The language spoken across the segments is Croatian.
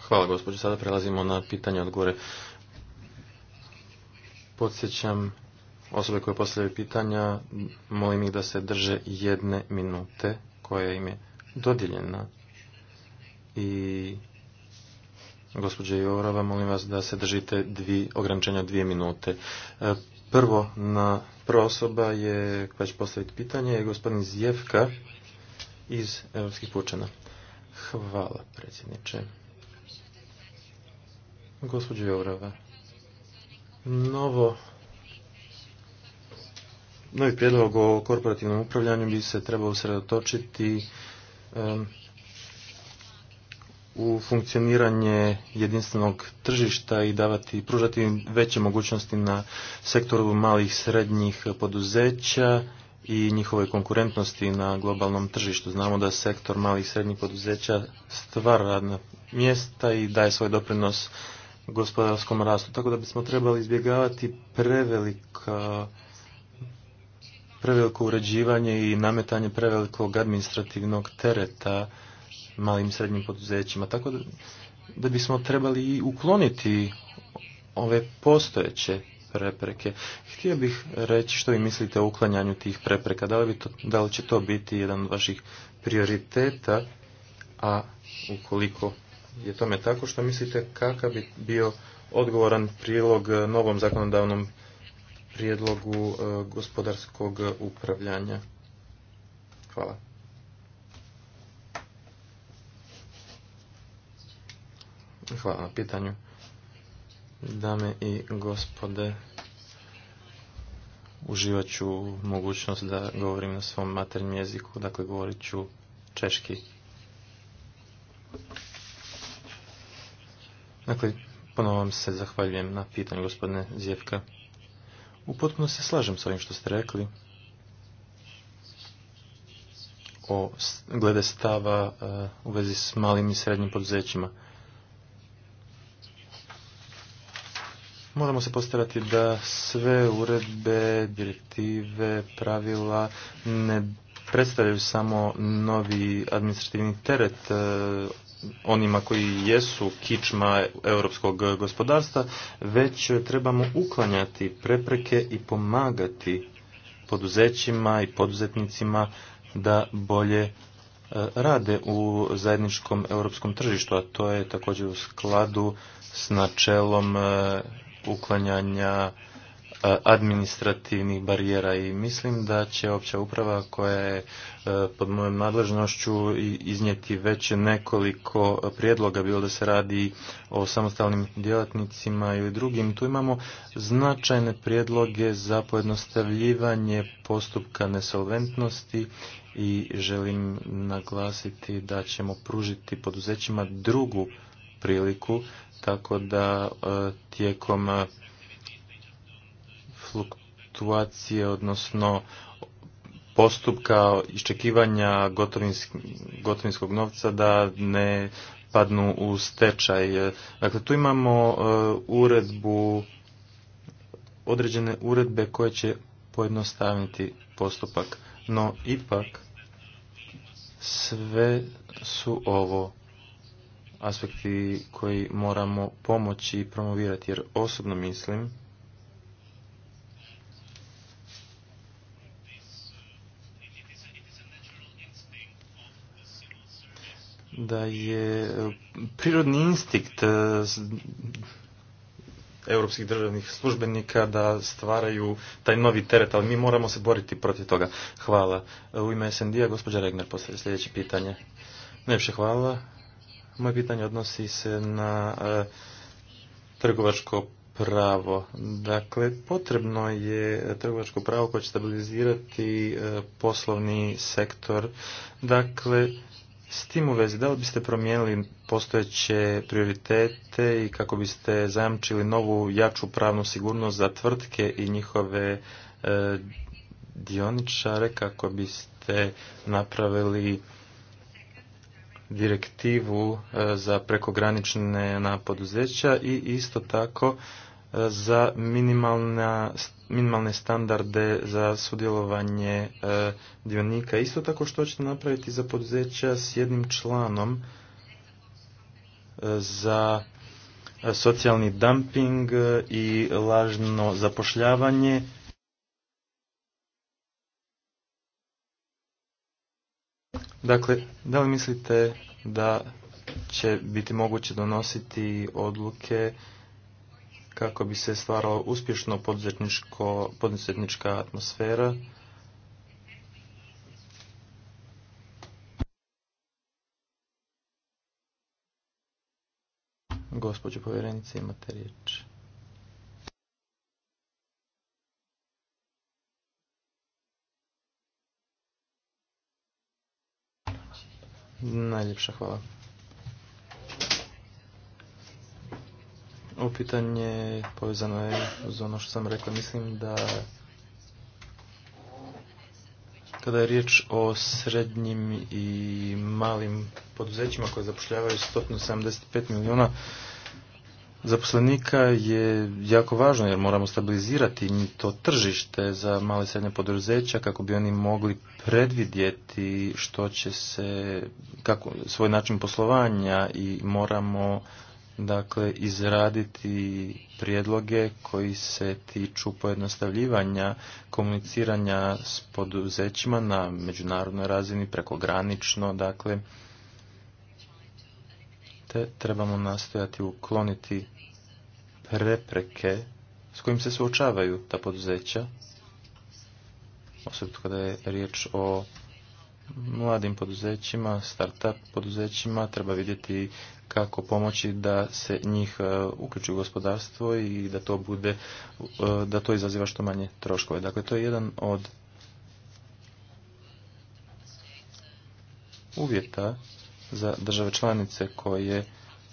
Hvala. gospođo. Sada prelazimo na pitanje od gore. Podsjećam osobe koje postavljaju pitanja, molim ih da se drže jedne minute koja im je dodijeljena. I gospođe Jorova, molim vas da se držite dvi, ograničenja dvije minute. E, prvo na, prva osoba je koja će postaviti pitanje je gospodin Zjevka iz Europskih pučana. Hvala, predsjedniče. Gospođo Jourova, novo Novi prijedlog o korporativnom upravljanju bi se trebao usredotočiti u funkcioniranje jedinstvenog tržišta i davati, pružati veće mogućnosti na sektoru malih srednjih poduzeća i njihovoj konkurentnosti na globalnom tržištu. Znamo da sektor malih i srednjih poduzeća stvara radna mjesta i daje svoj doprinos gospodarskom rastu. Tako da bismo trebali izbjegavati prevelika preveliko uređivanje i nametanje prevelikog administrativnog tereta malim i srednjim poduzećima. Tako da, da bismo trebali i ukloniti ove postojeće prepreke. Htio bih reći što vi mislite o uklanjanju tih prepreka. Da li, bi to, da li će to biti jedan od vaših prioriteta, a ukoliko je tome tako, što mislite kakav bi bio odgovoran prilog e, novom zakonodavnom prijedlogu e, gospodarskog upravljanja? Hvala. Hvala na pitanju. Dame i gospode, uživat ću mogućnost da govorim na svom maternjem jeziku, dakle govorit ću češki. Dakle, ponovno vam se zahvaljujem na pitanju gospodine Zjevka. U potpuno se slažem s ovim što ste rekli o glede stava e, u vezi s malim i srednjim poduzećima. moramo se postarati da sve uredbe, direktive, pravila ne predstavljaju samo novi administrativni teret e, onima koji jesu kičma europskog gospodarstva, već trebamo uklanjati prepreke i pomagati poduzećima i poduzetnicima da bolje e, rade u zajedničkom europskom tržištu, a to je također u skladu s načelom e, uklanjanja administrativnih barijera i mislim da će opća uprava koja je pod mojom nadležnošću iznijeti već nekoliko prijedloga, bilo da se radi o samostalnim djelatnicima ili drugim. Tu imamo značajne prijedloge za pojednostavljivanje postupka nesolventnosti i želim naglasiti da ćemo pružiti poduzećima drugu priliku, tako da e, tijekom e, fluktuacije, odnosno postupka iščekivanja gotovinskog novca da ne padnu u stečaj. E, dakle, tu imamo uredbu, određene uredbe koje će pojednostaviti postupak. No, ipak, sve su ovo aspekti koji moramo pomoći i promovirati, jer osobno mislim da je prirodni instinkt e, europskih državnih službenika da stvaraju taj novi teret, ali mi moramo se boriti protiv toga. Hvala. E, u ime SND-a gospođa Regner postavlja sljedeće pitanje. Najljepše hvala. Moje pitanje odnosi se na e, trgovačko pravo. Dakle, potrebno je trgovačko pravo koje će stabilizirati e, poslovni sektor. Dakle, s tim u vezi, da li biste promijenili postojeće prioritete i kako biste zajamčili novu, jaču pravnu sigurnost za tvrtke i njihove e, dioničare, kako biste napravili direktivu e, za prekogranične na poduzeća i isto tako e, za minimalne standarde za sudjelovanje e, dionika. Isto tako što ćete napraviti za poduzeća s jednim članom za socijalni dumping i lažno zapošljavanje Dakle, da li mislite da će biti moguće donositi odluke kako bi se stvarala uspješno poduzetnička atmosfera? Gospođo povjerenice, imate riječ. Najljepša hvala. Ovo pitanje povezano je uz ono što sam rekao. Mislim da kada je riječ o srednjim i malim poduzećima koje zapošljavaju 175 milijuna zaposlenika je jako važno jer moramo stabilizirati to tržište za male i srednje poduzeća kako bi oni mogli predvidjeti što će se, kako, svoj način poslovanja i moramo dakle izraditi prijedloge koji se tiču pojednostavljivanja komuniciranja s poduzećima na međunarodnoj razini prekogranično dakle trebamo nastojati ukloniti prepreke s kojim se suočavaju ta poduzeća, osobito kada je riječ o mladim poduzećima, start-up poduzećima, treba vidjeti kako pomoći da se njih e, uključi u gospodarstvo i da to bude, e, da to izaziva što manje troškove. Dakle, to je jedan od uvjeta za države članice koje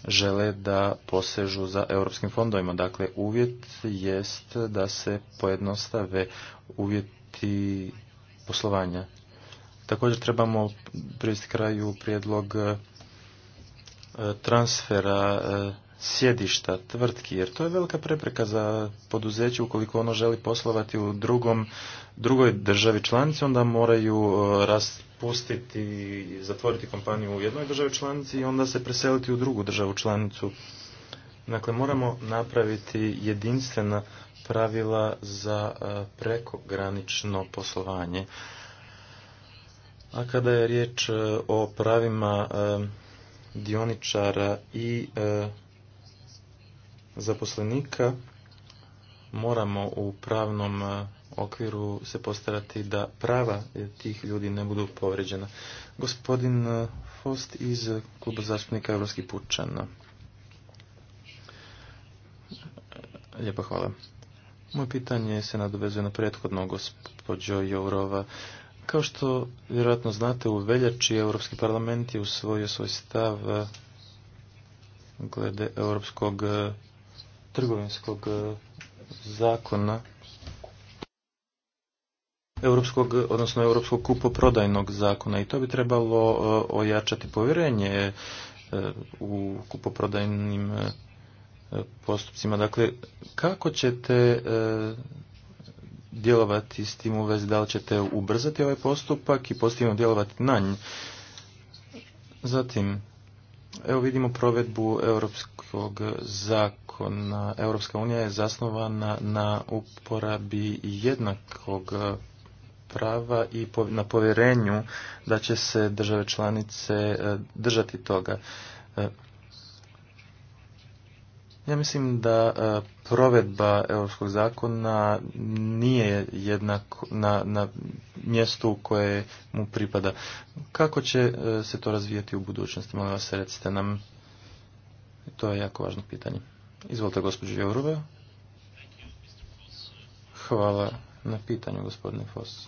žele da posežu za europskim fondovima. Dakle, uvjet jest da se pojednostave uvjeti poslovanja. Također trebamo privesti kraju prijedlog e, transfera e, sjedišta tvrtki, jer to je velika prepreka za poduzeće ukoliko ono želi poslovati u drugom, drugoj državi članici, onda moraju e, rast pustiti, zatvoriti kompaniju u jednoj državi članici i onda se preseliti u drugu državu članicu. Dakle, moramo napraviti jedinstvena pravila za e, prekogranično poslovanje. A kada je riječ e, o pravima e, dioničara i zaposlenika, moramo u pravnom okviru se postarati da prava tih ljudi ne budu povređena. Gospodin eh, Fost iz Kluba zastupnika Evropskih pučana. Lijepa hvala. Moje pitanje se nadovezuje na prethodno gospođo Jourova. Kao što vjerojatno znate, u veljači Europski parlament je usvojio svoj stav eh, glede Europskog eh, trgovinskog zakona europskog, odnosno europskog kupoprodajnog zakona i to bi trebalo e, ojačati povjerenje e, u kupoprodajnim e, postupcima. Dakle, kako ćete djelovati s tim u vezi, da li ćete ubrzati ovaj postupak i postignut djelovati na nj. Zatim, evo vidimo provedbu europskog zakona. Europska unija je zasnovana na uporabi jednakog prava i na povjerenju da će se države članice e, držati toga. E, ja mislim da e, provedba europskog zakona nije jednak na, na mjestu koje mu pripada. Kako će se to razvijati u budućnosti? Molim vas, recite nam. To je jako važno pitanje. Izvolite, gospođo Jovrube. Hvala, na pitanju, gospodine Foss.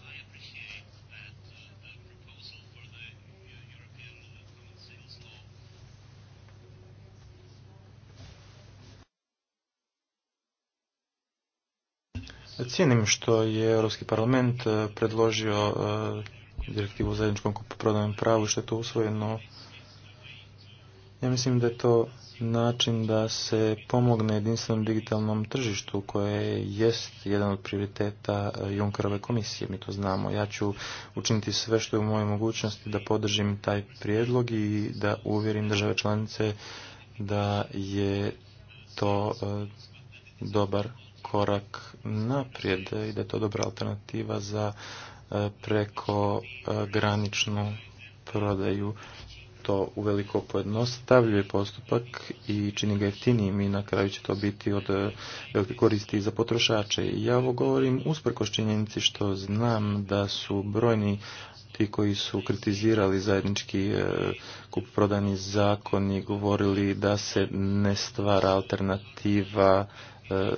Cijenim što je Europski parlament eh, predložio eh, direktivu o zajedničkom kupoprodajnom pravu što je to usvojeno ja mislim da je to način da se pomogne jedinstvenom digitalnom tržištu koje jest jedan od prioriteta e, Junkerove komisije, mi to znamo. Ja ću učiniti sve što je u mojoj mogućnosti da podržim taj prijedlog i da uvjerim države članice da je to e, dobar korak naprijed i da je to dobra alternativa za e, preko graničnu prodaju to uveliko pojednostavljuje postupak i čini ga jeftinijim i na kraju će to biti od e, velike koristi za potrošače. Ja ovo govorim usprkos činjenici što znam da su brojni ti koji su kritizirali zajednički e, prodani zakon i govorili da se ne stvara alternativa e,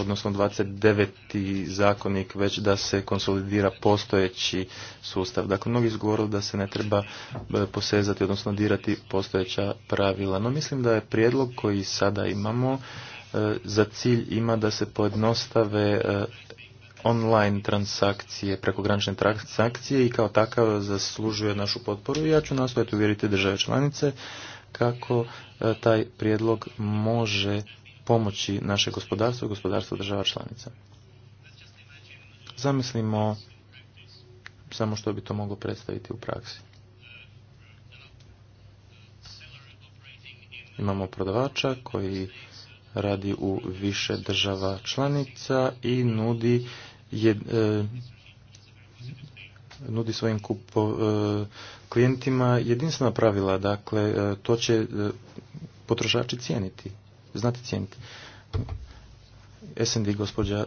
odnosno 29. zakonik, već da se konsolidira postojeći sustav. Dakle, mnogi govorili da se ne treba e, posezati, odnosno dirati postojeća pravila. No, mislim da je prijedlog koji sada imamo e, za cilj ima da se pojednostave e, online transakcije, prekogranične transakcije i kao takav zaslužuje našu potporu ja ću nastojati uvjeriti države članice kako taj prijedlog može pomoći naše gospodarstvo i gospodarstvo država članica. Zamislimo samo što bi to moglo predstaviti u praksi. Imamo prodavača koji radi u više država članica i nudi e, nudi svojim kupo, e, klijentima jedinstvena pravila, dakle e, to će potrošači cijeniti Znate cijeniti. SND gospođa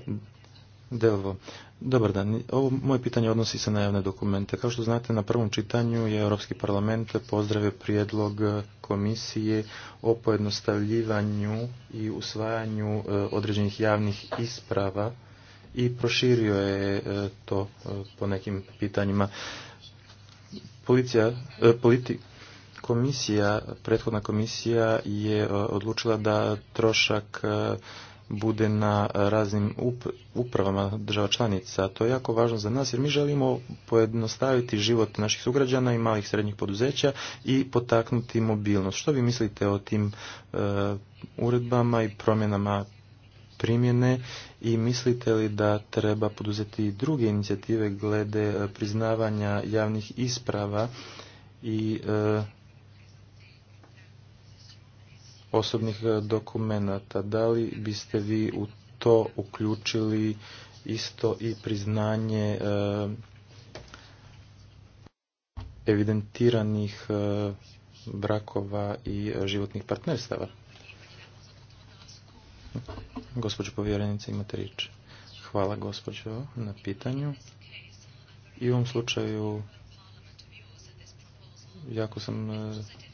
Delvo. Dobar dan. Ovo moje pitanje odnosi se na javne dokumente. Kao što znate, na prvom čitanju je Europski parlament pozdravio prijedlog komisije o pojednostavljivanju i usvajanju e, određenih javnih isprava i proširio je e, to e, po nekim pitanjima. Policija, komisija, prethodna komisija je e, odlučila da trošak e, bude na raznim upravama država članica. To je jako važno za nas jer mi želimo pojednostaviti život naših sugrađana i malih srednjih poduzeća i potaknuti mobilnost. Što vi mislite o tim e, uredbama i promjenama primjene i mislite li da treba poduzeti druge inicijative glede priznavanja javnih isprava i osobnih e, dokumenata. Da li biste vi u to uključili isto i priznanje e, evidentiranih e, brakova i životnih partnerstava? Gospođo povjerenice, imate riječ. Hvala gospođo na pitanju. I u ovom slučaju jako sam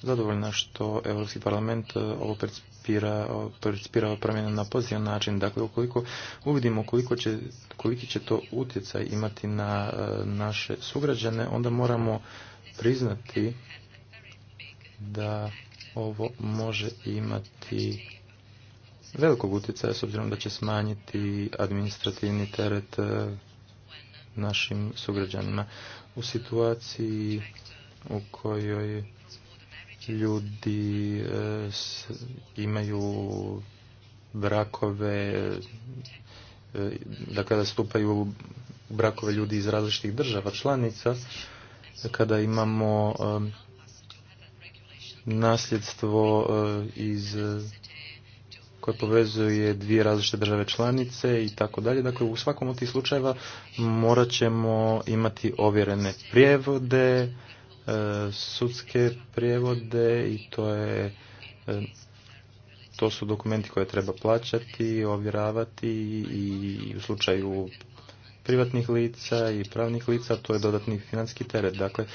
zadovoljna što Europski parlament e, ovo percipira, percipira promjene na pozitivan način. Dakle, ukoliko uvidimo će, koliki će to utjecaj imati na e, naše sugrađane, onda moramo priznati da ovo može imati velikog utjecaja s obzirom da će smanjiti administrativni teret e, našim sugrađanima. U situaciji u kojoj Znači, ljudi e, imaju brakove, e, da kada stupaju brakove ljudi iz različitih država članica, kada imamo e, nasljedstvo iz koje povezuje dvije različite države članice i tako dalje. Dakle, u svakom od tih slučajeva morat ćemo imati ovjerene prijevode, sudske prijevode i to je to su dokumenti koje treba plaćati, ovjeravati i u slučaju privatnih lica i pravnih lica to je dodatni financijski teret. Dakle,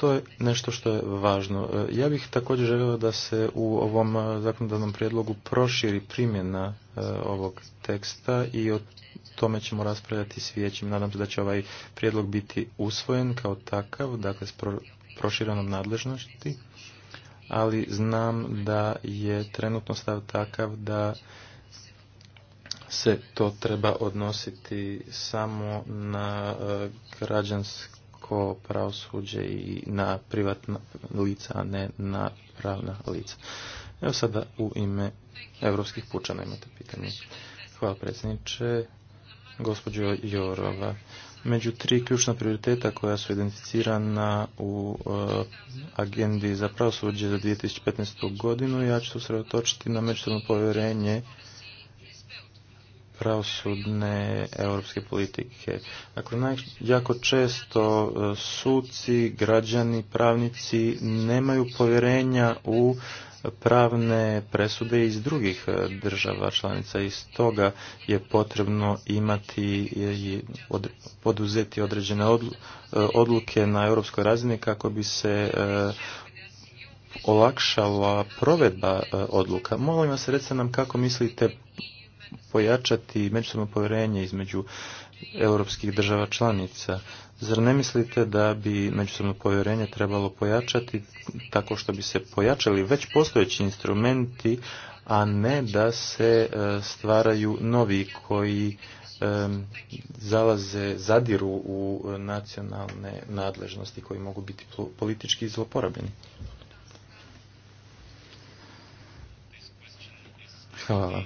to je nešto što je važno. E, ja bih također želio da se u ovom e, zakonodavnom prijedlogu proširi primjena e, ovog teksta i o tome ćemo raspravljati s vijećem. Nadam se da će ovaj prijedlog biti usvojen kao takav, dakle s proširenom nadležnosti, ali znam da je trenutno stav takav da se to treba odnositi samo na građansko o pravosuđe i na privatna lica, a ne na pravna lica. Evo sada u ime evropskih pučana imate pitanje. Hvala predsjedniče, gospođo Jorova. Među tri ključna prioriteta koja su identificirana u e, agendi za pravosuđe za 2015. godinu, ja ću se usredotočiti na međusobno povjerenje pravosudne europske politike. Dakle, jako često e, suci, građani, pravnici nemaju povjerenja u pravne presude iz drugih e, država članica i stoga je potrebno imati i poduzeti određene e, odluke na europskoj razini kako bi se olakšala provedba odluka. Molim vas, recite nam kako mislite pojačati međusobno povjerenje između europskih država članica. Zar ne mislite da bi međusobno povjerenje trebalo pojačati tako što bi se pojačali već postojeći instrumenti, a ne da se e, stvaraju novi koji e, zalaze, zadiru u nacionalne nadležnosti koji mogu biti politički zloporabljeni? Hvala.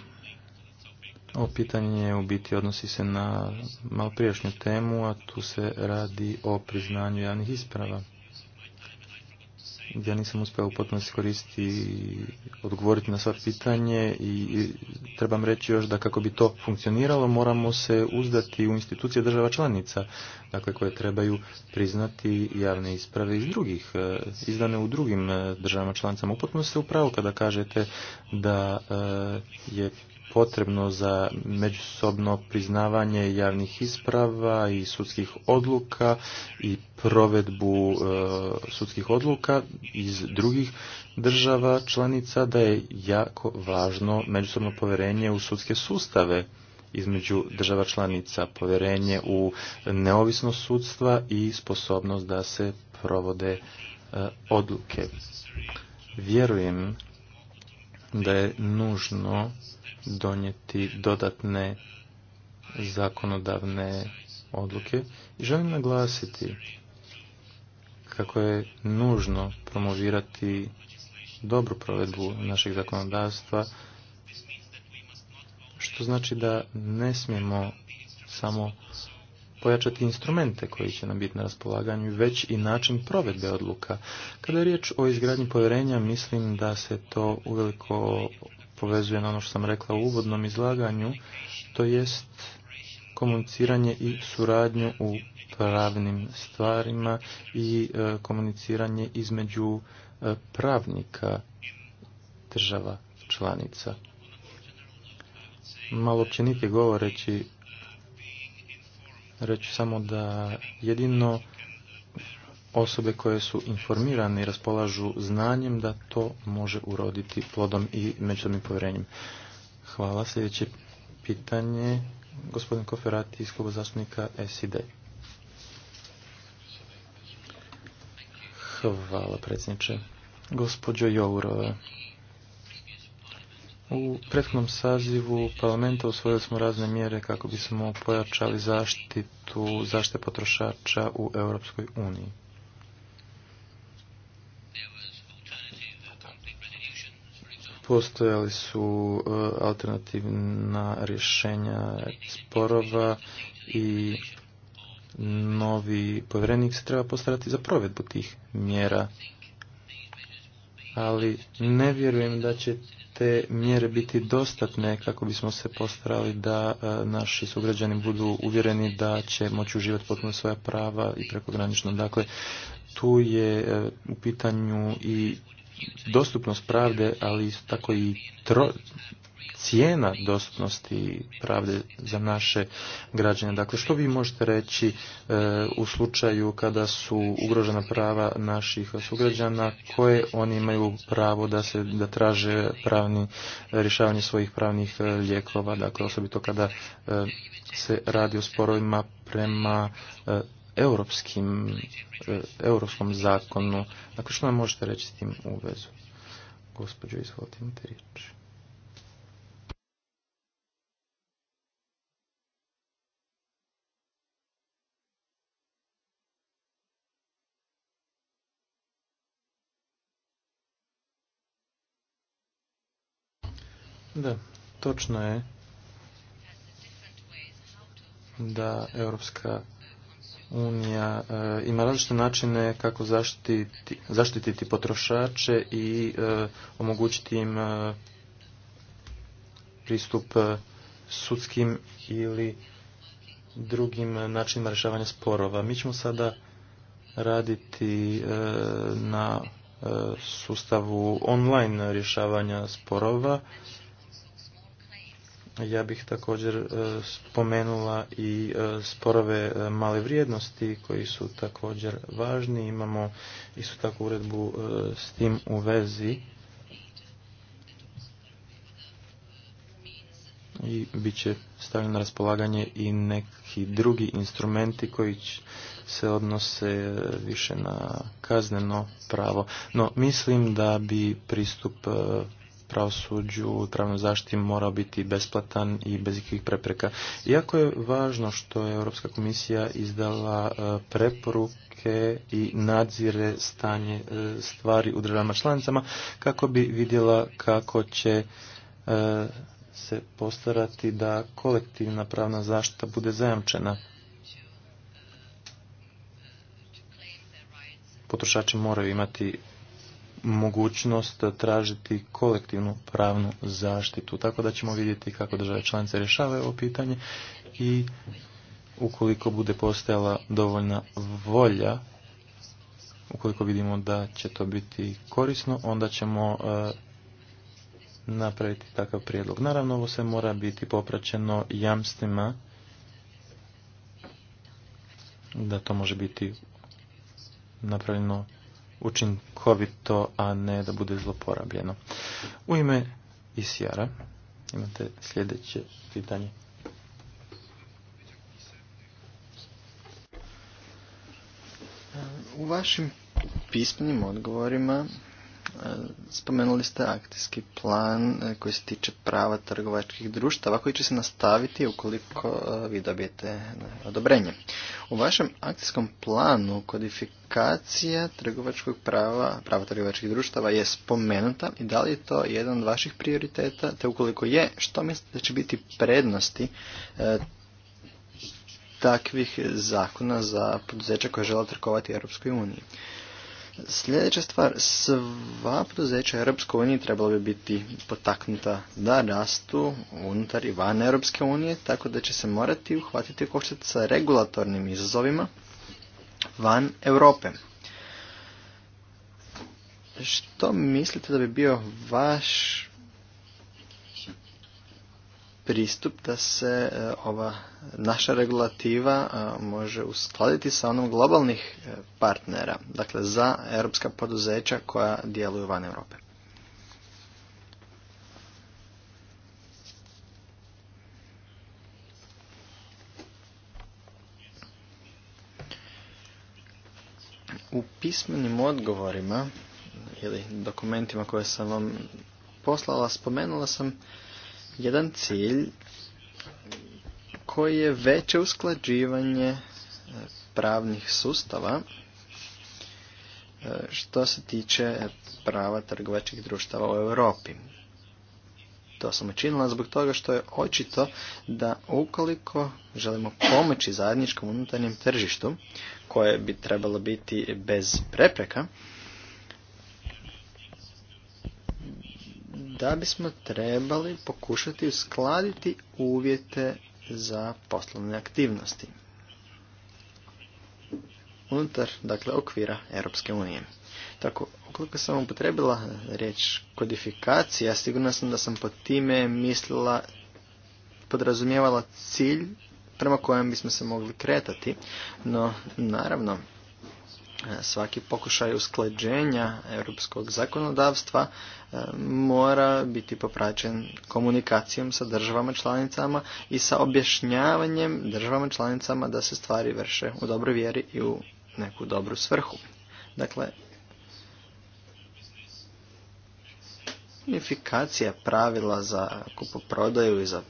Ovo pitanje u biti odnosi se na maloprijašnju temu, a tu se radi o priznanju javnih isprava. Ja nisam uspio u potpunosti koristiti odgovoriti na sva pitanje i trebam reći još da kako bi to funkcioniralo moramo se uzdati u institucije država članica, dakle koje trebaju priznati javne isprave iz drugih, e, izdane u drugim e, državama članicama. U potpunosti u upravo kada kažete da e, je potrebno za međusobno priznavanje javnih isprava i sudskih odluka i provedbu e, sudskih odluka iz drugih država članica da je jako važno međusobno povjerenje u sudske sustave između država članica, povjerenje u neovisnost sudstva i sposobnost da se provode e, odluke. Vjerujem da je nužno donijeti dodatne zakonodavne odluke. I želim naglasiti kako je nužno promovirati dobru provedbu našeg zakonodavstva, što znači da ne smijemo samo pojačati instrumente koji će nam biti na raspolaganju, već i način provedbe odluka. Kada je riječ o izgradnji povjerenja, mislim da se to uveliko povezuje na ono što sam rekla u uvodnom izlaganju, to jest komuniciranje i suradnju u pravnim stvarima i e, komuniciranje između e, pravnika država članica. Malo općenitije govoreći, reći samo da jedino osobe koje su informirane i raspolažu znanjem da to može uroditi plodom i međutim povjerenjem. Hvala. Sljedeće pitanje gospodin Koferati iz kluba zastupnika SID. Hvala predsjedniče. Gospođo Jourove, u prethodnom sazivu parlamenta usvojili smo razne mjere kako bismo pojačali zaštitu zaštite potrošača u Europskoj uniji. Postojali su e, alternativna rješenja sporova i novi povjerenik se treba postarati za provedbu tih mjera. Ali ne vjerujem da će te mjere biti dostatne kako bismo se postarali da e, naši sugrađani budu uvjereni da će moći uživati potpuno svoja prava i prekogranično. Dakle, tu je e, u pitanju i dostupnost pravde, ali tako i cijena dostupnosti pravde za naše građane. Dakle, što vi možete reći e, u slučaju kada su ugrožena prava naših sugrađana, koje oni imaju pravo da se da traže pravni rješavanje svojih pravnih e, lijekova, dakle osobito kada e, se radi o sporovima prema europskim, e, europskom zakonu. Dakle, što nam možete reći s tim u vezu? Gospođo, izvolite te Da, točno je da Europska unija e, ima različite načine kako zaštiti, zaštititi potrošače i e, omogućiti im e, pristup sudskim ili drugim načinima rješavanja sporova. Mi ćemo sada raditi na sustavu online rješavanja sporova ja bih također e, spomenula i e, sporove e, male vrijednosti koji su također važni. Imamo isto tako uredbu s tim u vezi. I bit će stavljeno na raspolaganje i neki drugi instrumenti koji se odnose više na kazneno pravo. No, mislim da bi pristup pravosuđu u pravnoj zaštiti mora biti besplatan i bez ikakvih prepreka. Iako je važno što je Europska komisija izdala e, preporuke i nadzire stanje e, stvari u državama članicama kako bi vidjela kako će e, se postarati da kolektivna pravna zaštita bude zajamčena. Potrošači moraju imati mogućnost tražiti kolektivnu pravnu zaštitu. Tako da ćemo vidjeti kako države članice rješavaju ovo pitanje i ukoliko bude postojala dovoljna volja, ukoliko vidimo da će to biti korisno, onda ćemo e, napraviti takav prijedlog. Naravno, ovo se mora biti popraćeno jamstvima da to može biti napravljeno učinkovito, a ne da bude zloporabljeno. U ime Isijara, imate sljedeće pitanje. U vašim pismenim odgovorima Spomenuli ste akcijski plan e, koji se tiče prava trgovačkih društava koji će se nastaviti ukoliko e, vi dobijete e, odobrenje. U vašem akcijskom planu kodifikacija trgovačkog prava, prava trgovačkih društava je spomenuta i da li je to jedan od vaših prioriteta, te ukoliko je, što mislite da će biti prednosti takvih zakona za poduzeća koje žele trgovati Europskoj uniji? Sljedeća stvar, sva poduzeća Europske unije trebalo bi biti potaknuta da rastu unutar i van Europske unije, tako da će se morati uhvatiti koštac sa regulatornim izazovima van Europe. Što mislite da bi bio vaš pristup da se e, ova naša regulativa e, može uskladiti sa onom globalnih e, partnera, dakle za europska poduzeća koja djeluju van Europe. U pismenim odgovorima ili dokumentima koje sam vam poslala spomenula sam jedan cilj koji je veće usklađivanje e, pravnih sustava e, što se tiče prava trgovačkih društava u Europi. To sam učinila zbog toga što je očito da ukoliko želimo pomoći zajedničkom unutarnjem tržištu, koje bi trebalo biti bez prepreka, da bismo trebali pokušati uskladiti uvjete za poslovne aktivnosti unutar dakle okvira Europske unije. Tako, ukoliko sam upotrebila riječ kodifikacija, sigurno sam da sam pod time mislila, podrazumijevala cilj prema kojem bismo se mogli kretati, no naravno E, svaki pokušaj usklađenja europskog zakonodavstva e, mora biti popraćen komunikacijom sa državama članicama i sa objašnjavanjem državama članicama da se stvari vrše u dobroj vjeri i u neku dobru svrhu. Dakle, unifikacija pravila za kupoprodaju i za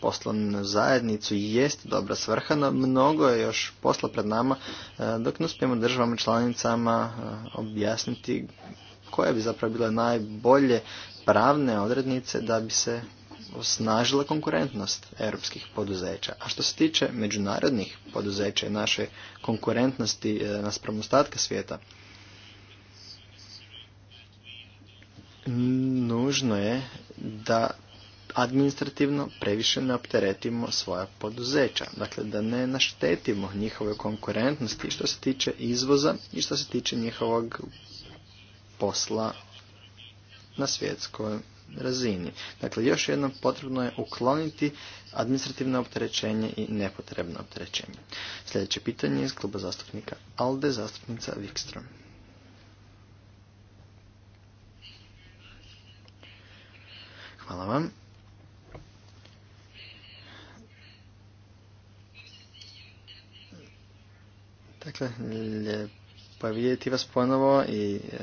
poslovnu zajednicu jest dobra svrha, no mnogo je još posla pred nama e, dok ne uspijemo državama članicama e, objasniti koje bi zapravo bile najbolje pravne odrednice da bi se osnažila konkurentnost europskih poduzeća. A što se tiče međunarodnih poduzeća i naše konkurentnosti e, naspram ostatka svijeta, nužno je da administrativno previše ne opteretimo svoja poduzeća. Dakle, da ne naštetimo njihove konkurentnosti što se tiče izvoza i što se tiče njihovog posla na svjetskoj razini. Dakle, još jednom potrebno je ukloniti administrativno opterećenje i nepotrebno opterećenje. Sljedeće pitanje je iz kluba zastupnika ALDE, zastupnica Wikström. Hvala vam. Dakle, lijepo je vidjeti vas ponovo i e,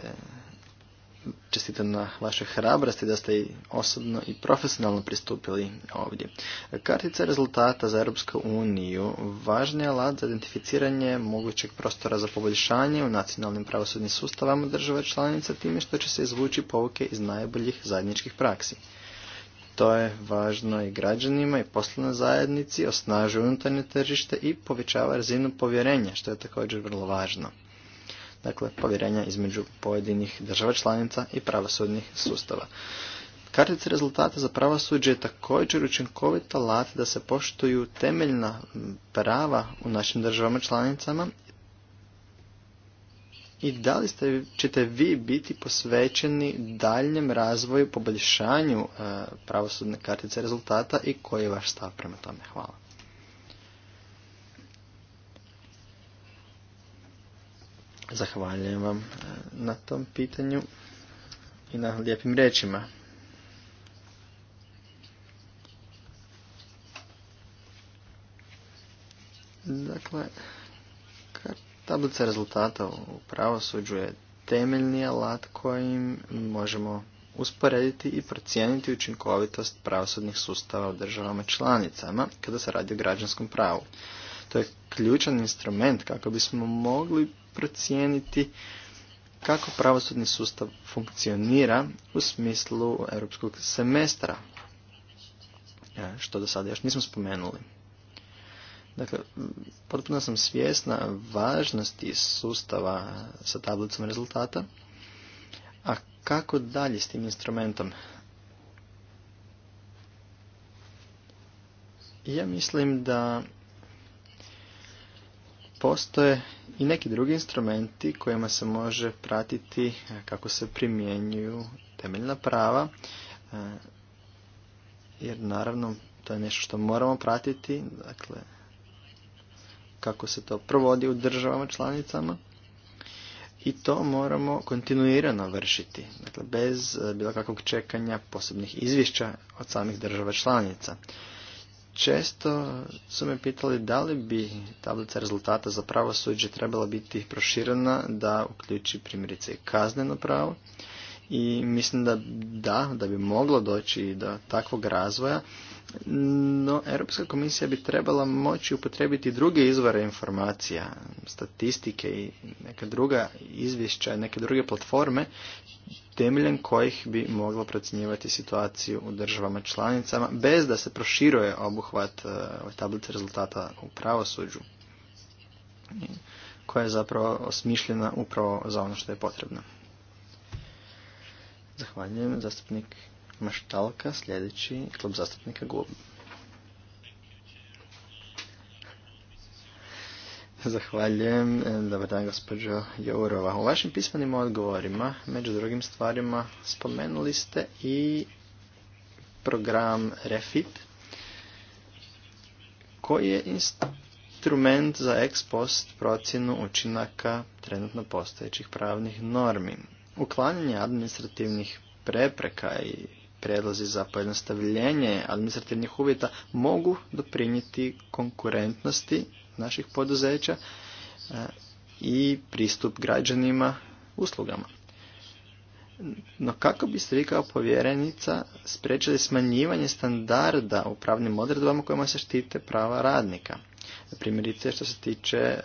čestitam na vaše hrabrosti da ste i osobno i profesionalno pristupili ovdje. Kartica rezultata za Europsku uniju važni je alat za identificiranje mogućeg prostora za poboljšanje u nacionalnim pravosudnim sustavama država članica time što će se izvući pouke iz najboljih zajedničkih praksi. To je važno i građanima i poslovnoj zajednici, osnažuje unutarnje tržište i povećava razinu povjerenja, što je također vrlo važno. Dakle, povjerenja između pojedinih država članica i pravosudnih sustava. Kartice rezultata za pravosuđe je također učinkovit alat da se poštuju temeljna prava u našim državama članicama i da li ste, ćete vi biti posvećeni daljnjem razvoju, poboljšanju e, pravosudne kartice rezultata i koji je vaš stav prema tome? Hvala. Zahvaljujem vam e, na tom pitanju i na lijepim rečima. Dakle, Tablica rezultata u pravosuđu je temeljni alat kojim možemo usporediti i procijeniti učinkovitost pravosudnih sustava u državama članicama kada se radi o građanskom pravu. To je ključan instrument kako bismo mogli procijeniti kako pravosudni sustav funkcionira u smislu europskog semestra, e, što do sada još nismo spomenuli. Dakle, potpuno sam svjesna važnosti sustava sa tablicom rezultata, a kako dalje s tim instrumentom? Ja mislim da postoje i neki drugi instrumenti kojima se može pratiti kako se primjenjuju temeljna prava, eh, jer naravno to je nešto što moramo pratiti, dakle kako se to provodi u državama članicama i to moramo kontinuirano vršiti, dakle bez eh, bilo kakvog čekanja posebnih izvješća od samih država članica. Često su me pitali da li bi tablica rezultata za pravosuđe trebala biti proširena da uključi primjerice kazneno pravo i mislim da da, da bi moglo doći do takvog razvoja no Europska komisija bi trebala moći upotrebiti druge izvore informacija, statistike i neka druga izvješća, neke druge platforme temeljem kojih bi moglo procjenjivati situaciju u državama članicama bez da se proširuje obuhvat e, tablice rezultata u pravosuđu koja je zapravo osmišljena upravo za ono što je potrebno. Zahvaljujem, zastupnik Maštalka, sljedeći klub zastupnika GUB. Zahvaljujem. Dobar dan, gospođo Jourova. U vašim pismenim odgovorima, među drugim stvarima, spomenuli ste i program REFIT, koji je instrument za ex post procjenu učinaka trenutno postojećih pravnih normi. Uklanjanje administrativnih prepreka i prijedlozi za pojednostavljenje administrativnih uvjeta mogu doprinijeti konkurentnosti naših poduzeća e, i pristup građanima uslugama. No kako biste vi kao povjerenica spriječili smanjivanje standarda u pravnim odredbama kojima se štite prava radnika? Primjerice što se tiče e,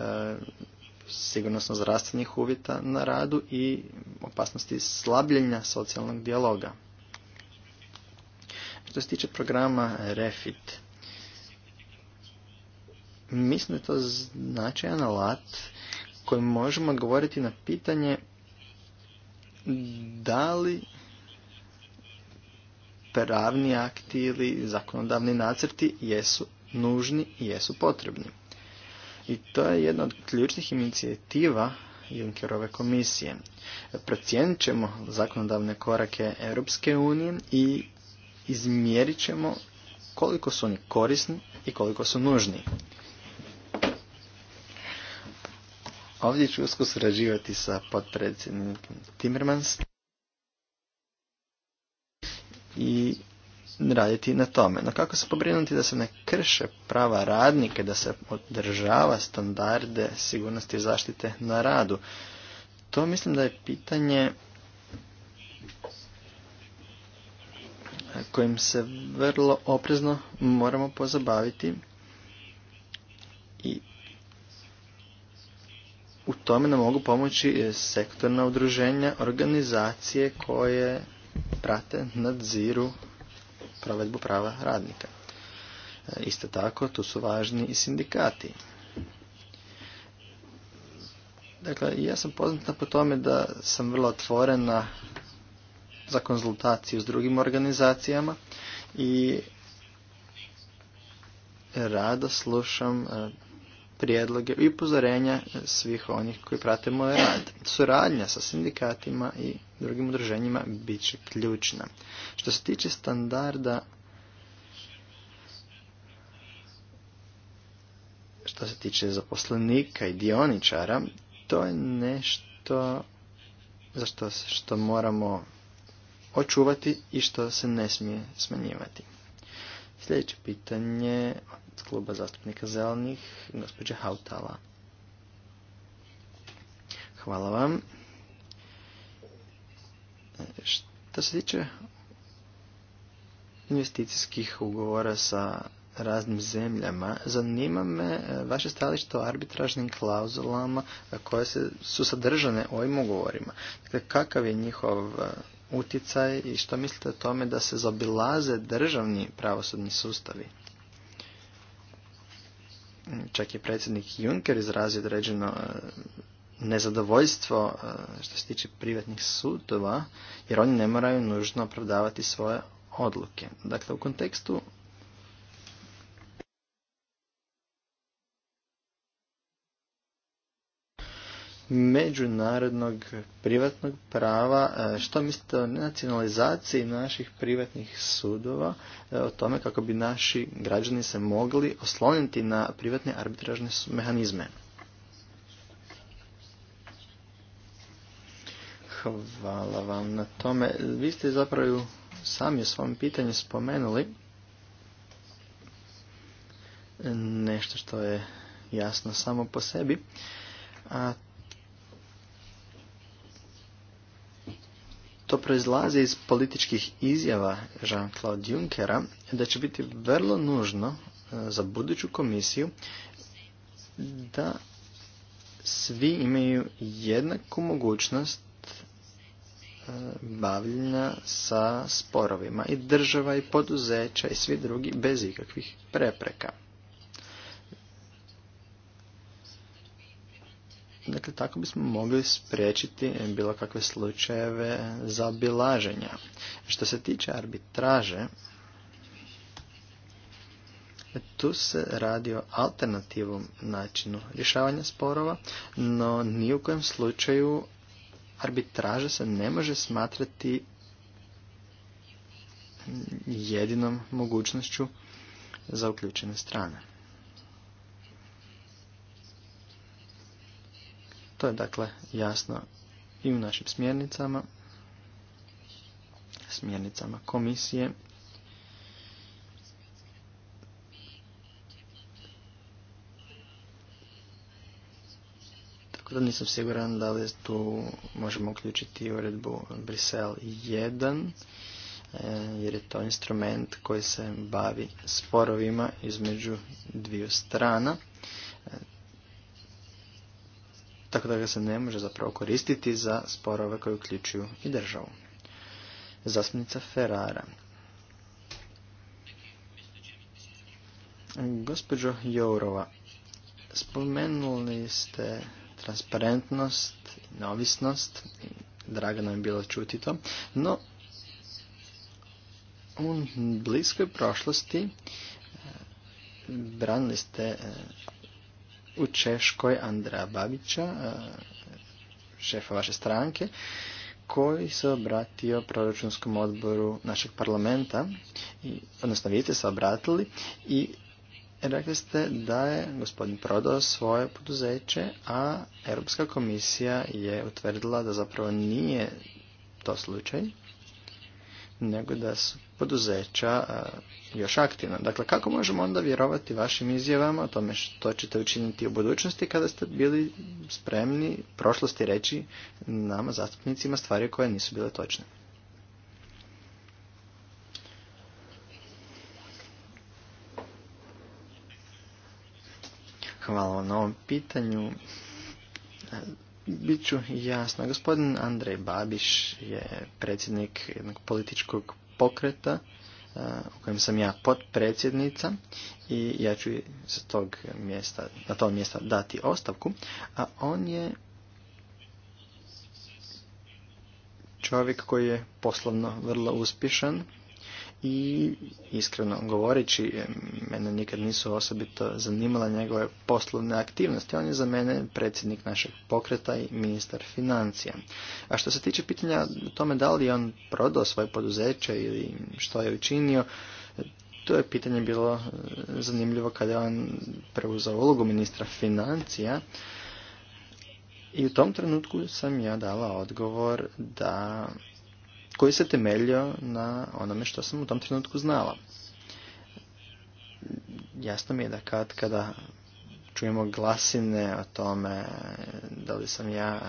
sigurnosno zdravstvenih uvjeta na radu i opasnosti slabljenja socijalnog dijaloga. Što se tiče programa REFIT, mislim da je to značajan alat kojim možemo odgovoriti na pitanje da li pravni akti ili zakonodavni nacrti jesu nužni i jesu potrebni. I to je jedna od ključnih inicijativa Junckerove komisije. Procijenit ćemo zakonodavne korake Europske unije i izmjerit ćemo koliko su oni korisni i koliko su nužni. Ovdje ću usko surađivati sa potpredsjednikom Timmermans i raditi na tome. No kako se pobrinuti da se ne krše prava radnike, da se održava standarde sigurnosti i zaštite na radu? To mislim da je pitanje kojim se vrlo oprezno moramo pozabaviti i u tome nam mogu pomoći e, sektorna udruženja, organizacije koje prate, nadziru provedbu prava radnika. E, isto tako, tu su važni i sindikati. Dakle, ja sam poznata po tome da sam vrlo otvorena za konzultaciju s drugim organizacijama i rado slušam e, prijedloge i upozorenja svih onih koji prate moj rad. Suradnja sa sindikatima i drugim udruženjima bit će ključna. Što se tiče standarda što se tiče zaposlenika i dioničara, to je nešto za što, što moramo očuvati i što se ne smije smanjivati. Sljedeće pitanje od kluba zastupnika zelenih, gospođa Hautala. Hvala vam. Što se tiče investicijskih ugovora sa raznim zemljama, zanima me e, vaše stajalište o arbitražnim klauzulama koje su sadržane ovim ugovorima. Dakle, kakav je njihov e, utjecaj i što mislite o tome da se zabilaze državni pravosudni sustavi? Čak je predsjednik Juncker izrazio određeno e, nezadovoljstvo e, što se tiče privatnih sudova, jer oni ne moraju nužno opravdavati svoje odluke. Dakle, u kontekstu međunarodnog privatnog prava. E, što mislite o nacionalizaciji naših privatnih sudova, e, o tome kako bi naši građani se mogli osloniti na privatne arbitražne mehanizme? Hvala vam na tome. Vi ste zapravo sami u svom pitanju spomenuli nešto što je jasno samo po sebi, a to proizlazi iz političkih izjava Jean-Claude Junckera da će biti vrlo nužno e, za buduću komisiju da svi imaju jednaku mogućnost e, bavljenja sa sporovima i država i poduzeća i svi drugi bez ikakvih prepreka. Dakle, tako bismo mogli spriječiti bilo kakve slučajeve zabilaženja. Što se tiče arbitraže, tu se radi o alternativnom načinu rješavanja sporova, no ni u kojem slučaju arbitraža se ne može smatrati jedinom mogućnošću za uključene strane. To je dakle jasno i u našim smjernicama, smjernicama komisije. Tako da nisam siguran da li tu možemo uključiti uredbu Brisel 1 e, jer je to instrument koji se bavi sporovima između dviju strana. E, tako da ga se ne može zapravo koristiti za sporove koje uključuju i državu. Zasmnica Ferrara. Gospođo Jourova, spomenuli ste transparentnost, neovisnost, drago nam je bilo čuti to, no u bliskoj prošlosti eh, branili ste eh, u Češkoj Andreja Babića, e, šefa vaše stranke, koji se obratio proračunskom odboru našeg parlamenta, odnosno vi ste se obratili i rekli ste da je gospodin prodao svoje poduzeće, a Europska komisija je utvrdila da zapravo nije to slučaj nego da su poduzeća još aktivna. Dakle, kako možemo onda vjerovati vašim izjavama o tome što ćete učiniti u budućnosti kada ste bili spremni prošlosti reći nama zastupnicima stvari koje nisu bile točne? Hvala vam na ovom pitanju. Bit ću jasno. Gospodin Andrej Babiš je predsjednik jednog političkog pokreta e, u kojem sam ja potpredsjednica i ja ću s tog mjesta, na to mjesta dati ostavku, a on je čovjek koji je poslovno vrlo uspješan i iskreno govoreći, e, mene nikad nisu osobito zanimala njegove poslovne aktivnosti. On je za mene predsjednik našeg pokreta i ministar financija. A što se tiče pitanja tome da li je on prodao svoje poduzeće ili što je učinio, e, to je pitanje bilo e, zanimljivo kada je on preuzao ulogu ministra financija. I u tom trenutku sam ja dala odgovor da koji se temeljio na onome što sam u tom trenutku znala. Jasno mi je da kad kada čujemo glasine o tome da li sam ja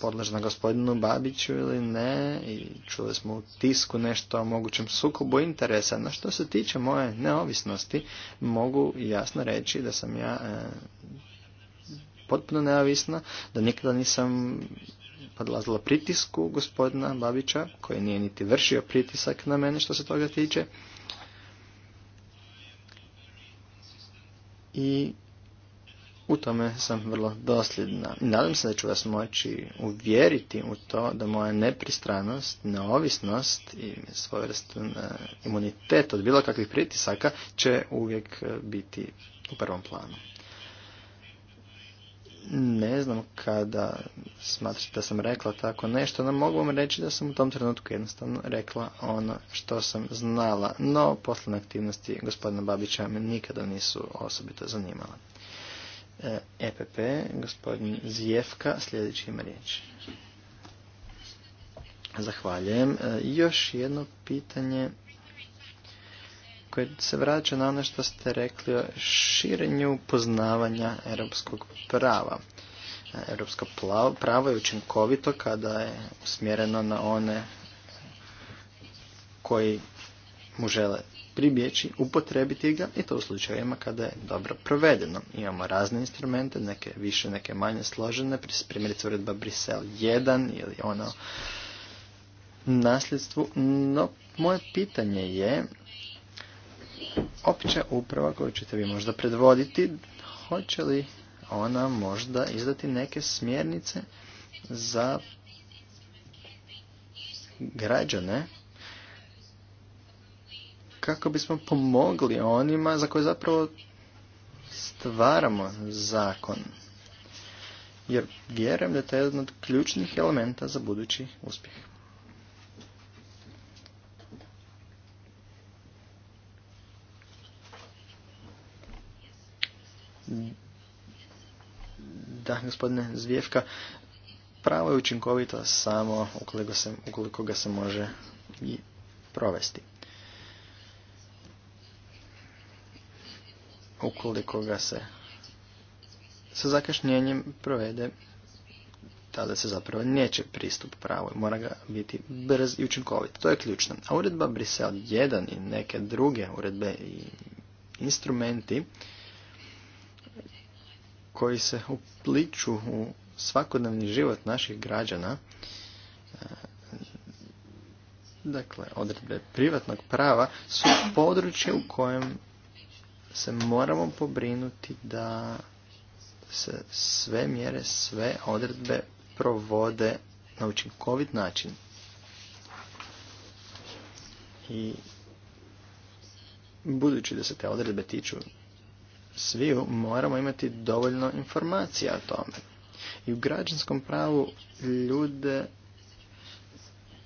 podložna gospodinu Babiću ili ne i čuli smo u tisku nešto o mogućem sukobu interesa. Na što se tiče moje neovisnosti mogu jasno reći da sam ja e, potpuno neovisna, da nikada nisam podlazilo pritisku gospodina Babića, koji nije niti vršio pritisak na mene što se toga tiče. I u tome sam vrlo dosljedna. Nadam se da ću vas moći uvjeriti u to da moja nepristranost, neovisnost i svojevrstan e, imunitet od bilo kakvih pritisaka će uvijek e, biti u prvom planu. Ne znam kada smatrate da sam rekla tako nešto, no mogu vam reći da sam u tom trenutku jednostavno rekla ono što sam znala, no poslovne aktivnosti gospodina Babića me nikada nisu osobito zanimala. EPP, e gospodin Zjevka, sljedeći ima riječ. Zahvaljujem. E, još jedno pitanje koje se vraća na ono što ste rekli o širenju poznavanja europskog prava. Europsko pravo je učinkovito kada je usmjereno na one koji mu žele pribjeći, upotrebiti ga i to u slučajevima kada je dobro provedeno. Imamo razne instrumente, neke više, neke manje složene, primjerice uredba Brisel 1 ili ono nasljedstvu, no moje pitanje je opća uprava koju ćete vi možda predvoditi, hoće li ona možda izdati neke smjernice za građane kako bismo pomogli onima za koje zapravo stvaramo zakon. Jer vjerujem da je to jedan od ključnih elementa za budući uspjeh. Da, gospodine Zvijevka, pravo je učinkovito samo ukoliko, se, ga se može i provesti. Ukoliko ga se sa zakašnjenjem provede, tada se zapravo neće pristup pravu. Mora ga biti brz i učinkovit. To je ključno. A uredba Brisel 1 i neke druge uredbe i instrumenti koji se upliču u svakodnevni život naših građana, e, dakle odredbe privatnog prava, su područje u kojem se moramo pobrinuti da se sve mjere, sve odredbe provode na učinkovit način. I budući da se te odredbe tiču svi moramo imati dovoljno informacija o tome. I u građanskom pravu ljude,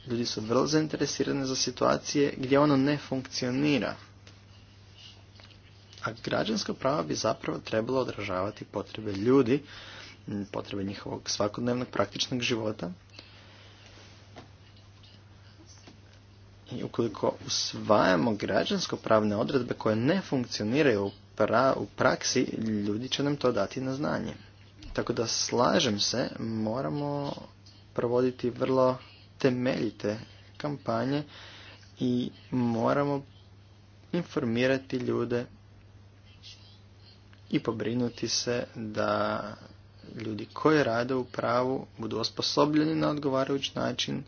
ljudi su vrlo zainteresirani za situacije gdje ono ne funkcionira. A građansko pravo bi zapravo trebalo odražavati potrebe ljudi, potrebe njihovog svakodnevnog praktičnog života. I ukoliko usvajamo građansko pravne odredbe koje ne funkcioniraju u u praksi ljudi će nam to dati na znanje. Tako da slažem se, moramo provoditi vrlo temeljite kampanje i moramo informirati ljude i pobrinuti se da ljudi koji rade u pravu budu osposobljeni na odgovarajući način.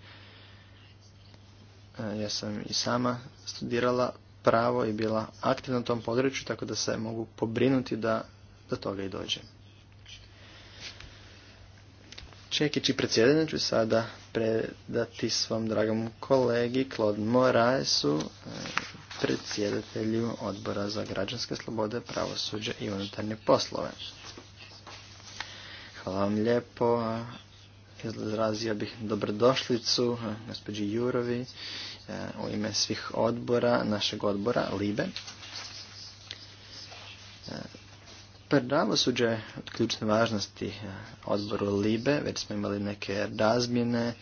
E, ja sam i sama studirala pravo i bila aktivna u tom području, tako da se mogu pobrinuti da do toga i dođe. Čekići predsjedanje ću sada predati svom dragom kolegi Claude Moraesu, e, predsjedatelju Odbora za građanske slobode, pravosuđe i unutarnje poslove. Hvala vam lijepo. Izrazio bih dobrodošlicu e, gospođi Jurovi E, u ime svih odbora, našeg odbora, LIBE. E, Pravosuđe je od ključne važnosti e, odboru LIBE, već smo imali neke razmjene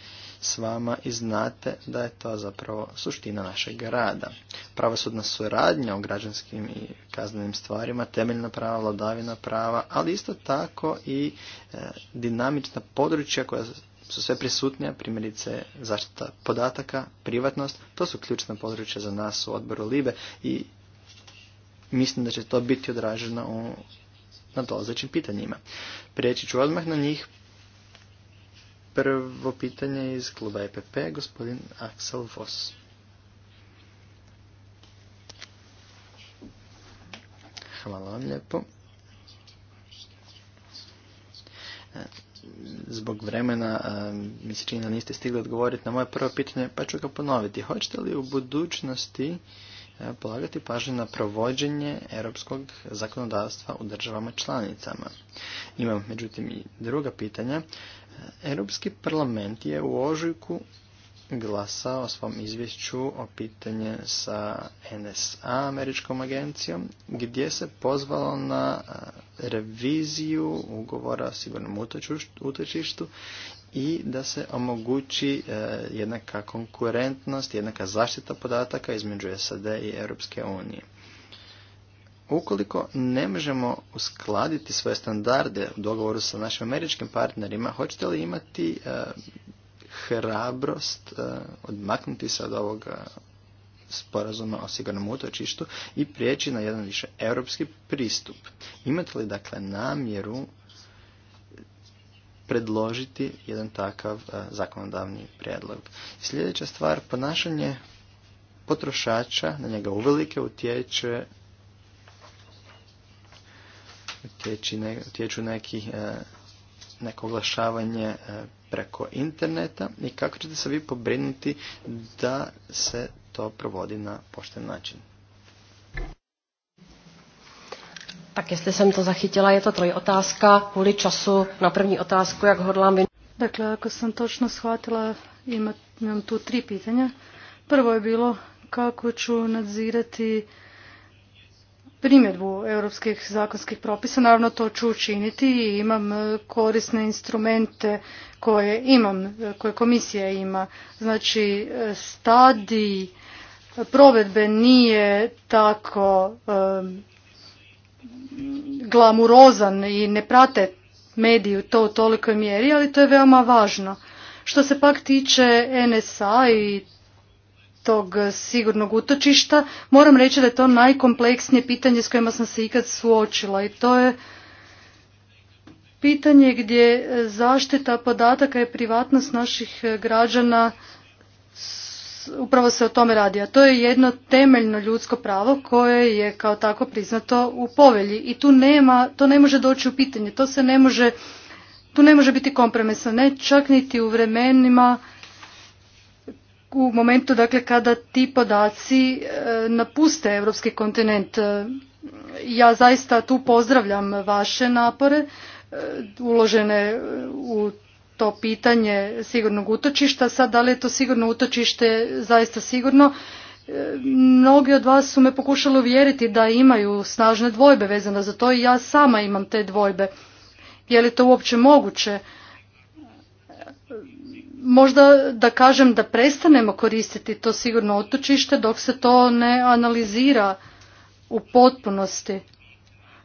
s vama i znate da je to zapravo suština našeg rada. Pravosudna suradnja u građanskim i kaznenim stvarima, temeljna prava, vladavina prava, ali isto tako i dinamična područja koja su sve prisutnija, primjerice zaštita podataka, privatnost, to su ključna područja za nas u odboru Libe i mislim da će to biti odraženo u nadolazećim pitanjima. Prijeći ću odmah na njih. Prvo pitanje iz kluba EPP, gospodin Axel Voss. Hvala vam lijepo zbog vremena mi se čini da niste stigli odgovoriti na moje prvo pitanje, pa ću ga ponoviti. Hoćete li u budućnosti polagati pažnju na provođenje europskog zakonodavstva u državama članicama. Imam međutim i druga pitanja. Europski parlament je u ožujku glasa o svom izvješću o pitanje sa NSA, američkom agencijom, gdje se pozvalo na reviziju ugovora o sigurnom utočištu i da se omogući e, jednaka konkurentnost, jednaka zaštita podataka između SAD i Europske unije. Ukoliko ne možemo uskladiti svoje standarde u dogovoru sa našim američkim partnerima, hoćete li imati e, hrabrost e, odmaknuti se od ovoga sporazuma o sigurnom utočištu i prijeći na jedan više europski pristup. Imate li dakle namjeru predložiti jedan takav e, zakonodavni prijedlog? Sljedeća stvar, ponašanje potrošača na njega uvelike utječe utječi ne, utječu neki e, neko oglašavanje e, preko interneta i kako ćete se vi pobrinuti da se to provodi na pošten način? Tak jestli jsem to zachytila, je to troj otázka kvůli času na první otázku, jak hodlám... Dakle, ako sam točno shvatila, imam tu tri pitanja. Prvo je bilo kako ću nadzirati primjedbu europskih zakonskih propisa. Naravno to ću učiniti i imam e, korisne instrumente koje imam, e, koje komisija ima. Znači e, stadij provedbe nije tako glamurozan i ne prate mediju to u tolikoj mjeri, ali to je veoma važno. Što se pak tiče NSA i tog sigurnog utočišta. Moram reći da je to najkompleksnije pitanje s kojima sam se ikad suočila i to je pitanje gdje zaštita podataka i privatnost naših građana upravo se o tome radi, a to je jedno temeljno ljudsko pravo koje je kao tako priznato u povelji i tu nema, to ne može doći u pitanje, to se ne može, tu ne može biti kompromisa, ne čak niti u vremenima u momentu dakle kada ti podaci e, napuste europski kontinent. E, ja zaista tu pozdravljam vaše napore e, uložene u to pitanje sigurnog utočišta. Sad da li je to sigurno utočište zaista sigurno? Mnogi od vas su me pokušali uvjeriti da imaju snažne dvojbe vezano za to i ja sama imam te dvojbe. Je li to uopće moguće? možda da kažem da prestanemo koristiti to sigurno otočište dok se to ne analizira u potpunosti.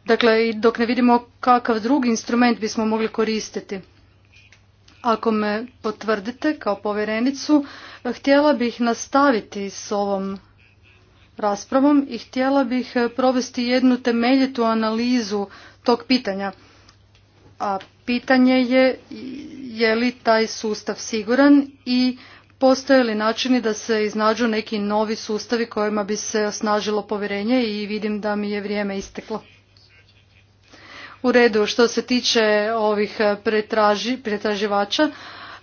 Dakle, i dok ne vidimo kakav drugi instrument bismo mogli koristiti. Ako me potvrdite kao povjerenicu, htjela bih nastaviti s ovom raspravom i htjela bih provesti jednu temeljitu analizu tog pitanja a pitanje je je li taj sustav siguran i postoje li načini da se iznađu neki novi sustavi kojima bi se osnažilo povjerenje i vidim da mi je vrijeme isteklo. U redu, što se tiče ovih pretraži, pretraživača,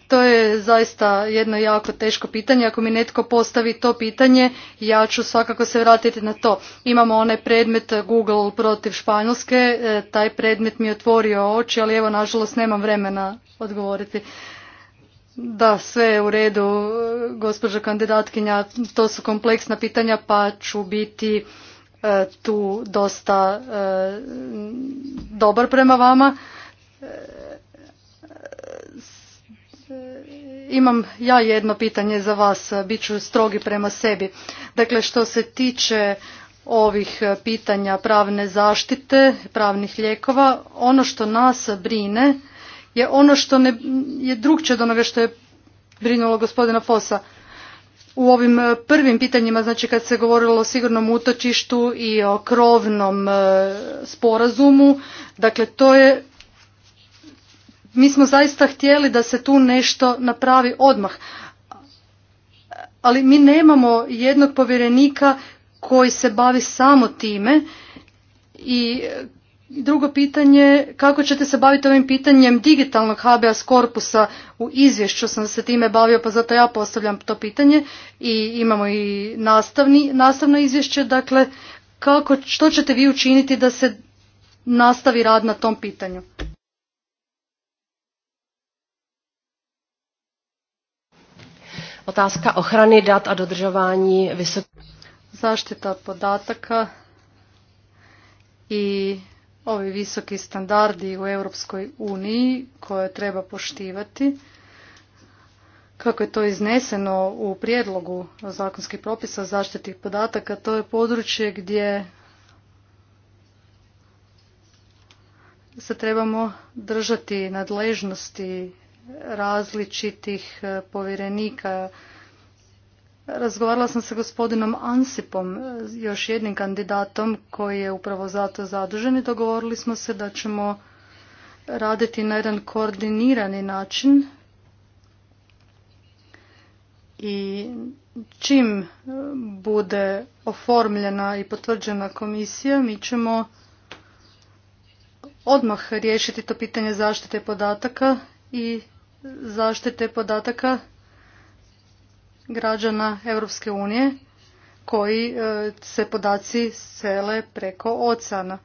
to je zaista jedno jako teško pitanje. Ako mi netko postavi to pitanje, ja ću svakako se vratiti na to. Imamo onaj predmet Google protiv Španjolske, e, taj predmet mi je otvorio oči, ali evo nažalost nemam vremena odgovoriti. Da, sve je u redu, e, gospođa kandidatkinja, to su kompleksna pitanja pa ću biti e, tu dosta dobar prema vama imam ja jedno pitanje za vas, bit ću strogi prema sebi. Dakle, što se tiče ovih pitanja pravne zaštite, pravnih lijekova, ono što nas brine je ono što ne, je drugče od onoga što je brinulo gospodina Fosa. U ovim prvim pitanjima, znači kad se govorilo o sigurnom utočištu i o krovnom e, sporazumu, dakle to je mi smo zaista htjeli da se tu nešto napravi odmah. Ali mi nemamo jednog povjerenika koji se bavi samo time i drugo pitanje, kako ćete se baviti ovim pitanjem digitalnog HBS korpusa u izvješću sam se time bavio, pa zato ja postavljam to pitanje i imamo i nastavni, nastavno izvješće, dakle kako, što ćete vi učiniti da se nastavi rad na tom pitanju? Otázka ochrany dat a dodržování Zaštita podataka i ovi visoki standardi u Europskoj uniji koje treba poštivati. Kako je to izneseno u prijedlogu zakonskih propisa zaštiti podataka, to je područje gdje se trebamo držati nadležnosti različitih e, povjerenika. Razgovarala sam sa gospodinom Ansipom, e, još jednim kandidatom koji je upravo zato zadužen i dogovorili smo se da ćemo raditi na jedan koordinirani način i čim e, bude oformljena i potvrđena komisija mi ćemo odmah riješiti to pitanje zaštite podataka i zaštite podataka građana Europske unije koji e, se podaci sele preko oceana.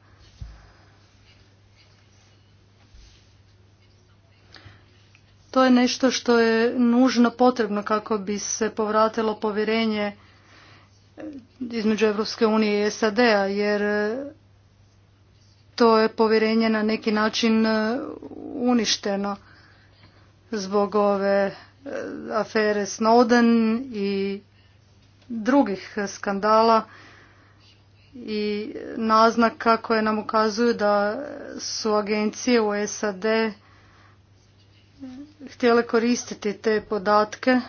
To je nešto što je nužno potrebno kako bi se povratilo povjerenje između Europske unije i SAD-a, jer e, to je povjerenje na neki način e, uništeno zbog ove e, afere Snowden i drugih skandala i naznaka koje nam ukazuju da su agencije u SAD htjele koristiti te podatke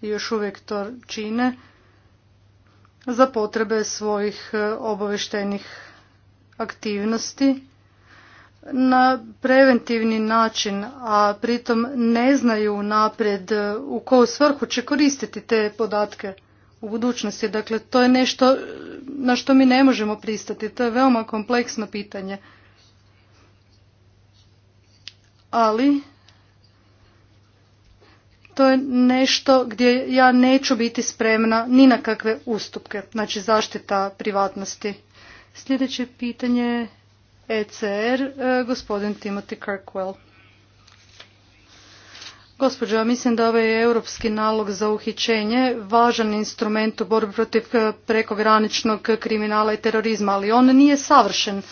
i još uvijek to čine za potrebe svojih e, obaveštenih aktivnosti na preventivni način, a pritom ne znaju naprijed u koju svrhu će koristiti te podatke u budućnosti. Dakle, to je nešto na što mi ne možemo pristati. To je veoma kompleksno pitanje. Ali, to je nešto gdje ja neću biti spremna ni na kakve ustupke, znači zaštita privatnosti. Sljedeće pitanje ECR, e, gospodin Timothy Kirkwell. Gospođo, mislim da ovaj europski nalog za uhićenje važan instrument u borbi protiv e, prekograničnog kriminala i terorizma, ali on nije savršen.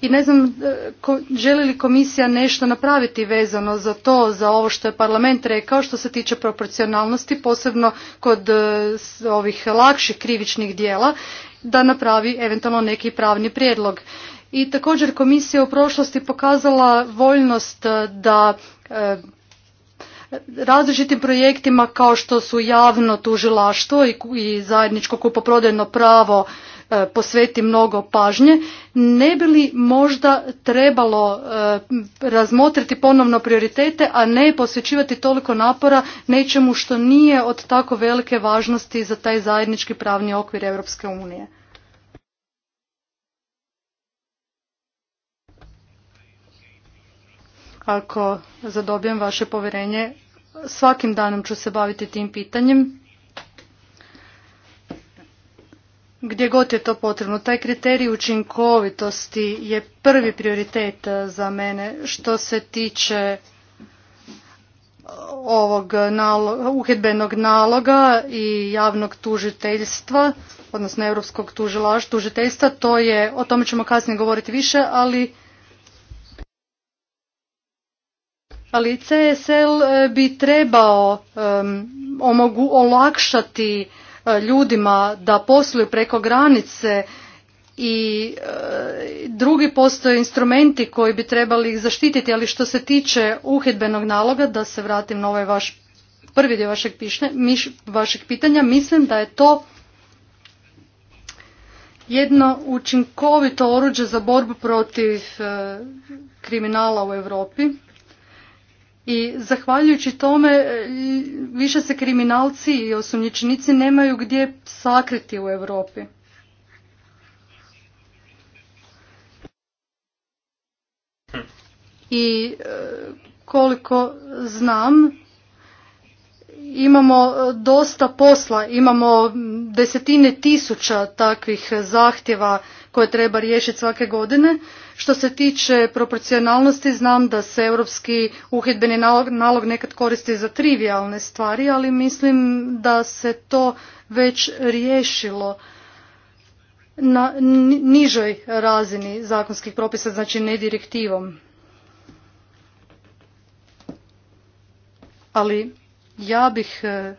I ne znam, e, želi li komisija nešto napraviti vezano za to, za ovo što je parlament rekao što se tiče proporcionalnosti, posebno kod ovih lakših krivičnih dijela, da napravi eventualno neki pravni prijedlog i također komisija u prošlosti pokazala voljnost e, da e, različitim projektima kao što su javno tužilaštvo i zajedničko kupoprodajno pravo e, posveti mnogo pažnje, ne bi li možda trebalo razmotriti ponovno prioritete, a ne posvećivati toliko napora nečemu što nije od tako velike važnosti za taj zajednički pravni okvir eu unije. ako zadobijem vaše povjerenje, svakim danom ću se baviti tim pitanjem. Gdje god je to potrebno, taj kriterij učinkovitosti je prvi prioritet eh, za mene što se tiče eh, ovog naloga, uhedbenog naloga i javnog tužiteljstva, odnosno europskog tužiteljstva, to je, o tome ćemo kasnije govoriti više, ali ali CSL e, bi trebao omogu, olakšati e, ljudima da posluju preko granice i e, drugi postoje instrumenti koji bi trebali ih zaštititi, ali što se tiče uhidbenog naloga, da se vratim na ovaj vaš prvi dio vašeg, vašeg pitanja, mislim da je to jedno učinkovito oruđe za borbu protiv kriminala u Europi i zahvaljujući tome e, više se kriminalci i osumnjičenici nemaju gdje sakriti u Europi. I e, koliko znam, imamo e, dosta posla, imamo desetine tisuća takvih zahtjeva koje treba riješiti svake godine što se tiče proporcionalnosti, znam da se europski uhidbeni nalog, nalog nekad koristi za trivialne stvari, ali mislim da se to već riješilo na nižoj razini zakonskih propisa, znači ne direktivom. Ali ja bih eh,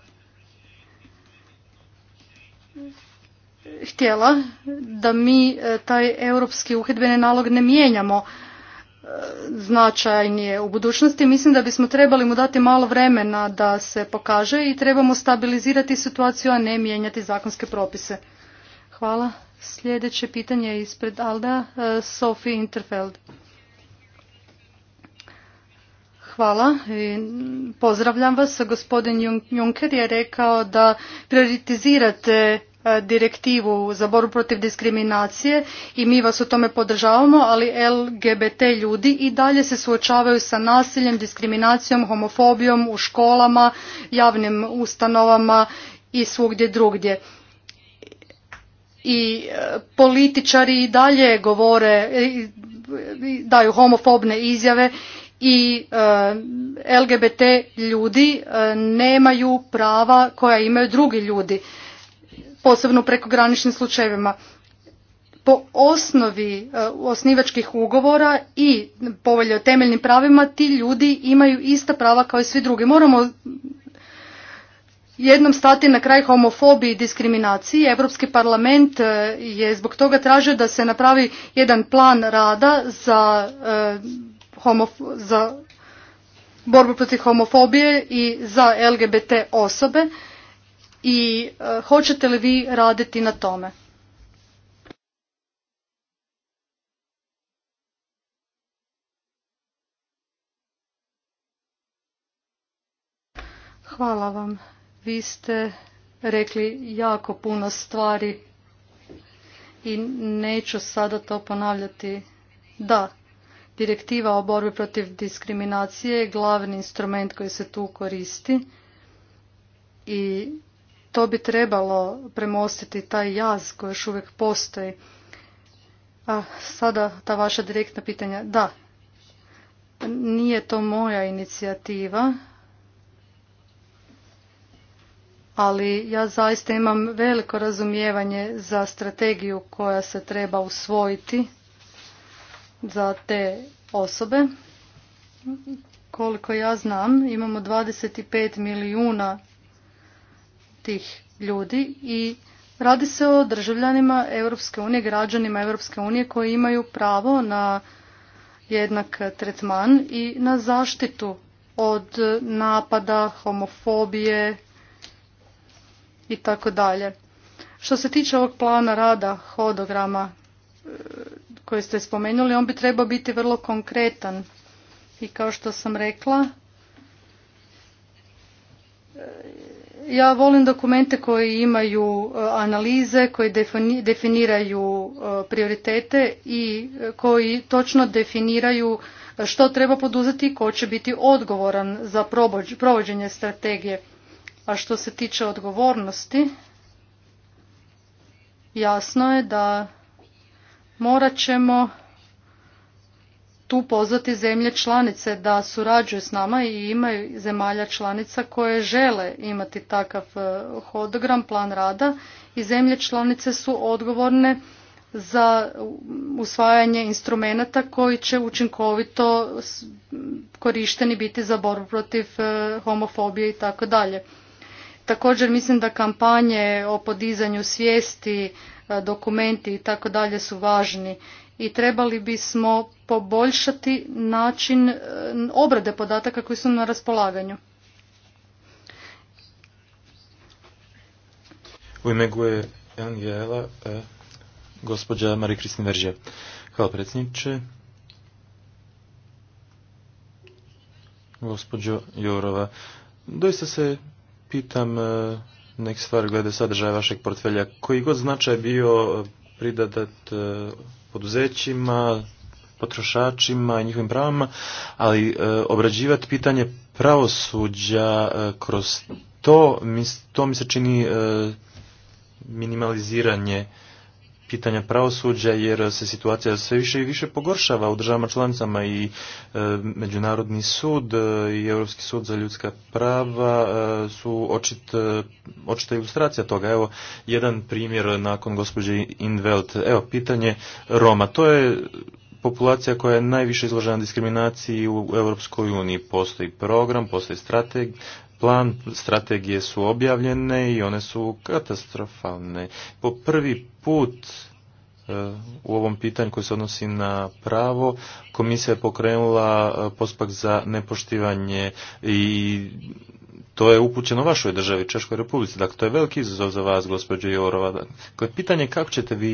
htjela da mi e, taj europski uhidbeni nalog ne mijenjamo e, značajnije u budućnosti. Mislim da bismo trebali mu dati malo vremena da se pokaže i trebamo stabilizirati situaciju, a ne mijenjati zakonske propise. Hvala. Sljedeće pitanje je ispred Alda, e, Sophie Interfeld. Hvala i pozdravljam vas. Gospodin Juncker je rekao da prioritizirate E, direktivu za borbu protiv diskriminacije i mi vas u tome podržavamo, ali LGBT ljudi i dalje se suočavaju sa nasiljem, diskriminacijom, homofobijom u školama, javnim ustanovama i svugdje drugdje. I e, političari i dalje govore, daju homofobne izjave i e, LGBT ljudi nemaju prava koja imaju drugi ljudi posebno u prekograničnim slučajevima po osnovi e, osnivačkih ugovora i povelje o temeljnim pravima ti ljudi imaju ista prava kao i svi drugi. Moramo jednom stati na kraj homofobiji i diskriminaciji. Europski parlament e, je zbog toga tražio da se napravi jedan plan rada za, e, za borbu protiv homofobije i za LGBT osobe i e, hoćete li vi raditi na tome? Hvala vam. Vi ste rekli jako puno stvari i neću sada to ponavljati. Da, direktiva o borbi protiv diskriminacije je glavni instrument koji se tu koristi i to bi trebalo premostiti taj jaz koji još uvijek postoji. A sada ta vaša direktna pitanja. Da, nije to moja inicijativa, ali ja zaista imam veliko razumijevanje za strategiju koja se treba usvojiti za te osobe. Koliko ja znam, imamo 25 milijuna tih ljudi i radi se o državljanima Europske unije, građanima Europske unije koji imaju pravo na jednak tretman i na zaštitu od napada, homofobije i tako dalje. Što se tiče ovog plana rada hodograma e, koji ste spomenuli, on bi trebao biti vrlo konkretan. I kao što sam rekla, e, ja volim dokumente koji imaju e, analize, koji definiraju e, prioritete i e, koji točno definiraju što treba poduzeti i ko će biti odgovoran za provođenje strategije. A što se tiče odgovornosti, jasno je da morat ćemo tu pozvati zemlje članice da surađuju s nama i imaju zemalja članica koje žele imati takav e, hodogram, plan rada i zemlje članice su odgovorne za usvajanje instrumenata koji će učinkovito korišteni biti za borbu protiv e, homofobije i tako dalje. Također mislim da kampanje o podizanju svijesti, e, dokumenti i tako dalje su važni i trebali bismo poboljšati način e, obrade podataka koji su na raspolaganju. U ime Guje Angela, e, gospođa Marija Kristina Veržija. Hvala predsjedniče. Gospođo Jorova, doista se pitam e, nek stvar glede sadržaja vašeg portfelja. Koji god značaj bio pridadat poduzećima, potrošačima i njihovim pravama, ali e, obrađivati pitanje pravosuđa e, kroz to, to mi se čini e, minimaliziranje pitanja pravosuđa jer se situacija sve više i više pogoršava u državama članicama i e, Međunarodni sud e, i Europski sud za ljudska prava e, su očit, očita ilustracija toga. Evo jedan primjer nakon gospođe Invelt. Evo pitanje Roma. To je populacija koja je najviše izložena diskriminaciji u Europskoj uniji. Postoji program, postoji strateg, plan, strategije su objavljene i one su katastrofalne. Po prvi put e, u ovom pitanju koji se odnosi na pravo, komisija je pokrenula e, postupak za nepoštivanje i to je upućeno vašoj državi, Češkoj republici. Dakle, to je veliki izazov za vas, gospođo Jorova. Dakle, pitanje je kako ćete vi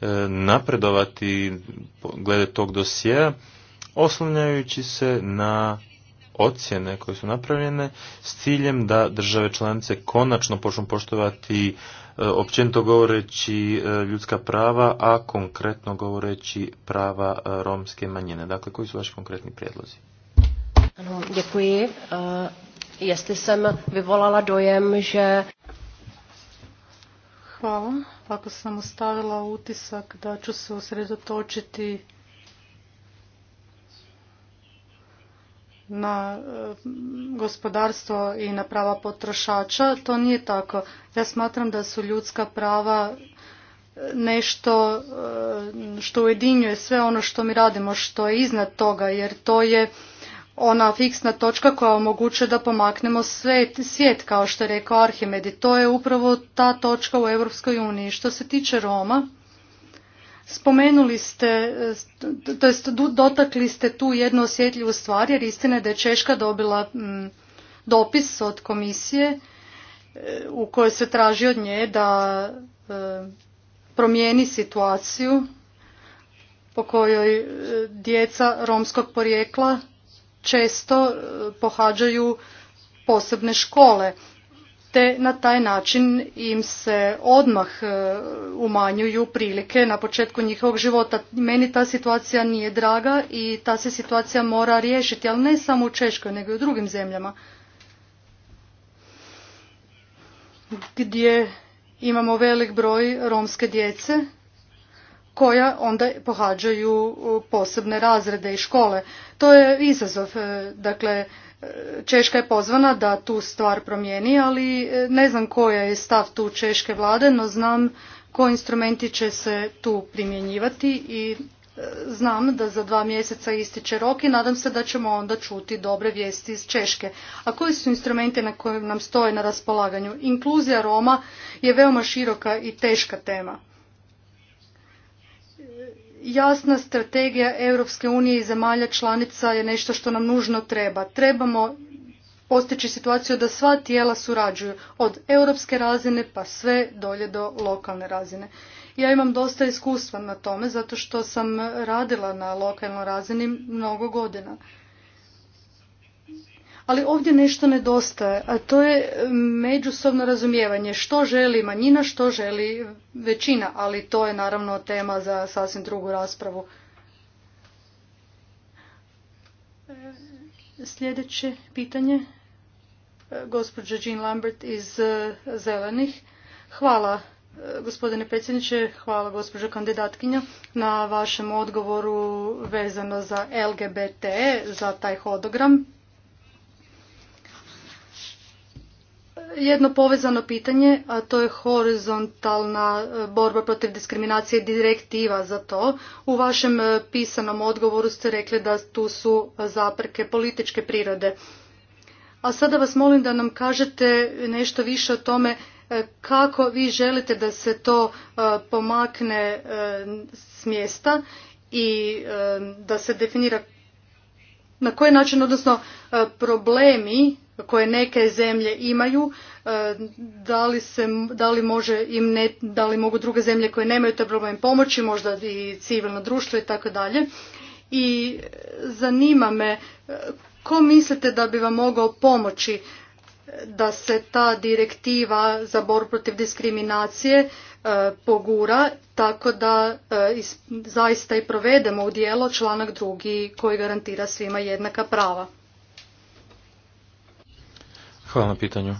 e, napredovati glede tog dosjea, oslanjajući se na ocjene koje su napravljene s ciljem da države članice konačno počnu poštovati e, općenito govoreći e, ljudska prava, a konkretno govoreći prava e, romske manjine. Dakle, koji su vaši konkretni prijedlozi? Ano, děkuji. Jestli jsem vyvolala dojem, že... Hvala. Ako sam ostavila utisak da ću se usredotočiti na eh, gospodarstvo i na prava potrošača. To nije tako. Ja smatram da su ljudska prava eh, nešto eh, što ujedinjuje sve ono što mi radimo, što je iznad toga, jer to je ona fiksna točka koja omogućuje da pomaknemo svijet, svijet kao što je rekao Arhimedi. to je upravo ta točka u Europskoj uniji. Što se tiče Roma, Spomenuli ste, to jest dotakli ste tu jednu osjetljivu stvar jer istina je da je Češka dobila mm, dopis od komisije e, u kojoj se traži od nje da e, promijeni situaciju po kojoj e, djeca romskog porijekla često pohađaju posebne škole te na taj način im se odmah e, umanjuju prilike na početku njihovog života. Meni ta situacija nije draga i ta se situacija mora riješiti, ali ne samo u Češkoj, nego i u drugim zemljama. Gdje imamo velik broj romske djece koja onda pohađaju e, posebne razrede i škole. To je izazov, e, dakle, Češka je pozvana da tu stvar promijeni, ali e, ne znam koja je stav tu Češke vlade, no znam koji instrumenti će se tu primjenjivati i e, znam da za dva mjeseca ističe rok i nadam se da ćemo onda čuti dobre vijesti iz Češke. A koji su instrumenti na kojim nam stoje na raspolaganju? Inkluzija Roma je veoma široka i teška tema jasna strategija Europske unije i zemalja članica je nešto što nam nužno treba. Trebamo postići situaciju da sva tijela surađuju od europske razine pa sve dolje do lokalne razine. Ja imam dosta iskustva na tome zato što sam radila na lokalnoj razini mnogo godina ali ovdje nešto nedostaje, a to je mm, međusobno razumijevanje što želi manjina, što želi većina, ali to je naravno tema za sasvim drugu raspravu. Sljedeće pitanje, e, gospođa Jean Lambert iz e, Zelenih. Hvala e, gospodine predsjedniče, hvala gospođo kandidatkinja na vašem odgovoru vezano za LGBT, za taj hodogram jedno povezano pitanje, a to je horizontalna e, borba protiv diskriminacije direktiva za to. U vašem e, pisanom odgovoru ste rekli da tu su zaprke političke prirode. A sada vas molim da nam kažete nešto više o tome e, kako vi želite da se to pomakne s mjesta i da se definira na koji način, odnosno problemi koje neke zemlje imaju, e, da li, se, da li, može im ne, da li mogu druge zemlje koje nemaju te problem pomoći, možda i civilno društvo i tako dalje. I zanima me, e, ko mislite da bi vam mogao pomoći e, da se ta direktiva za borbu protiv diskriminacije pogura tako da zaista i provedemo u dijelo članak drugi koji garantira svima jednaka prava. Hvala na pitanju.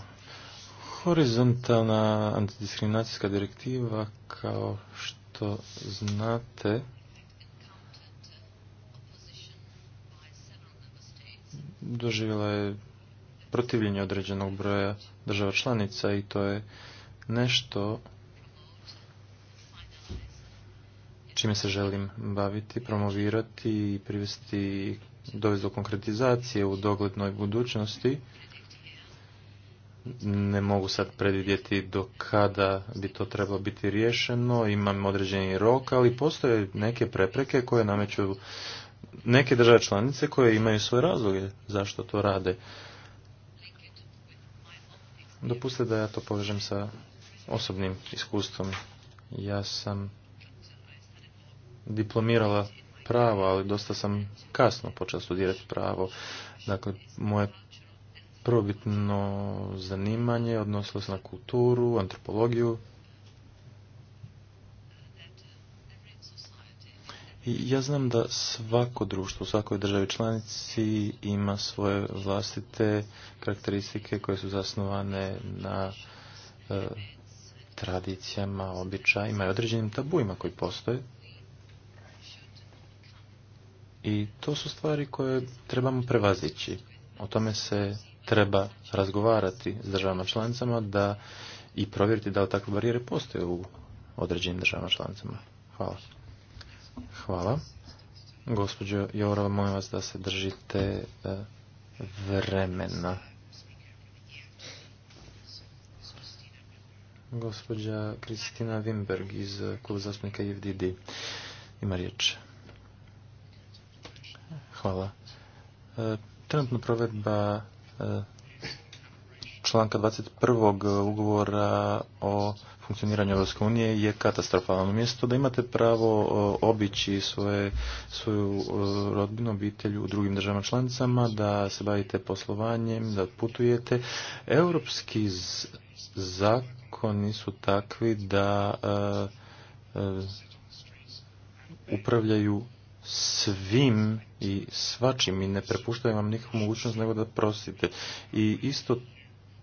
Horizontalna antidiskriminacijska direktiva, kao što znate, doživjela je protivljenje određenog broja država članica i to je nešto čime se želim baviti, promovirati i privesti dovesti do konkretizacije u doglednoj budućnosti ne mogu sad predvidjeti do kada bi to trebalo biti riješeno, imam određeni rok, ali postoje neke prepreke koje nameću neke države članice koje imaju svoje razloge zašto to rade. Dopustite da ja to povežem sa osobnim iskustvom. Ja sam diplomirala pravo, ali dosta sam kasno počela studirati pravo. Dakle, moje prvobitno zanimanje odnosilo se na kulturu, antropologiju. I ja znam da svako društvo u svakoj državi članici ima svoje vlastite karakteristike koje su zasnovane na e, tradicijama, običajima i određenim tabuima koji postoje. I to su stvari koje trebamo prevazići. O tome se treba razgovarati s državama članicama da i provjeriti da li takve barijere postoje u određenim državama članicama. Hvala. Hvala. Gospođo Jorova, molim vas da se držite e, vremena. Gospođa Kristina Wimberg iz kluba zastupnika IFDD ima riječ. Hvala. E, Trenutno provedba članka 21. ugovora o funkcioniranju Europske unije je katastrofalno. Mjesto da imate pravo obići svoje, svoju rodbinu, obitelju u drugim državama članicama, da se bavite poslovanjem, da putujete. Europski zakoni su takvi da e, e, upravljaju svim i svačim i ne prepuštaju vam nikakvu mogućnost nego da prosite. I isto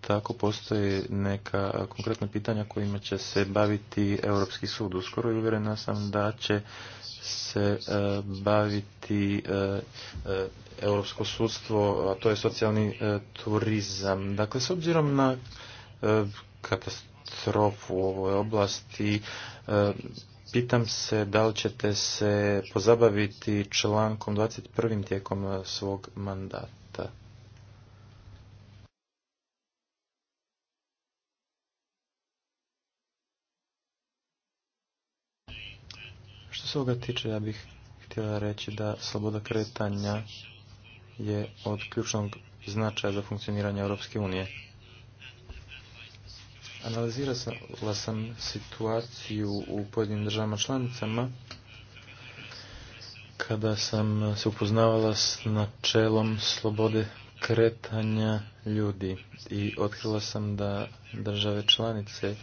tako postoje neka konkretna pitanja kojima će se baviti Europski sud. Uskoro i uvjerena sam da će se e, baviti e, e, europsko sudstvo, a to je socijalni turizam. Dakle, s obzirom na katastrofu u ovoj oblasti, pitam se da li ćete se pozabaviti člankom 21. tijekom svog mandata. Što se ovoga tiče, ja bih htjela reći da sloboda kretanja je od ključnog značaja za funkcioniranje Europske unije. Analizirala sam situaciju u pojedinim državama članicama kada sam se upoznavala s načelom slobode kretanja ljudi i otkrila sam da države članice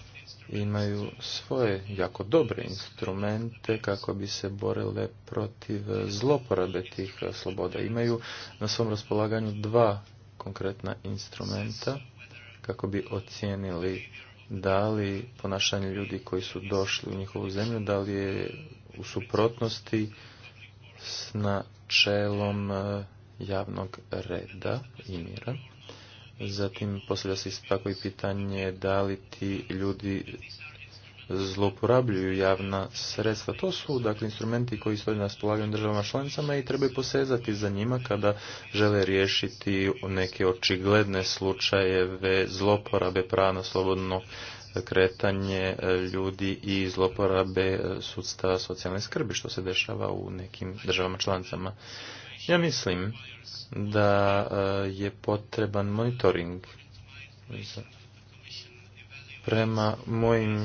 imaju svoje jako dobre instrumente kako bi se borile protiv zloporabe tih sloboda. Imaju na svom raspolaganju dva konkretna instrumenta kako bi ocijenili da li ponašanje ljudi koji su došli u njihovu zemlju, da li je u suprotnosti s načelom e, javnog reda i mira. Zatim postavlja se tako i pitanje da li ti ljudi zloporabljuju javna sredstva. To su dakle instrumenti koji stoje na raspolaganju državama članicama i trebaju posezati za njima kada žele riješiti neke očigledne slučajeve zloporabe prava na slobodno kretanje ljudi i zloporabe sudstva socijalne skrbi što se dešava u nekim državama članicama. Ja mislim da e, je potreban monitoring Prema mojim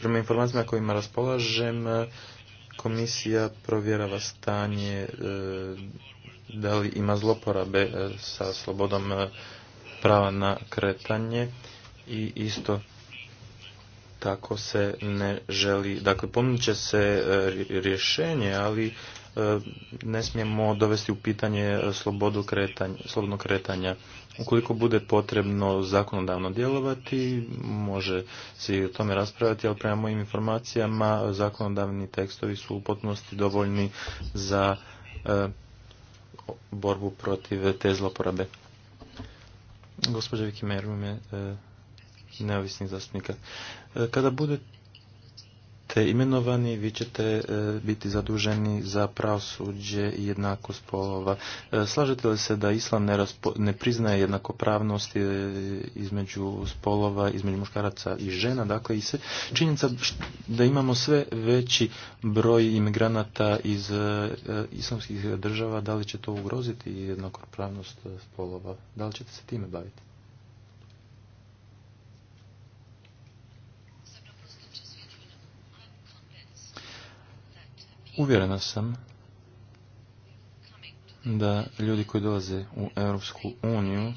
prema informacijama kojima raspolažem, komisija provjerava stanje e, da li ima zloporabe e, sa slobodom e, prava na kretanje i isto tako se ne želi. Dakle, ponudit će se rješenje, ali ne smijemo dovesti u pitanje slobodu kretanja, kretanja ukoliko bude potrebno zakonodavno djelovati, može se i o tome raspravljati, ali prema mojim informacijama zakonodavni tekstovi su u potpunosti dovoljni za e, borbu protiv te zloporabe. Gospođa Vikimeru, me, e, neovisnih zastupnika. E, kada bude te imenovani, vi ćete e, biti zaduženi za pravosuđe i jednakost polova. E, slažete li se da Islam ne, ne priznaje jednakopravnost e, između spolova, između muškaraca i žena? Dakle, i se činjenica da imamo sve veći broj imigranata iz islamskih država, da li će to ugroziti jednakopravnost spolova? Da li ćete se time baviti? Uvjerena sam da ljudi koji dolaze u Europsku uniju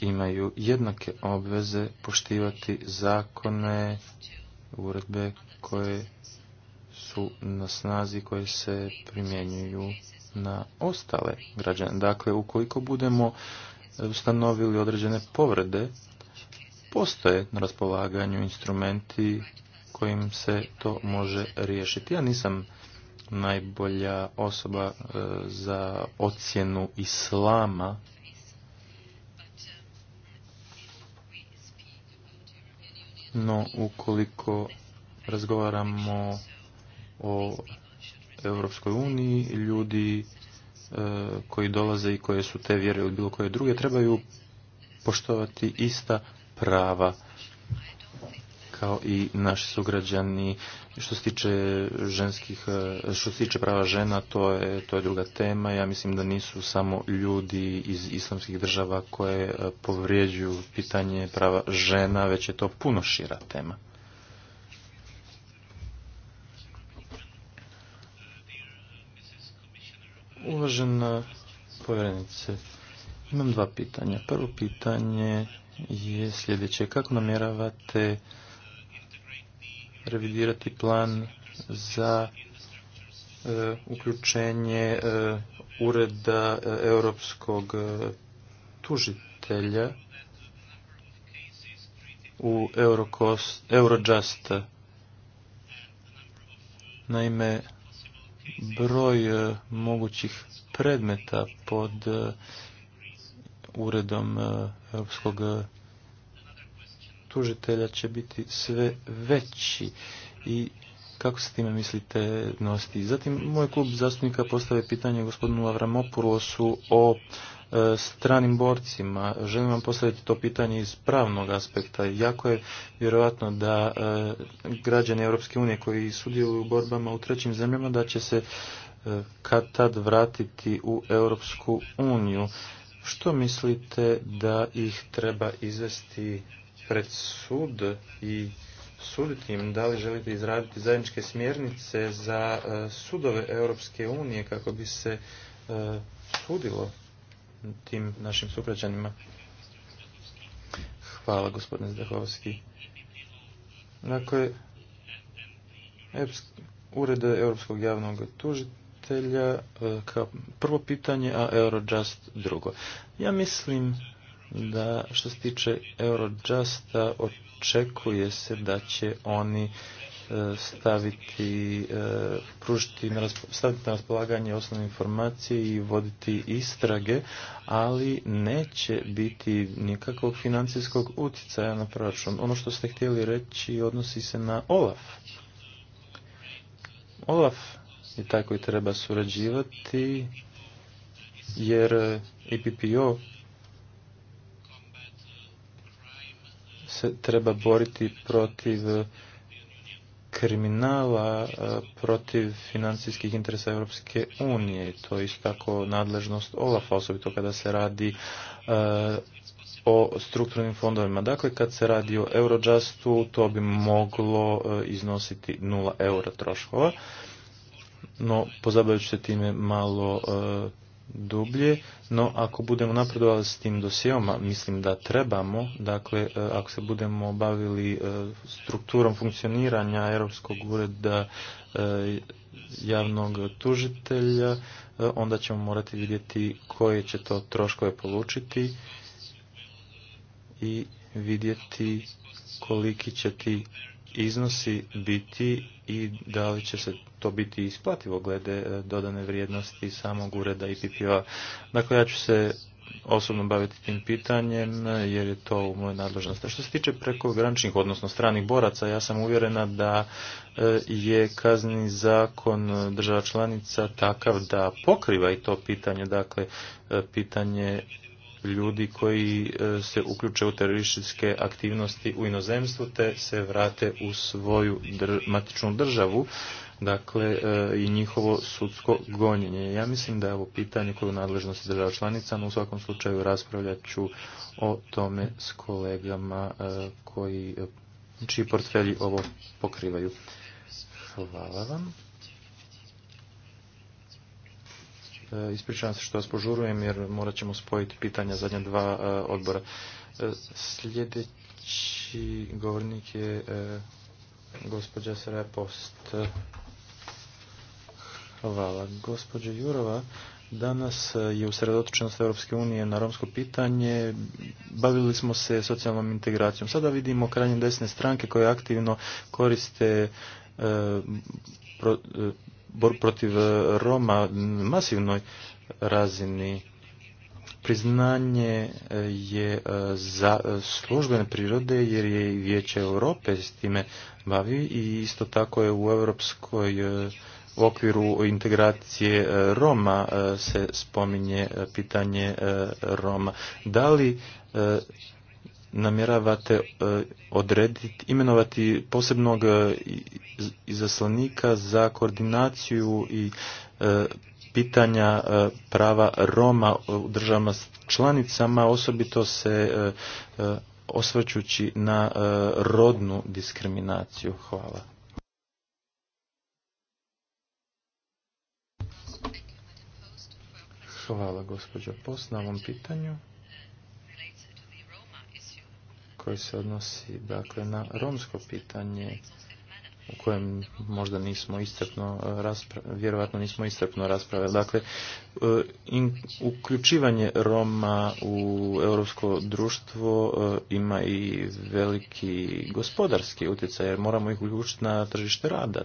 imaju jednake obveze poštivati zakone, uredbe koje su na snazi koje se primjenjuju na ostale građane. Dakle, ukoliko budemo ustanovili određene povrede, postoje na raspolaganju instrumenti kojim se to može riješiti. Ja nisam najbolja osoba e, za ocjenu islama no ukoliko razgovaramo o Europskoj uniji, ljudi e, koji dolaze i koje su te vjere ili bilo koje druge trebaju poštovati ista prava kao i naši sugrađani. Što se tiče ženskih, e, što se tiče prava žena, to je, to je druga tema. Ja mislim da nisu samo ljudi iz islamskih država koje e, povrijeđuju pitanje prava žena, već je to puno šira tema. Uvažena povjerenice, imam dva pitanja. Prvo pitanje je sljedeće. Kako namjeravate revidirati plan za e, uključenje e, ureda e, europskog tužitelja u Eurojust. Naime, broj mogućih predmeta pod uredom Europskog tužitelja će biti sve veći i kako se time mislite nositi? Zatim, moj klub zastupnika postave pitanje gospodinu Avramopurosu o e, stranim borcima. Želim vam postaviti to pitanje iz pravnog aspekta. Jako je vjerojatno da e, građani Europske unije koji sudjeluju u borbama u trećim zemljama da će se e, kad tad vratiti u Europsku uniju. Što mislite da ih treba izvesti pred sud i suditi im da li želite izraditi zajedničke smjernice za e, sudove Europske unije kako bi se e, sudilo tim našim sugrađanima. Hvala gospodine Zdahovski. Dakle, Ured Europskog javnog tužitelja e, prvo pitanje, a Eurojust drugo. Ja mislim da što se tiče Eurojusta očekuje se da će oni e, staviti, e, pružiti, staviti na raspolaganje osnovne informacije i voditi istrage, ali neće biti nikakvog financijskog utjecaja na proračun. Ono što ste htjeli reći odnosi se na OLAF. OLAF je taj koji treba surađivati, jer EPPO se treba boriti protiv kriminala protiv financijskih interesa Europske unije. To je isto tako nadležnost olaf osobito kada se radi o strukturnim fondovima. Dakle, kad se radi o Eurojustu, to bi moglo iznositi 0 eura troškova. No, pozabavit se time malo dublje, no ako budemo napredovali s tim dosijevama, mislim da trebamo, dakle, e, ako se budemo bavili e, strukturom funkcioniranja Europskog ureda e, javnog tužitelja, onda ćemo morati vidjeti koje će to troškove polučiti i vidjeti koliki će ti iznosi biti i da li će se to biti isplativo glede e, dodane vrijednosti samog ureda IPP-a. Dakle, ja ću se osobno baviti tim pitanjem e, jer je to u mojoj nadležnosti. Što se tiče prekograničnih, odnosno stranih boraca, ja sam uvjerena da e, je kazni zakon država članica takav da pokriva i to pitanje, dakle pitanje ljudi koji e, se uključe u terorističke aktivnosti u inozemstvu te se vrate u svoju matičnu državu dakle e, i njihovo sudsko gonjenje. Ja mislim da je ovo pitanje koje u nadležnosti država članica, no u svakom slučaju raspravljat ću o tome s kolegama e, koji, čiji portfelji ovo pokrivaju. Hvala vam. E, ispričavam se što vas požurujem jer morat ćemo spojiti pitanja zadnja dva e, odbora. E, sljedeći govornik je gospođa Srepost Hvala. Gospođa Jurova, danas je usredotočenost Europske unije na romsko pitanje. Bavili smo se socijalnom integracijom. Sada vidimo krajnje desne stranke koje aktivno koriste bor protiv e, Roma masivnoj razini. Priznanje e, je e, za službene prirode jer je i Vijeće Europe s time bavi i isto tako je u Europskoj okviru integracije Roma se spominje pitanje Roma. Da li namjeravate e, odrediti, imenovati posebnog e, izaslanika za koordinaciju i e, pitanja prava Roma u državama članicama, osobito se osvrćući na rodnu diskriminaciju. Hvala. Hvala gospođo Post na ovom pitanju koji se odnosi dakle, na romsko pitanje u kojem možda nismo istrpno e, raspravili, vjerojatno nismo istrpno raspravili. Dakle, e, uključivanje Roma u europsko društvo e, ima i veliki gospodarski utjecaj, jer moramo ih uključiti na tržište rada,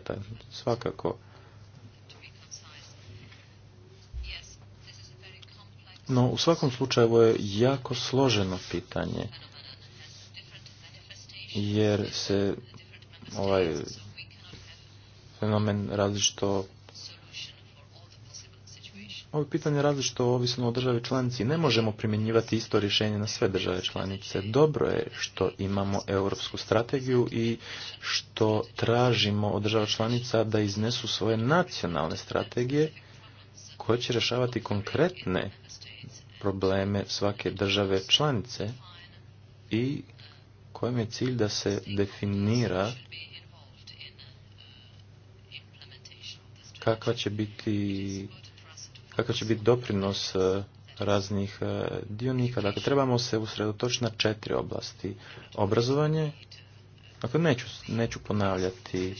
svakako. No, u svakom slučaju ovo je jako složeno pitanje jer se ovaj fenomen različito ovo pitanje različito ovisno o državi članici. Ne možemo primjenjivati isto rješenje na sve države članice. Dobro je što imamo europsku strategiju i što tražimo od država članica da iznesu svoje nacionalne strategije koje će rješavati konkretne probleme svake države članice i kojem je cilj da se definira kakva će biti kakav će biti doprinos e, raznih e, dionika. Dakle, trebamo se usredotočiti na četiri oblasti. Obrazovanje, dakle, neću, neću ponavljati e,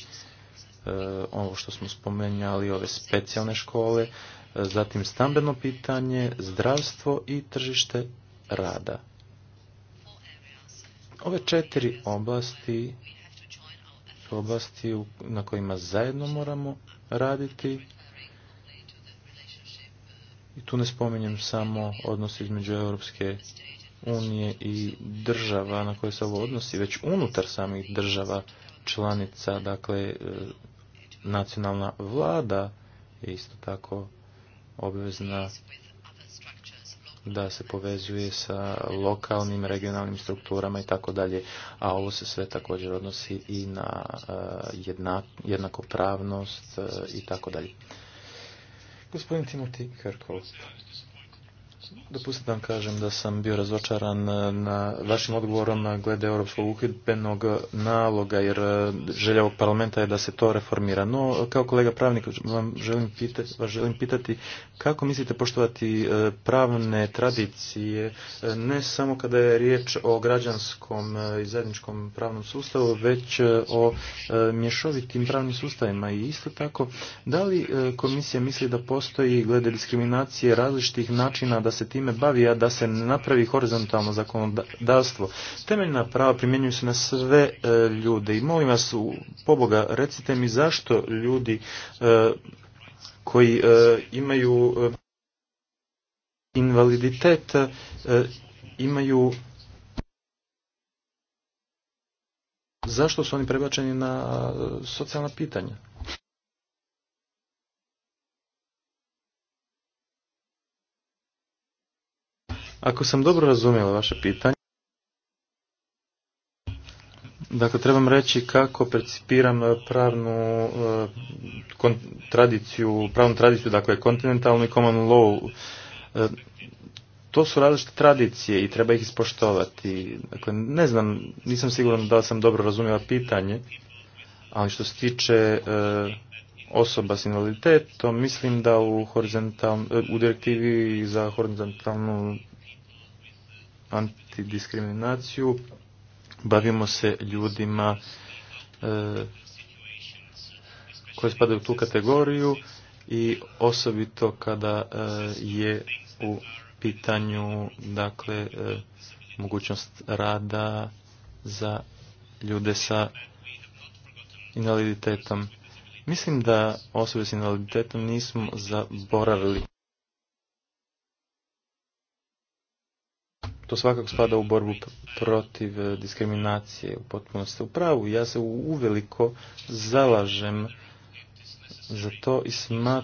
ovo što smo spomenjali, ove specijalne škole, zatim stambeno pitanje, zdravstvo i tržište rada. Ove četiri oblasti su oblasti na kojima zajedno moramo raditi. I tu ne spominjem samo odnos između Europske unije i država na koje se ovo odnosi, već unutar samih država članica, dakle e, nacionalna vlada je isto tako obvezna da se povezuje sa lokalnim, regionalnim strukturama i tako dalje, a ovo se sve također odnosi i na e, jednakopravnost e, i tako dalje. Gospodin Timothy Dopustite vam kažem da sam bio razočaran eh, na vašim odgovorom glede europskog uhidbenog eh, naloga, jer eh, želja ovog parlamenta je da se to reformira. No, kao kolega pravnik, vam želim pitati, želim pitati kako mislite poštovati pravne tradicije, ne samo kada je riječ o građanskom i zajedničkom pravnom sustavu, već o mješovitim pravnim sustavima. I isto tako, da li komisija misli da postoji glede diskriminacije različitih načina da se time bavi, a da se napravi horizontalno zakonodavstvo. Temeljna prava primjenjuju se na sve e, ljude i molim vas, u, poboga, recite mi zašto ljudi e, koji e, imaju invaliditet imaju zašto su oni prebačeni na socijalna pitanja? Ako sam dobro razumjela vaše pitanje, Dakle, trebam reći kako percipiram e, pravnu e, tradiciju, pravnu tradiciju, dakle, kontinentalnu i common law. E, to su različite tradicije i treba ih ispoštovati. Dakle, ne znam, nisam siguran da sam dobro razumjela pitanje, ali što se tiče osoba s invaliditetom, mislim da u, horizontal, u direktivi za horizontalnu antidiskriminaciju, bavimo se ljudima e, koji spadaju u tu kategoriju i osobito kada e, je u pitanju dakle e, mogućnost rada za ljude sa invaliditetom. Mislim da osobe s invaliditetom nismo zaboravili. to svakako spada u borbu protiv e, diskriminacije u potpunosti. U pravu, ja se uveliko zalažem za to i sma...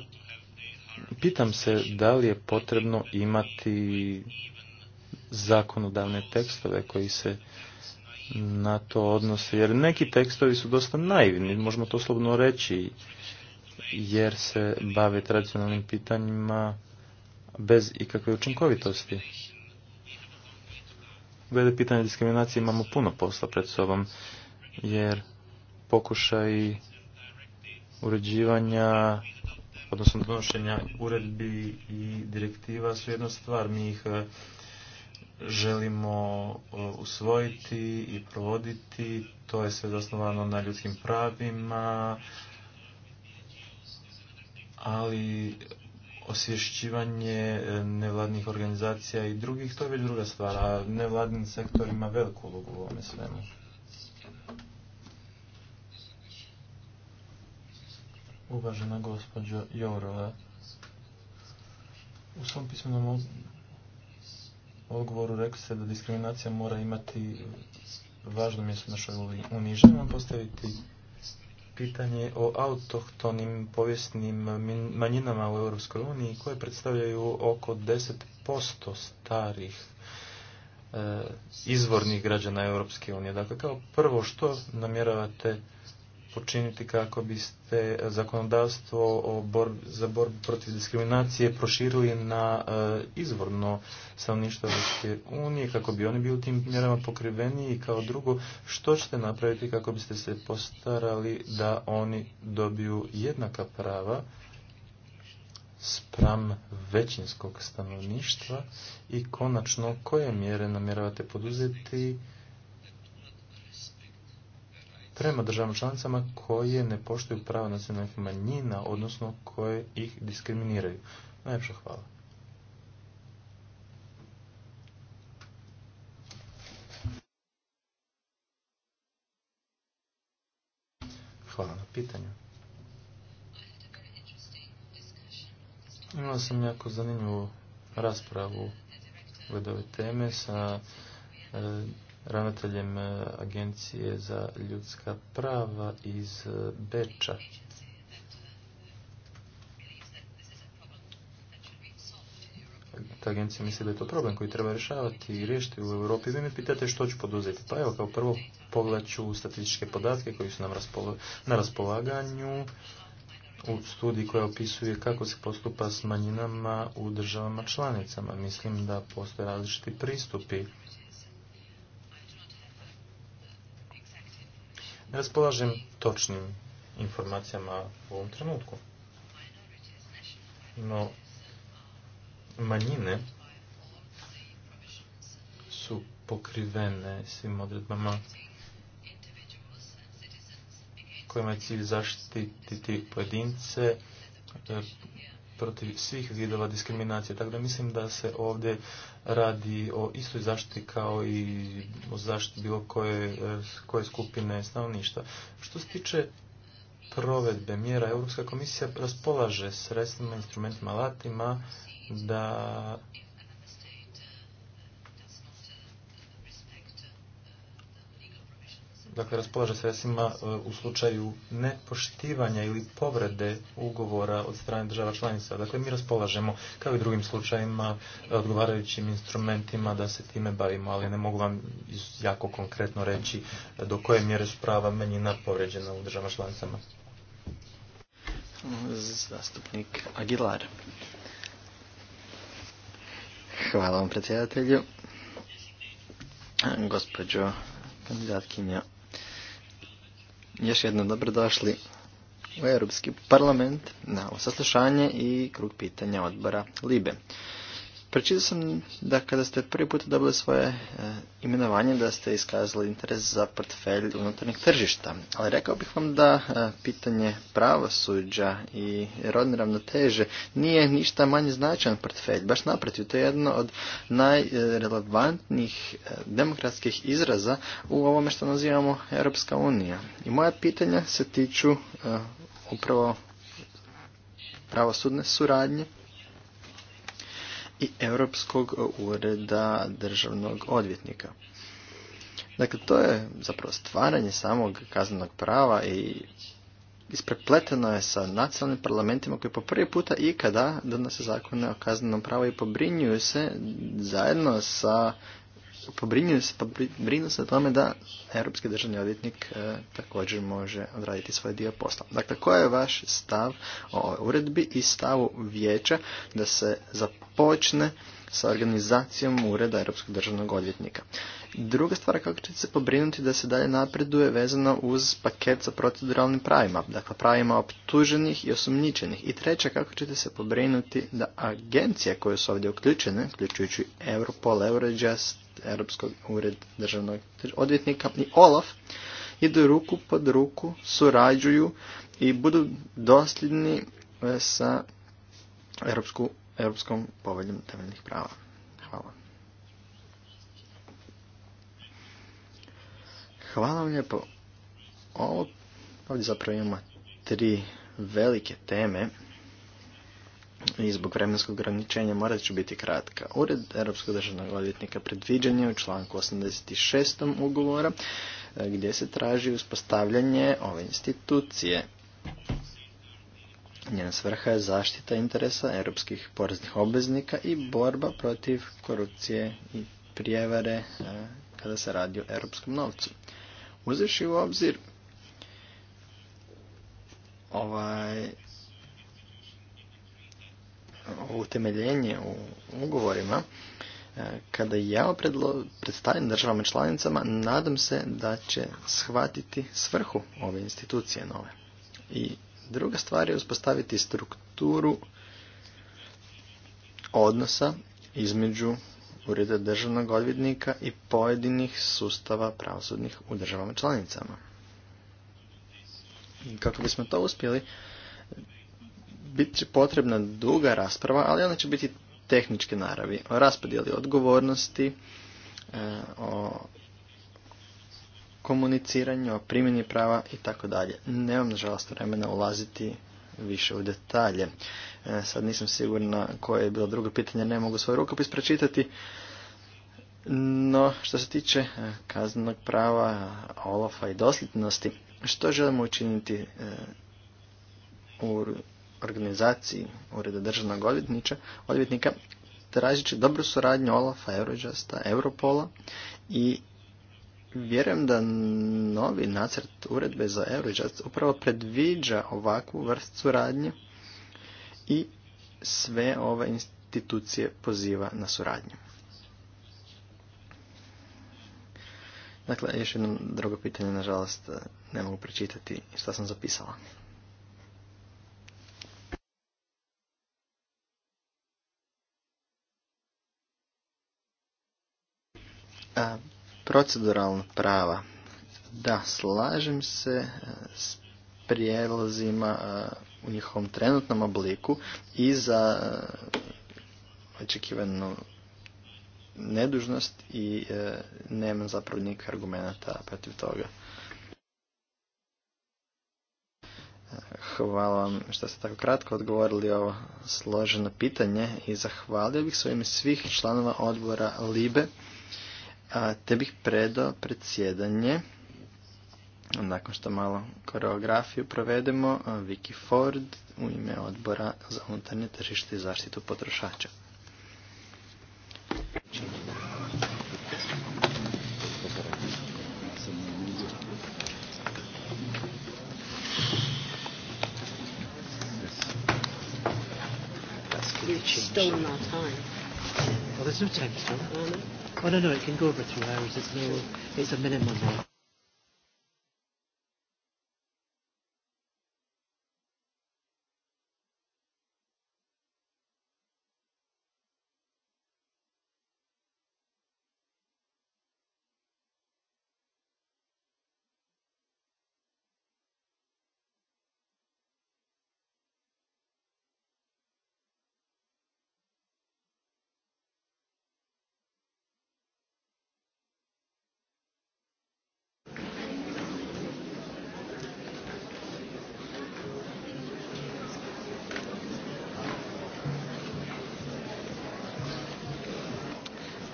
pitam se da li je potrebno imati zakonodavne tekstove koji se na to odnose, jer neki tekstovi su dosta naivni, možemo to slobno reći, jer se bave tradicionalnim pitanjima bez ikakve učinkovitosti glede pitanja diskriminacije imamo puno posla pred sobom, jer pokušaj uređivanja, odnosno donošenja uredbi i direktiva su jedna stvar. Mi ih e, želimo e, usvojiti i provoditi. To je sve zasnovano na ljudskim pravima, ali osvješćivanje e, nevladnih organizacija i drugih, to je već druga stvar, a nevladni sektor ima veliku ulogu u ovome svemu. Uvažena gospođo Jourova, u svom pismenom odgovoru rekli ste da diskriminacija mora imati važno mjesto u našoj postaviti pitanje o autohtonim povijesnim manjinama u Europskoj uniji koje predstavljaju oko 10% starih e, izvornih građana Europske unije. Dakle, kao prvo što namjeravate počiniti kako biste zakonodavstvo o borbi, za borbu protiv diskriminacije proširili na e, izvorno stanovništvo Europske unije, kako bi oni bili tim mjerama pokriveni i kao drugo, što ćete napraviti kako biste se postarali da oni dobiju jednaka prava spram većinskog stanovništva i konačno koje mjere namjeravate poduzeti prema državama članicama koje ne poštuju prava nacionalnih manjina, odnosno koje ih diskriminiraju. Najljepša hvala. Hvala na pitanju. Imala sam jako zanimljivu raspravu u ove teme sa e, ravnateljem e, Agencije za ljudska prava iz e, Beča. Ta agencija misli da je to problem koji treba rješavati i riješiti u Europi. Vi me pitate što ću poduzeti. Pa evo, kao prvo ću statističke podatke koji su nam na raspolaganju u studiji koja opisuje kako se postupa s manjinama u državama članicama. Mislim da postoje različiti pristupi Ne raspolažem točnim informacijama u ovom trenutku. No, manjine su pokrivene svim odredbama kojima je cilj zaštititi pojedince, protiv svih vidova diskriminacije. Tako da mislim da se ovdje radi o istoj zaštiti kao i o zaštiti bilo koje, koje skupine stanovništva. Što se tiče provedbe mjera, Europska komisija raspolaže sredstvima, instrumentima, alatima da dakle, raspolaže sredstvima e, u slučaju nepoštivanja ili povrede ugovora od strane država članica. Dakle, mi raspolažemo, kao i drugim slučajima, e, odgovarajućim instrumentima da se time bavimo, ali ne mogu vam jako konkretno reći e, do koje mjere su prava menjina povređena u državama članicama. Zastupnik Aguilar. Hvala vam predsjedatelju. Gospođo kandidatkinja još jednom dobrodošli u Europski parlament na saslušanje i krug pitanja odbora Libe pročitao sam da kada ste prvi put dobili svoje e, imenovanje da ste iskazali interes za portfelj unutarnjeg tržišta, ali rekao bih vam da e, pitanje pravosuđa i rodne ravnoteže nije ništa manje značajan portfelj, baš naprotiv, to je jedno od najrelevantnijih e, demokratskih izraza u ovome što nazivamo Europska unija. I moja pitanja se tiču upravo pravosudne suradnje i Europskog ureda državnog odvjetnika. Dakle, to je zapravo stvaranje samog kaznenog prava i isprepleteno je sa nacionalnim parlamentima koji po prvi puta ikada donose zakone o kaznenom pravu i pobrinjuju se zajedno sa pobrinu se, se o tome da europski državni odvjetnik e, također može odraditi svoj dio posla. Dakle, koji je vaš stav o uredbi i stavu vijeća da se započne sa organizacijom ureda europskog državnog odvjetnika? Druga stvar, kako ćete se pobrinuti da se dalje napreduje vezano uz paket sa proceduralnim pravima, dakle pravima optuženih i osumnjičenih. I treća, kako ćete se pobrinuti da agencije koje su ovdje uključene, uključujući Europol, Eurojust, Europskog ured državnog odvjetnika i Olaf idu ruku pod ruku, surađuju i budu dosljedni e, sa Europsku, Europskom poveljom temeljnih prava. Hvala. Hvala vam lijepo. Ovo, ovdje zapravo imamo tri velike teme i zbog vremenskog ograničenja morat ću biti kratka. Ured Europskog državnog odvjetnika predviđen je u članku 86. ugovora e, gdje se traži uspostavljanje ove institucije. Njena svrha je zaštita interesa europskih poreznih obveznika i borba protiv korupcije i prijevare e, kada se radi o europskom novcu. Uzevši u obzir ovaj utemeljenje u ugovorima, e, kada ja predstavim državama članicama, nadam se da će shvatiti svrhu ove institucije nove. I druga stvar je uspostaviti strukturu odnosa između ureda državnog odvjetnika i pojedinih sustava pravosudnih u državama članicama. Kako bismo to uspjeli, bit će potrebna duga rasprava, ali ona će biti tehničke naravi, o raspodjeli odgovornosti, e, o komuniciranju, o primjeni prava i tako dalje. Nemam nažalost vremena ulaziti više u detalje. E, sad nisam sigurna koje je bilo drugo pitanje, ne mogu svoj rukopis pročitati. No, što se tiče e, kaznenog prava, olofa i dosljednosti, što želimo učiniti u organizaciji Ureda državnog odvjetnika tražeći dobru suradnju Olafa, Eurojusta, Europola i vjerujem da novi nacrt uredbe za Eurojust upravo predviđa ovakvu vrst suradnje i sve ove institucije poziva na suradnju. Dakle, još jedno drugo pitanje, nažalost, ne mogu pročitati što sam zapisala. proceduralna prava. Da, slažem se e, s prijelazima e, u njihovom trenutnom obliku i za e, očekivanu nedužnost i nemam nema zapravo nikakvih argumenta protiv toga. Hvala vam što ste tako kratko odgovorili ovo složeno pitanje i zahvalio bih svojim svih članova odbora LIBE a te bih predao predsjedanje, nakon što malo koreografiju provedemo, Vicky Ford u ime odbora za unutarnje tržište i zaštitu potrošača. time. Oh, no, no, it can go over three hours. It's, no, it's a minimum.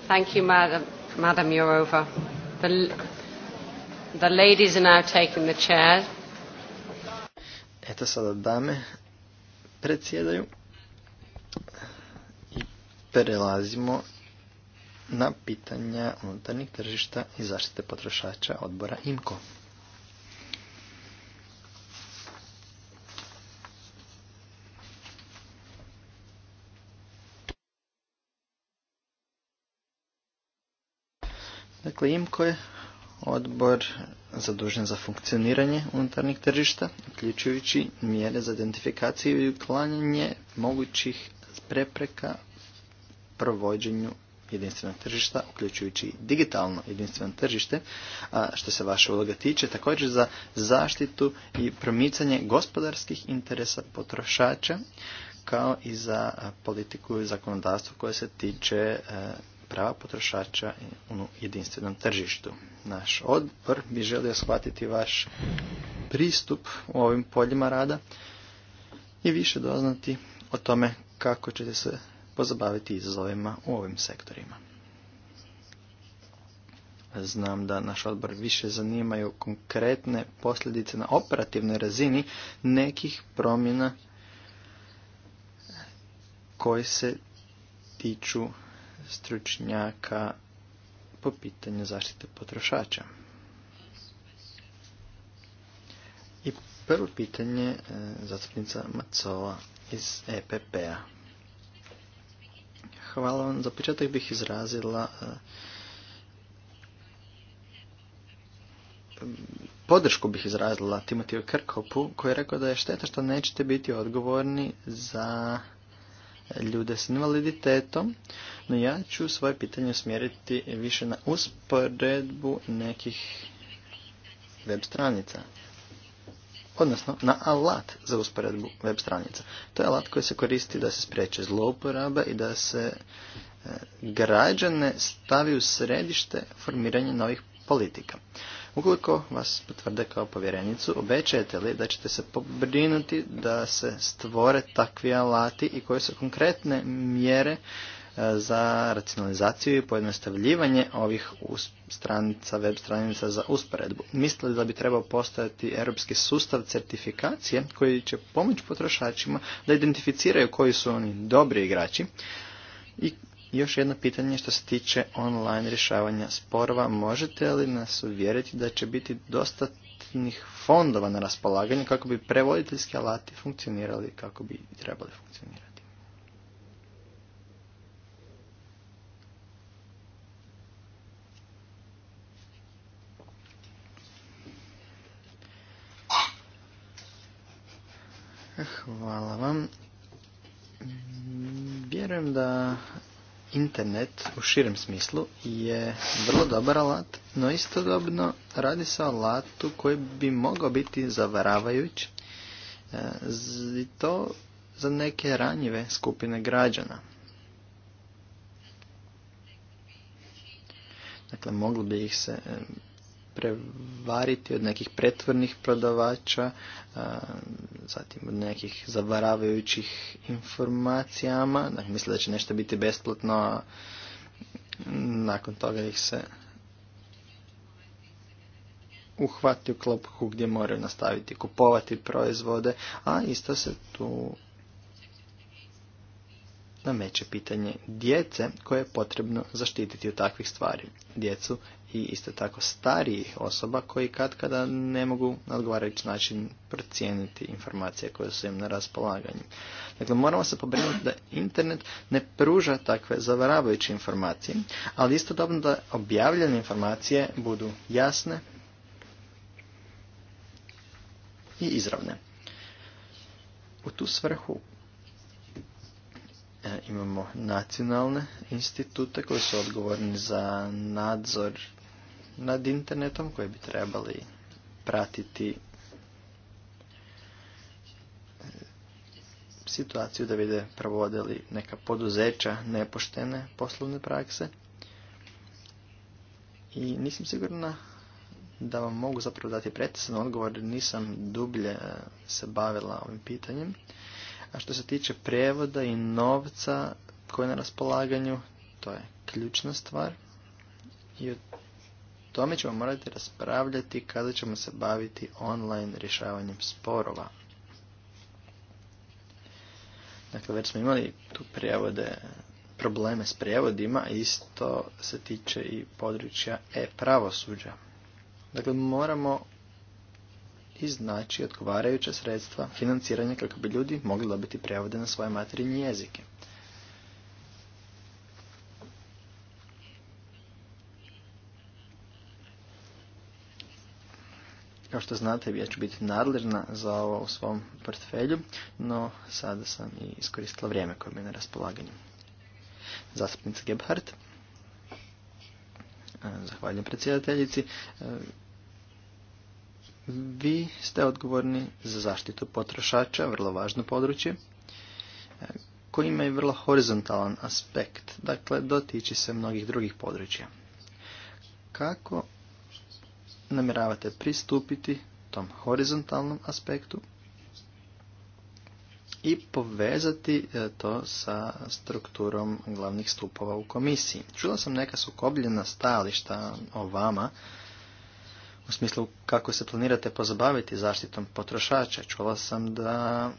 Thank you, Madam, Madam The, ladies are now taking the chair. Eto sada dame predsjedaju i prelazimo na pitanja unutarnjeg tržišta i zaštite potrošača odbora IMCO. Dakle, je odbor zadužen za funkcioniranje unutarnjeg tržišta, uključujući mjere za identifikaciju i uklanjanje mogućih prepreka provođenju jedinstvenog tržišta, uključujući digitalno jedinstveno tržište, a što se vaše uloga tiče, također za zaštitu i promicanje gospodarskih interesa potrošača, kao i za politiku i zakonodavstvo koje se tiče e, prava potrošača u jedinstvenom tržištu. Naš odbor bi želio shvatiti vaš pristup u ovim poljima rada i više doznati o tome kako ćete se pozabaviti izazovima u ovim sektorima. Znam da naš odbor više zanimaju konkretne posljedice na operativnoj razini nekih promjena koji se tiču stručnjaka po pitanju zaštite potrošača. I prvo pitanje e, zastupnica Macova iz EPP-a. Hvala vam. Za početak bih izrazila e, podršku bih izrazila Timotiju Krkopu koji je rekao da je šteta što nećete biti odgovorni za ljude s invaliditetom, no ja ću svoje pitanje usmjeriti više na usporedbu nekih web stranica. Odnosno, na alat za usporedbu web stranica. To je alat koji se koristi da se spriječe zlouporaba i da se e, građane stavi u središte formiranja novih politika. Ukoliko vas potvrde kao povjerenicu, obećajete li da ćete se pobrinuti da se stvore takvi alati i koje su konkretne mjere e, za racionalizaciju i pojednostavljivanje ovih stranica, web stranica za usporedbu. Mislili da bi trebao postojati europski sustav certifikacije koji će pomoći potrošačima da identificiraju koji su oni dobri igrači i još jedno pitanje što se tiče online rješavanja sporova. Možete li nas uvjeriti da će biti dostatnih fondova na raspolaganju kako bi prevoditeljski alati funkcionirali kako bi trebali funkcionirati? Hvala vam. Vjerujem da internet u širem smislu je vrlo dobar alat, no istodobno radi se o alatu koji bi mogao biti zavaravajući e, i to za neke ranjive skupine građana. Dakle, moglo bi ih se e, prevariti od nekih pretvornih prodavača, zatim od nekih zavaravajućih informacijama. Dakle, misle da će nešto biti besplatno, a nakon toga ih se uhvati u klopku gdje moraju nastaviti kupovati proizvode, a isto se tu nameće pitanje djece koje je potrebno zaštititi od takvih stvari. Djecu i isto tako starijih osoba koji kad kada ne mogu na odgovarajući način procijeniti informacije koje su im na raspolaganju. Dakle, moramo se pobrinuti da internet ne pruža takve zavaravajuće informacije, ali isto istodobno da objavljene informacije budu jasne i izravne. U tu svrhu e, imamo nacionalne institute koji su odgovorni za nadzor nad internetom koje bi trebali pratiti e, situaciju da vide provodili neka poduzeća nepoštene poslovne prakse. I nisam sigurna da vam mogu zapravo dati precizan odgovor, nisam dublje e, se bavila ovim pitanjem. A što se tiče prevoda i novca koji je na raspolaganju, to je ključna stvar. I tome ćemo morati raspravljati kada ćemo se baviti online rješavanjem sporova. Dakle, već smo imali tu prijevode, probleme s prijevodima, isto se tiče i područja e-pravosuđa. Dakle, moramo iznaći odgovarajuća sredstva financiranja kako bi ljudi mogli dobiti prijevode na svoje materinje jezike. Kao što znate, ja ću biti nadležna za ovo u svom portfelju, no sada sam i iskoristila vrijeme koje mi je na raspolaganju. Zastupnica Gebhardt. E, zahvaljujem predsjedateljici. E, vi ste odgovorni za zaštitu potrošača, vrlo važno područje, e, koji ima i vrlo horizontalan aspekt, dakle dotiče se mnogih drugih područja. Kako namjeravate pristupiti tom horizontalnom aspektu i povezati e, to sa strukturom glavnih stupova u komisiji. Čula sam neka sukobljena stajališta o vama u smislu kako se planirate pozabaviti zaštitom potrošača. Čula sam da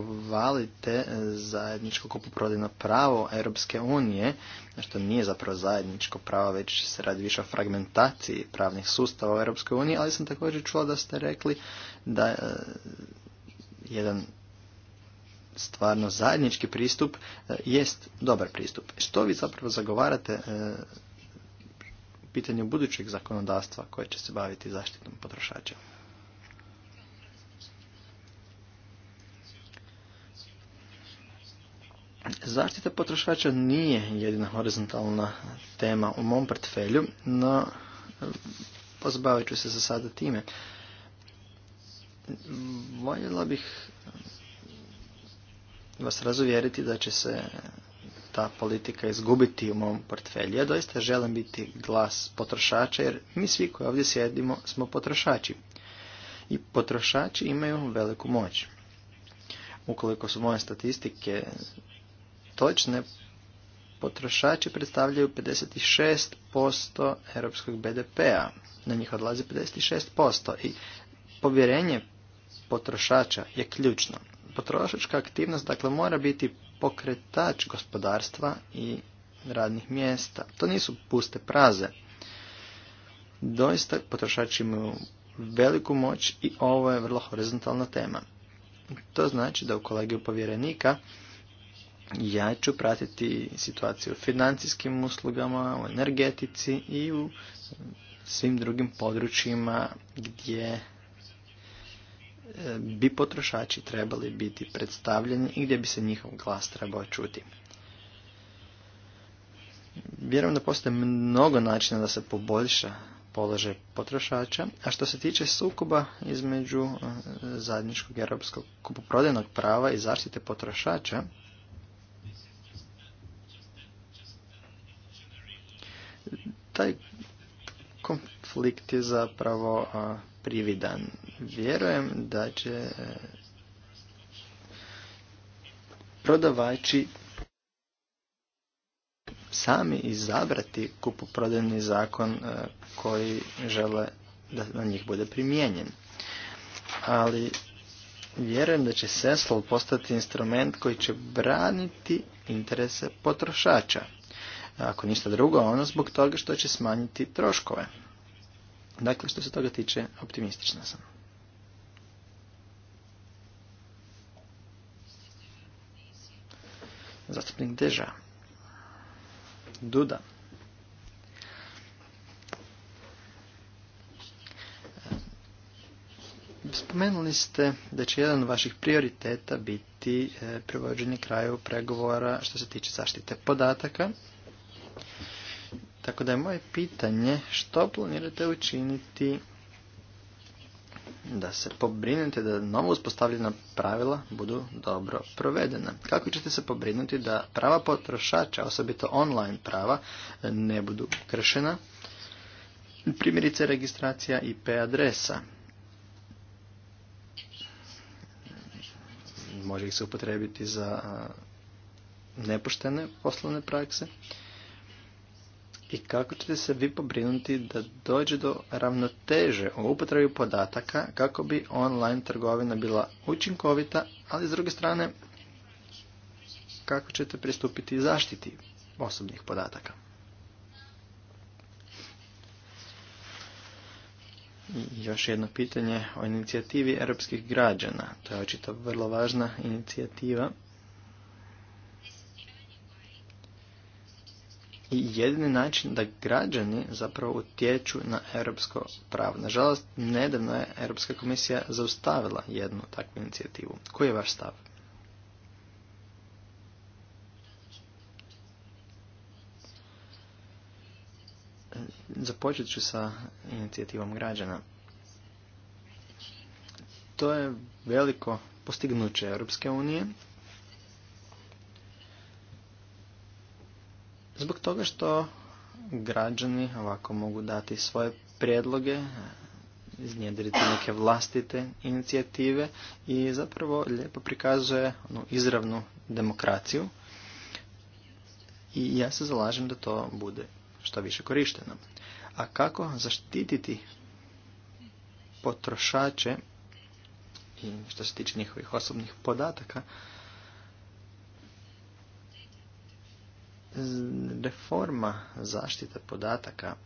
hvalite e, zajedničko kupoprodajno pravo Europske unije, što nije zapravo zajedničko pravo, već se radi više o fragmentaciji pravnih sustava u Europskoj uniji, ali sam također čuo da ste rekli da e, jedan stvarno zajednički pristup e, jest dobar pristup. Što vi zapravo zagovarate e, pitanju budućeg zakonodavstva koje će se baviti zaštitom potrošača? Zaštita potrošača nije jedina horizontalna tema u mom portfelju, no pozbavit ću se za sada time. Voljela bih vas razuvjeriti da će se ta politika izgubiti u mom portfelju. Ja doista želim biti glas potrošača jer mi svi koji ovdje sjedimo smo potrošači. I potrošači imaju veliku moć. Ukoliko su moje statistike točne, potrošači predstavljaju 56% europskog BDP-a. Na njih odlazi 56% i povjerenje potrošača je ključno. Potrošačka aktivnost dakle mora biti pokretač gospodarstva i radnih mjesta. To nisu puste praze. Doista potrošači imaju veliku moć i ovo je vrlo horizontalna tema. To znači da u kolegiju povjerenika ja ću pratiti situaciju u financijskim uslugama, u energetici i u svim drugim područjima gdje e, bi potrošači trebali biti predstavljeni i gdje bi se njihov glas trebao čuti. Vjerujem da postoje mnogo načina da se poboljša položaj potrošača, a što se tiče sukoba između e, zajedničkog europskog kupoprodajnog prava i zaštite potrošača, taj konflikt je zapravo prividan. Vjerujem da će e, prodavači sami izabrati kupoprodajni zakon e, koji žele da na njih bude primijenjen. Ali vjerujem da će Sesl postati instrument koji će braniti interese potrošača ako ništa drugo, ono zbog toga što će smanjiti troškove. Dakle, što se toga tiče, optimistična sam. Zastupnik Deža. Duda. Spomenuli ste da će jedan od vaših prioriteta biti e, privođenje kraju pregovora što se tiče zaštite podataka tako da je moje pitanje što planirate učiniti da se pobrinete da novo uspostavljena pravila budu dobro provedena. Kako ćete se pobrinuti da prava potrošača, osobito online prava, ne budu kršena? Primjerice registracija IP adresa. Može ih se upotrebiti za nepoštene poslovne prakse i kako ćete se vi pobrinuti da dođe do ravnoteže u upotrebi podataka kako bi online trgovina bila učinkovita, ali s druge strane kako ćete pristupiti zaštiti osobnih podataka. još jedno pitanje o inicijativi europskih građana. To je očito vrlo važna inicijativa i jedini način da građani zapravo utječu na europsko pravo. Nažalost, nedavno je Europska komisija zaustavila jednu takvu inicijativu. Koji je vaš stav? Započet ću sa inicijativom građana. To je veliko postignuće Europske unije Zbog toga što građani ovako mogu dati svoje prijedloge, iznjedriti neke vlastite inicijative i zapravo lijepo prikazuje onu izravnu demokraciju i ja se zalažem da to bude što više korišteno. A kako zaštititi potrošače i što se tiče njihovih osobnih podataka, reforma zaštite podataka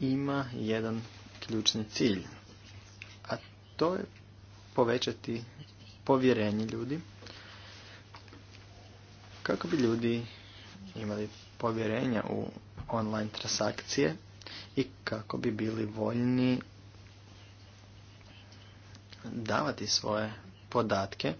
ima jedan ključni cilj, a to je povećati povjerenje ljudi kako bi ljudi imali povjerenja u online transakcije i kako bi bili voljni davati svoje podatke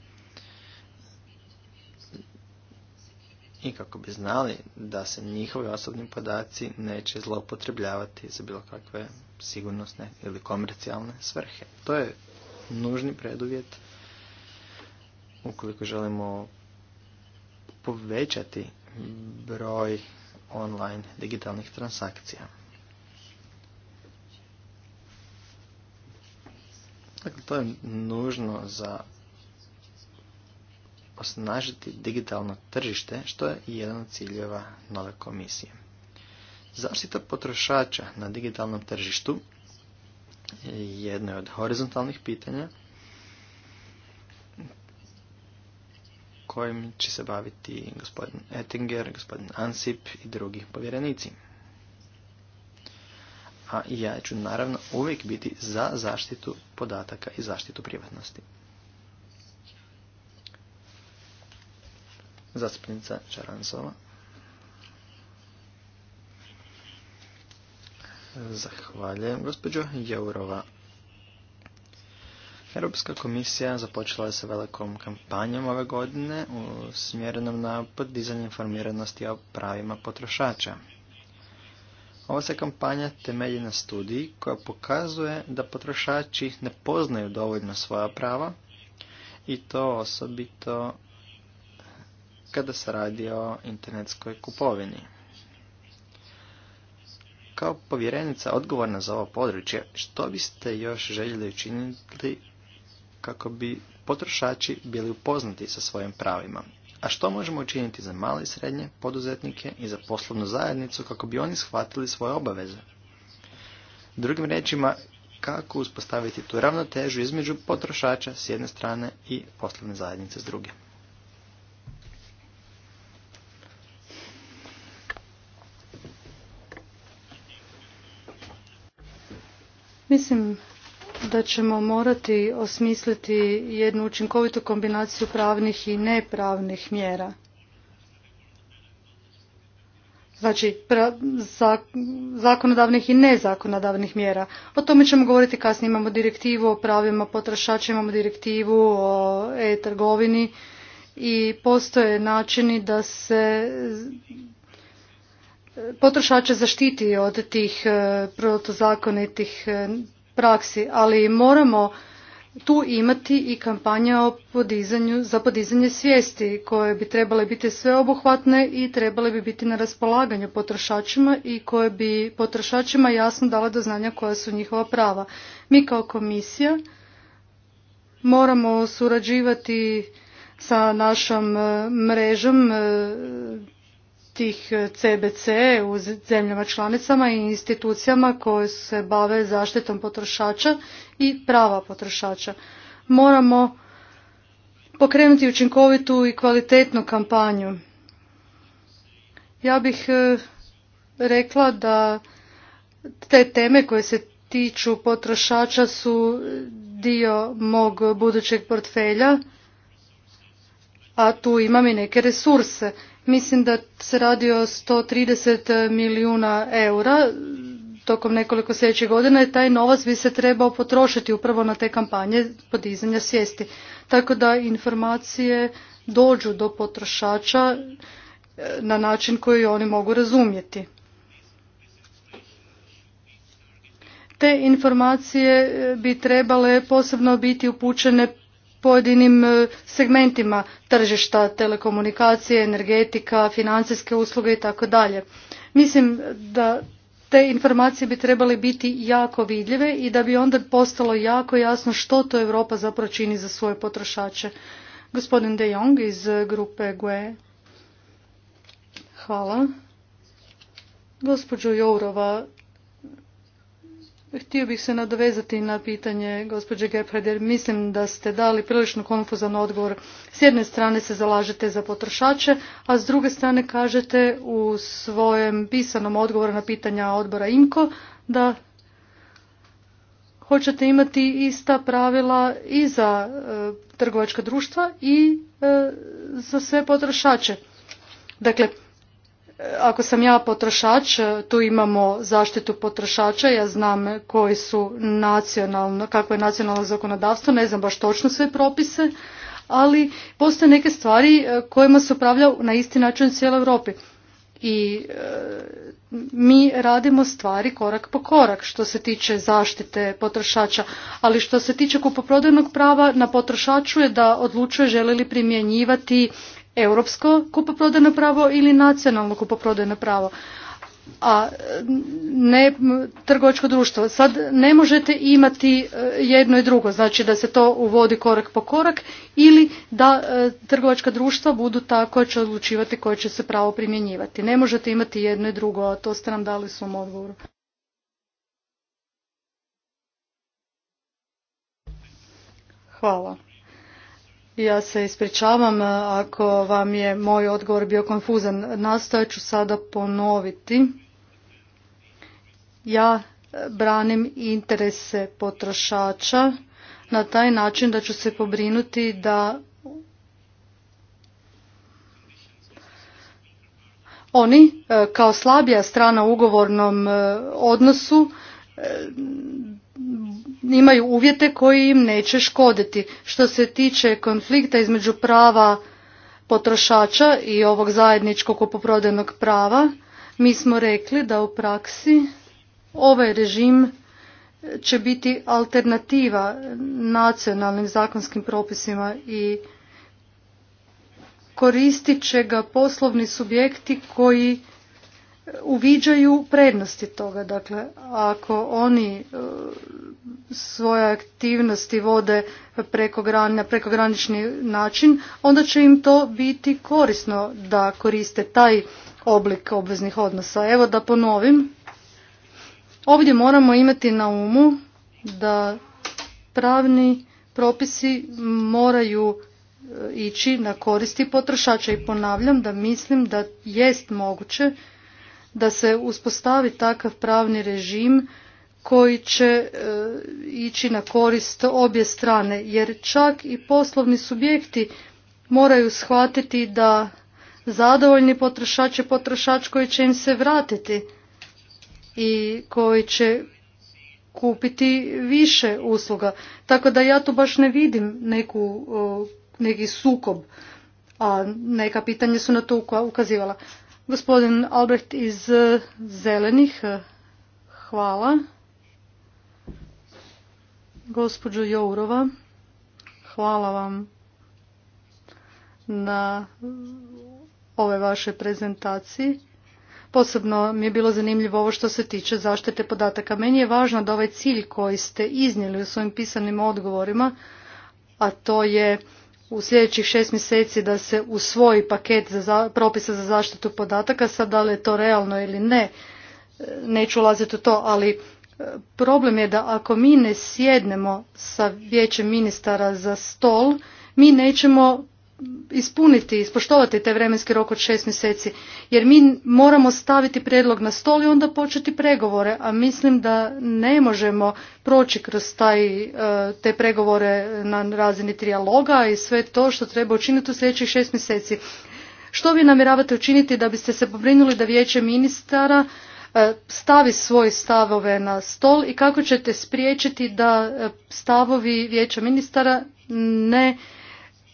i kako bi znali da se njihovi osobni podaci neće zloupotrebljavati za bilo kakve sigurnosne ili komercijalne svrhe. To je nužni preduvjet ukoliko želimo povećati broj online digitalnih transakcija. Dakle, to je nužno za osnažiti digitalno tržište, što je jedan od ciljeva nove komisije. Zaštita potrošača na digitalnom tržištu je jedno od horizontalnih pitanja kojim će se baviti gospodin Ettinger, gospodin Ansip i drugi povjerenici a ja ću naravno uvijek biti za zaštitu podataka i zaštitu privatnosti. Zastupnica Čaransova. Zahvaljujem, gospođo Jourova. Europska komisija započela je sa velikom kampanjom ove godine smjerenom na podizanje informiranosti o pravima potrošača. Ova se kampanja temelji na studiji koja pokazuje da potrošači ne poznaju dovoljno svoja prava i to osobito kada se radi o internetskoj kupovini. Kao povjerenica odgovorna za ovo područje, što biste još željeli učiniti kako bi potrošači bili upoznati sa svojim pravima? A što možemo učiniti za male i srednje poduzetnike i za poslovnu zajednicu kako bi oni shvatili svoje obaveze? Drugim rečima, kako uspostaviti tu ravnotežu između potrošača s jedne strane i poslovne zajednice s druge. Mislim da ćemo morati osmisliti jednu učinkovitu kombinaciju pravnih i nepravnih mjera. Znači, za, zakonodavnih i nezakonodavnih mjera. O tome ćemo govoriti kasnije. Imamo direktivu o pravima potrošača, imamo direktivu o e-trgovini i postoje načini da se potrošače zaštiti od tih e, protuzakonitih e, praksi, ali moramo tu imati i kampanja o podizanju, za podizanje svijesti koje bi trebale biti sveobuhvatne i trebale bi biti na raspolaganju potrošačima i koje bi potrošačima jasno dala do znanja koja su njihova prava. Mi kao komisija moramo surađivati sa našom eh, mrežom eh, tih CBC e, u zemljama članicama i institucijama koje se bave zaštitom potrošača i prava potrošača. Moramo pokrenuti učinkovitu i kvalitetnu kampanju. Ja bih e, rekla da te teme koje se tiču potrošača su dio mog budućeg portfelja, a tu imam i neke resurse Mislim da se radi o 130 milijuna eura tokom nekoliko sljedećih godina i taj novac bi se trebao potrošiti upravo na te kampanje podizanja svijesti. Tako da informacije dođu do potrošača e, na način koji oni mogu razumjeti. Te informacije e, bi trebale posebno biti upućene pojedinim e, segmentima tržišta, telekomunikacije, energetika, financijske usluge i tako dalje. Mislim da te informacije bi trebale biti jako vidljive i da bi onda postalo jako jasno što to Europa zapravo čini za svoje potrošače. Gospodin De Jong iz grupe GUE. Hvala. Gospođo Jourova, Htio bih se nadovezati na pitanje gospođe Gepred jer mislim da ste dali prilično konfuzan odgovor. S jedne strane se zalažete za potrošače, a s druge strane kažete u svojem pisanom odgovoru na pitanja odbora IMCO da hoćete imati ista pravila i za e, trgovačka društva i e, za sve potrošače. Dakle, ako sam ja potrošač, e, tu imamo zaštitu potrošača, ja znam koji su nacionalno, kako je nacionalno zakonodavstvo, ne znam baš točno sve propise, ali postoje neke stvari e, kojima se upravlja na isti način u cijeloj Europi. I e, mi radimo stvari korak po korak što se tiče zaštite potrošača, ali što se tiče kupoprodajnog prava na potrošaču je da odlučuje želi li primjenjivati europsko kupoprodajno pravo ili nacionalno kupoprodajno pravo a ne trgovačko društvo. Sad ne možete imati e, jedno i drugo, znači da se to uvodi korak po korak ili da e, trgovačka društva budu ta koja će odlučivati koje će se pravo primjenjivati. Ne možete imati jedno i drugo, a to ste nam dali u svom odgovoru. Hvala. Ja se ispričavam e, ako vam je moj odgovor bio konfuzan. Nastojat ću sada ponoviti. Ja e, branim interese potrošača na taj način da ću se pobrinuti da oni e, kao slabija strana u ugovornom odnosu imaju uvjete koji im neće škoditi. Što se tiče konflikta između prava potrošača i ovog zajedničkog kupoprodajnog prava, mi smo rekli da u praksi ovaj režim će biti alternativa nacionalnim zakonskim propisima i koristit će ga poslovni subjekti koji uviđaju prednosti toga. Dakle, ako oni svoje aktivnosti vode preko gran, na prekogranični način, onda će im to biti korisno da koriste taj oblik obveznih odnosa. Evo da ponovim, ovdje moramo imati na umu da pravni propisi moraju e, ići na koristi potrošača i ponavljam da mislim da jest moguće da se uspostavi takav pravni režim koji će e, ići na korist obje strane jer čak i poslovni subjekti moraju shvatiti da zadovoljni potrošač je potrošač koji će im se vratiti i koji će kupiti više usluga. Tako da ja tu baš ne vidim neku, e, neki sukob, a neka pitanja su na to ukazivala. Gospodin Albrecht iz e, Zelenih, hvala. Gospođo Jourova, hvala vam na ove vaše prezentaciji. Posebno mi je bilo zanimljivo ovo što se tiče zaštite podataka. Meni je važno da ovaj cilj koji ste iznijeli u svojim pisanim odgovorima, a to je u sljedećih šest mjeseci da se usvoji paket za propisa za zaštitu podataka, sad da li je to realno ili ne, neću ulaziti u to, ali problem je da ako mi ne sjednemo sa vijećem ministara za stol, mi nećemo ispuniti, ispoštovati taj vremenski rok od šest mjeseci, jer mi moramo staviti prijedlog na stol i onda početi pregovore, a mislim da ne možemo proći kroz taj, e, te pregovore na razini trijaloga i sve to što treba učiniti u sljedećih šest mjeseci. Što vi namjeravate učiniti da biste se pobrinuli da vijeće ministara E, stavi svoje stavove na stol i kako ćete spriječiti da e, stavovi vijeća ministara ne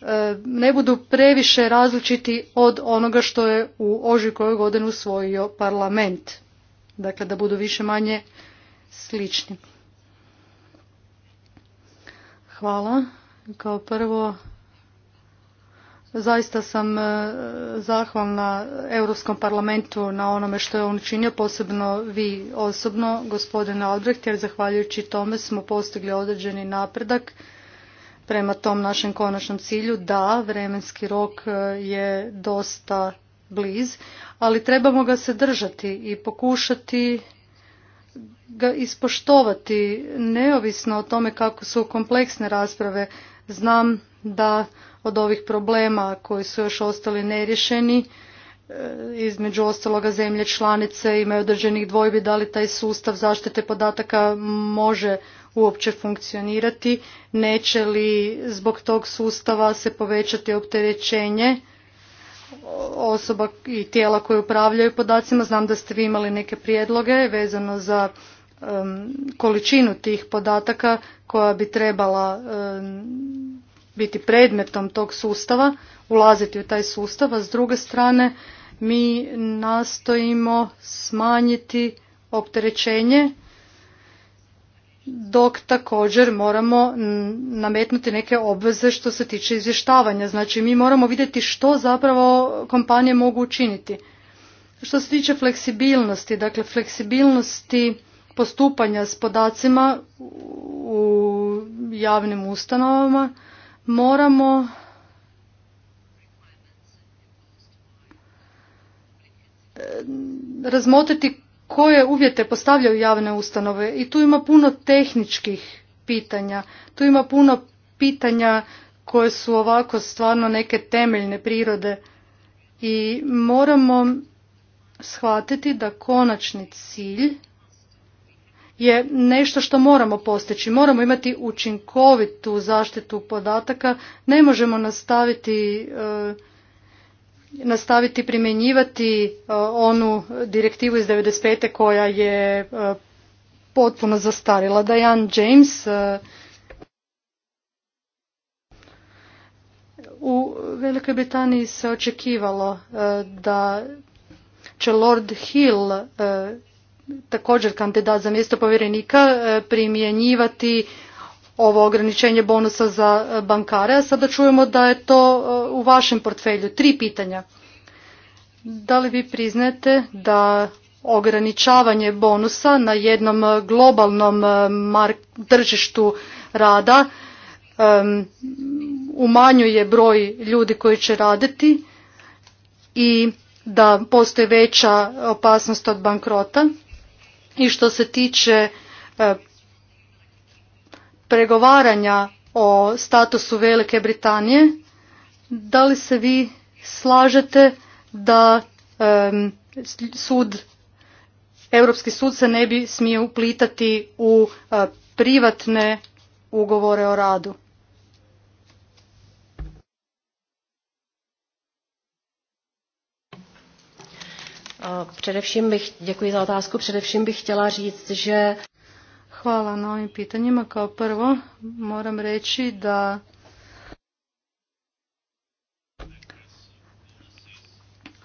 e, ne budu previše različiti od onoga što je u ožujku ove godinu usvojio parlament. Dakle, da budu više manje slični. Hvala. Kao prvo Zaista sam e, zahvalna Europskom parlamentu na onome što je on učinio, posebno vi osobno, gospodine Albrecht, jer zahvaljujući tome smo postigli određeni napredak prema tom našem konačnom cilju. Da, vremenski rok e, je dosta bliz, ali trebamo ga se držati i pokušati ga ispoštovati neovisno o tome kako su kompleksne rasprave. Znam da od ovih problema koji su još ostali neriješeni. E, između ostaloga zemlje članice imaju određenih dvojbi da li taj sustav zaštite podataka može uopće funkcionirati, neće li zbog tog sustava se povećati opterećenje osoba i tijela koje upravljaju podacima. Znam da ste vi imali neke prijedloge vezano za količinu tih podataka koja bi trebala biti predmetom tog sustava, ulaziti u taj sustav, a s druge strane mi nastojimo smanjiti opterećenje dok također moramo nametnuti neke obveze što se tiče izvještavanja. Znači mi moramo vidjeti što zapravo kompanije mogu učiniti. Što se tiče fleksibilnosti, dakle fleksibilnosti postupanja s podacima u javnim ustanovama, moramo razmotriti koje uvjete postavljaju javne ustanove i tu ima puno tehničkih pitanja, tu ima puno pitanja koje su ovako stvarno neke temeljne prirode i moramo shvatiti da konačni cilj je nešto što moramo postići. Moramo imati učinkovitu zaštitu podataka. Ne možemo nastaviti e, nastaviti primjenjivati e, onu direktivu iz 95. koja je e, potpuno zastarila. Diane James u Velikoj Britaniji se očekivalo da će Lord Hill također kandidat za mjesto povjerenika e, primjenjivati ovo ograničenje bonusa za e, bankare, a sada čujemo da je to e, u vašem portfelju. Tri pitanja. Da li vi priznate da ograničavanje bonusa na jednom globalnom tržištu rada umanjuje broj ljudi koji će raditi i da postoji veća opasnost od bankrota? I što se tiče e, pregovaranja o statusu Velike Britanije, da li se vi slažete da sud, Europski sud se ne bi smio uplitati u e, privatne ugovore o radu? Eh, především bych, děkuji za otázku, především bych chtěla Hvala na ovim pitanjima. Kao prvo moram reći da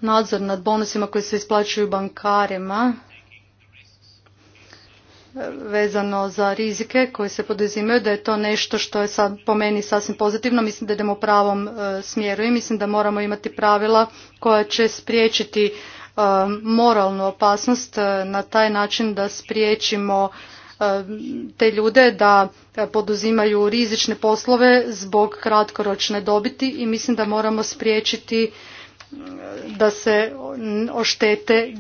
nadzor nad bonusima koji se isplaćuju bankarima vezano za rizike koji se poduzimaju, da je to nešto što je sad po meni sasvim pozitivno. Mislim da idemo u pravom eh, smjeru i mislim da moramo imati pravila koja će spriječiti E, moralnu opasnost e, na taj način da spriječimo e, te ljude da poduzimaju rizične poslove zbog kratkoročne dobiti i mislim da moramo spriječiti da se oštete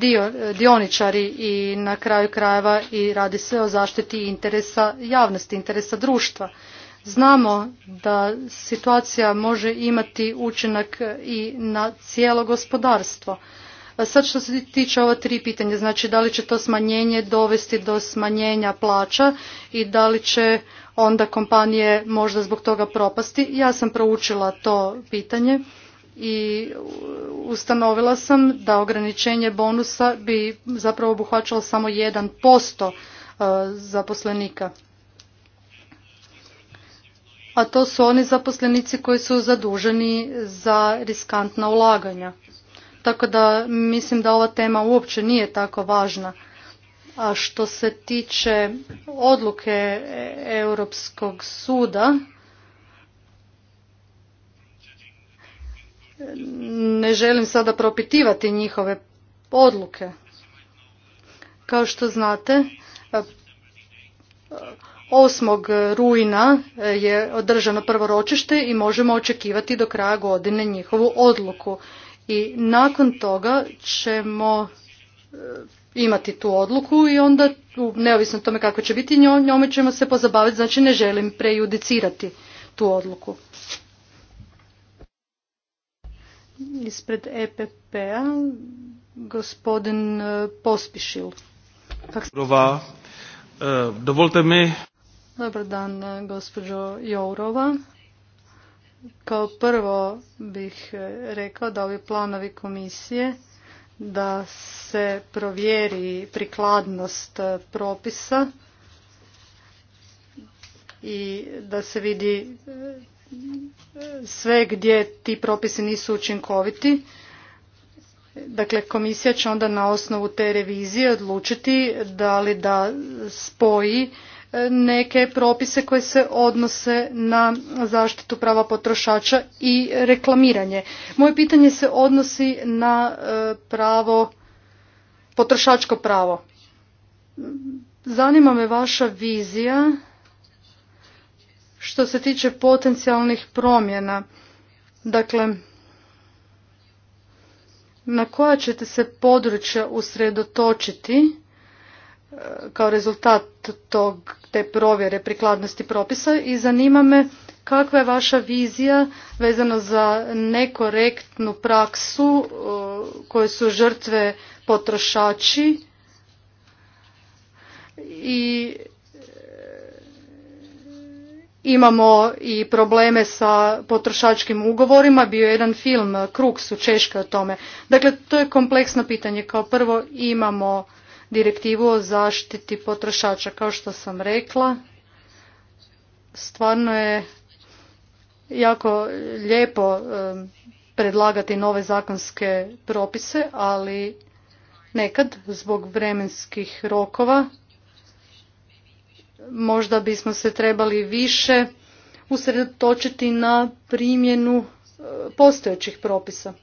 dioničari i na kraju krajeva i radi se o zaštiti interesa javnosti, interesa društva. Znamo da situacija može imati učinak i na cijelo gospodarstvo. Sad što se tiče ova tri pitanja, znači da li će to smanjenje dovesti do smanjenja plaća i da li će onda kompanije možda zbog toga propasti. Ja sam proučila to pitanje i ustanovila sam da ograničenje bonusa bi zapravo obuhvaćalo samo 1% e, zaposlenika. A to su oni zaposlenici koji su zaduženi za riskantna ulaganja. Tako da mislim da ova tema uopće nije tako važna. A što se tiče odluke Europskog suda, ne želim sada propitivati njihove odluke. Kao što znate, 8. rujna je održano prvo ročište i možemo očekivati do kraja godine njihovu odluku. I nakon toga ćemo e, imati tu odluku i onda neovisno tome kako će biti njome ćemo se pozabaviti, znači ne želim prejudicirati tu odluku. Ispred EPP-a gospodin e, Pospišil. Jourova, e, dovolte mi... Dobar dan, gospođo Jourova. Kao prvo bih e, rekao da ovi planovi komisije da se provjeri prikladnost e, propisa i da se vidi e, sve gdje ti propisi nisu učinkoviti. Dakle, komisija će onda na osnovu te revizije odlučiti da li da spoji neke propise koje se odnose na zaštitu prava potrošača i reklamiranje. Moje pitanje se odnosi na e, pravo, potrošačko pravo. Zanima me vaša vizija što se tiče potencijalnih promjena. Dakle, na koja ćete se područja usredotočiti kao rezultat tog, te provjere prikladnosti propisa i zanima me kakva je vaša vizija vezano za nekorektnu praksu koje su žrtve potrošači i e, imamo i probleme sa potrošačkim ugovorima. Bio je jedan film, Kruk su Češke o tome. Dakle, to je kompleksno pitanje. Kao prvo imamo direktivu o zaštiti potrošača. Kao što sam rekla, stvarno je jako lijepo predlagati nove zakonske propise, ali nekad zbog vremenskih rokova možda bismo se trebali više usredotočiti na primjenu e, postojećih propisa.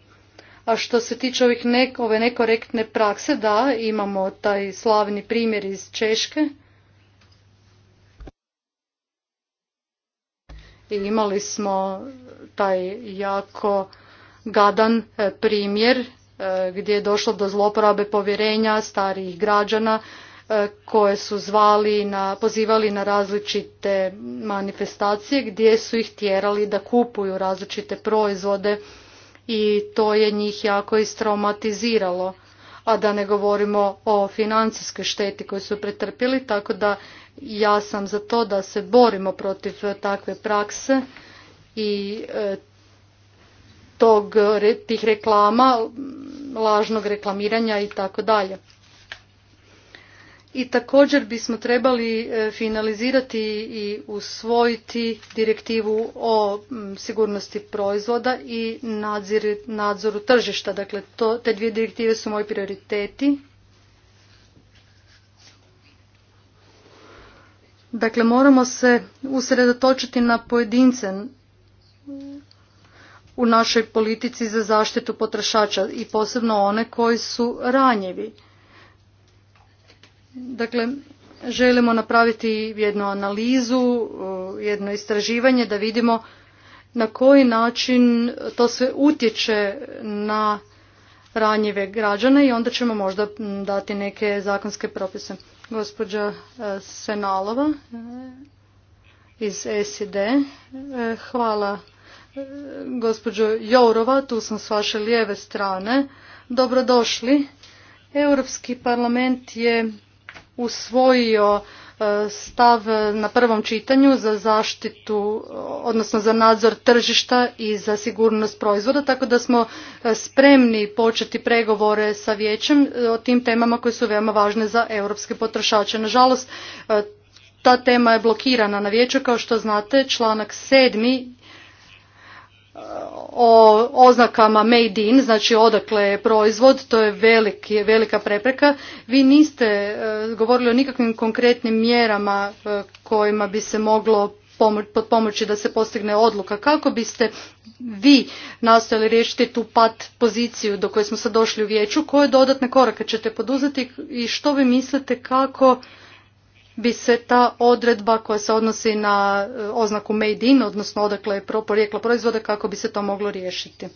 A što se tiče ovih ove nekorektne prakse, da, imamo taj slavni primjer iz Češke. I imali smo taj jako gadan e, primjer e, gdje je došlo do zloporabe povjerenja starijih građana e, koje su zvali na, pozivali na različite manifestacije gdje su ih tjerali da kupuju različite proizvode i to je njih jako istraumatiziralo a da ne govorimo o financijskoj šteti koju su pretrpili, tako da ja sam za to da se borimo protiv takve prakse i e, tog, tih reklama, lažnog reklamiranja i tako dalje i također bismo trebali e, finalizirati i usvojiti direktivu o sigurnosti proizvoda i nadzoru tržišta. Dakle, to, te dvije direktive su moji prioriteti. Dakle, moramo se usredotočiti na pojedince u našoj politici za zaštitu potrošača i posebno one koji su ranjivi. Dakle, želimo napraviti jednu analizu, jedno istraživanje da vidimo na koji način to sve utječe na ranjive građane i onda ćemo možda dati neke zakonske propise. Gospođa e, Senalova e, iz SD, e, hvala gospođo Jourova, tu sam s vaše lijeve strane. Dobrodošli. Europski parlament je usvojio e, stav na prvom čitanju za zaštitu, odnosno za nadzor tržišta i za sigurnost proizvoda, tako da smo e, spremni početi pregovore sa vijećem e, o tim temama koje su veoma važne za europske potrošače. Nažalost, ta tema je blokirana na vijeću, kao što znate, članak sedmi o oznakama made in, znači odakle je proizvod, to je veliki, velika prepreka. Vi niste e, govorili o nikakvim konkretnim mjerama e, kojima bi se moglo pomoći da se postigne odluka. Kako biste vi nastojali riješiti tu pat poziciju do koje smo sad došli u vijeću? Koje dodatne korake ćete poduzeti i što vi mislite kako bi se ta odredba koja se odnosi na e, oznaku made in, odnosno odakle je porijeklo proizvoda, kako bi se to moglo riješiti.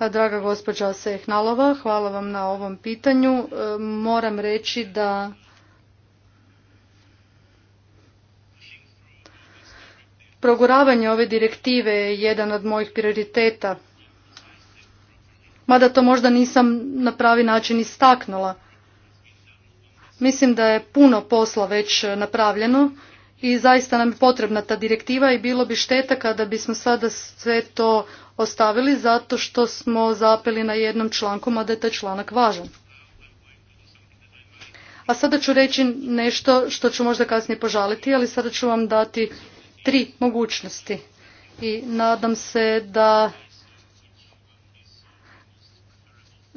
E, draga gospođa Sehnalova, hvala vam na ovom pitanju. E, moram reći da proguravanje ove direktive je jedan od mojih prioriteta. Mada to možda nisam na pravi način istaknula. Mislim da je puno posla već napravljeno i zaista nam je potrebna ta direktiva i bilo bi šteta kada bismo sada sve to ostavili zato što smo zapeli na jednom članku, mada je taj članak važan. A sada ću reći nešto što ću možda kasnije požaliti, ali sada ću vam dati tri mogućnosti i nadam se da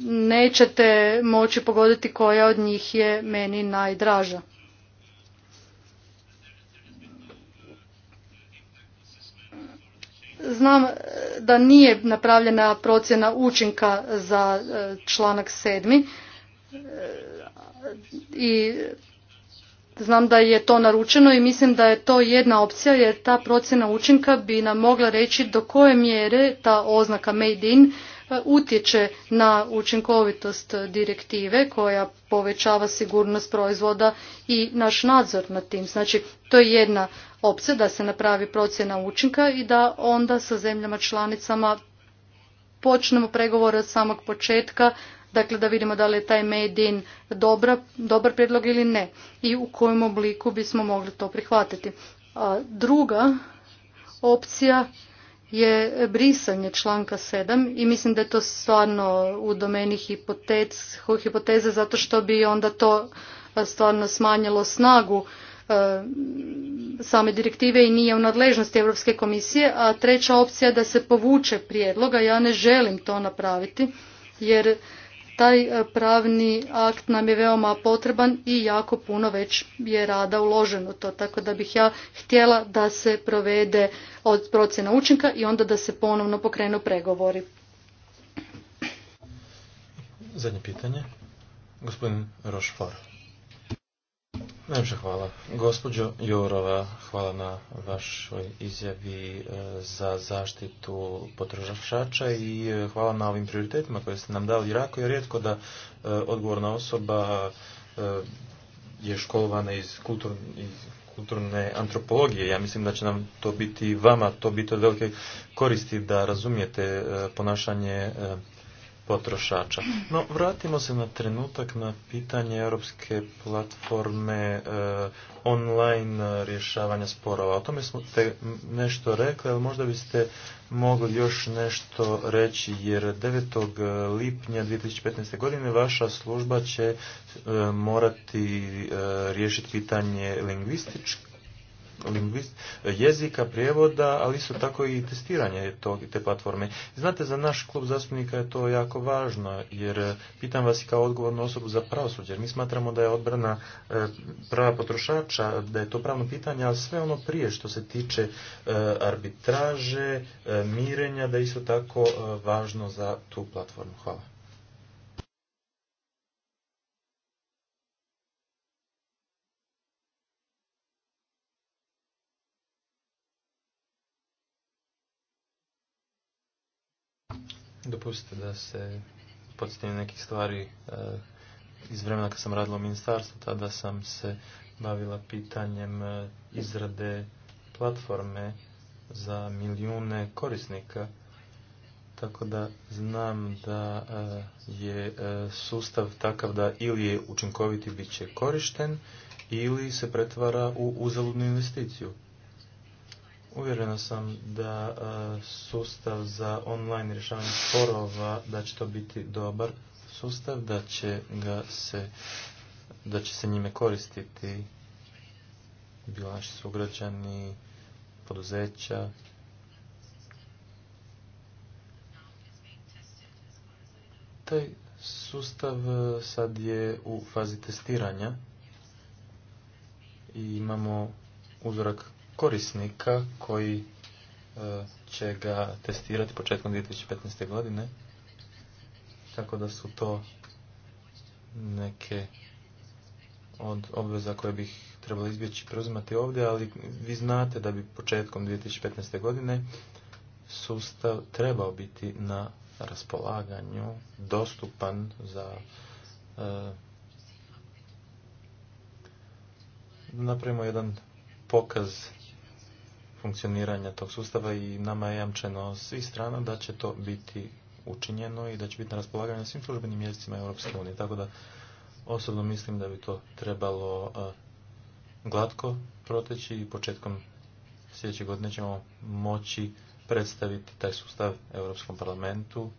nećete moći pogoditi koja od njih je meni najdraža. Znam da nije napravljena procjena učinka za e, članak sedmi e, i znam da je to naručeno i mislim da je to jedna opcija jer ta procjena učinka bi nam mogla reći do koje mjere ta oznaka made in utječe na učinkovitost direktive koja povećava sigurnost proizvoda i naš nadzor nad tim. Znači, to je jedna opcija da se napravi procjena učinka i da onda sa zemljama članicama počnemo pregovore od samog početka, dakle da vidimo da li je taj made in dobra, dobar prijedlog ili ne i u kojem obliku bismo mogli to prihvatiti. A druga opcija je brisanje članka 7 i mislim da je to stvarno u domeni hipoteze zato što bi onda to stvarno smanjilo snagu e, same direktive i nije u nadležnosti Europske komisije, a treća opcija je da se povuče prijedloga. Ja ne želim to napraviti jer taj e, pravni akt nam je veoma potreban i jako puno već je rada uloženo to, tako da bih ja htjela da se provede od procjena učinka i onda da se ponovno pokrenu pregovori. Zadnje pitanje, gospodin Rochefort. Najviše hvala. Gospođo Jurova, hvala na vašoj izjavi e, za zaštitu potrošača i e, hvala na ovim prioritetima koje ste nam dali. Rako je rijetko da e, odgovorna osoba je školovana iz kulturne, kulturne antropologije. Ja mislim da će nam to biti vama, to biti od velike koristi da razumijete ponašanje potrošača. No, vratimo se na trenutak na pitanje europske platforme eh, online rješavanja sporova. O tome smo te nešto rekli, ali možda biste mogli još nešto reći, jer 9. Eh, lipnja 2015. godine vaša služba će eh, morati riješiti pitanje lingvističke lingvist, jezika, prijevoda, ali isto tako i testiranje tog, te platforme. Znate, za naš klub zastupnika je to jako važno, jer e, pitam vas i kao odgovornu osobu za pravosuđe, jer mi smatramo da je odbrana e, prava potrošača, da je to pravno pitanje, ali sve ono prije što se tiče e, arbitraže, mirenja, da je isto tako važno za tu platformu. Hvala. Dopustite da se podsjetim nekih stvari. E, iz vremena kad sam radila u ministarstvu, tada sam se bavila pitanjem e, izrade platforme za milijune korisnika. Tako da znam da e, je sustav takav da ili je učinkoviti bit će korišten ili se pretvara u uzaludnu investiciju. Uvjerena sam da e, sustav za online rješavanje sporova, da će to biti dobar sustav, da će ga se da će se njime koristiti bilo naši sugrađani, poduzeća. Taj sustav e, sad je u fazi testiranja i imamo uzorak korisnika koji e, će ga testirati početkom 2015. godine. Tako da su to neke od obveza koje bih trebalo izbjeći preuzimati ovdje, ali vi znate da bi početkom 2015. godine sustav trebao biti na raspolaganju, dostupan za e, napravimo jedan pokaz funkcioniranja tog sustava i nama je jamčeno svih strana da će to biti učinjeno i da će biti na raspolaganju svim službenim mjestima Europske unije. Tako da osobno mislim da bi to trebalo glatko proteći i početkom sljedeće godine ćemo moći predstaviti taj sustav Europskom parlamentu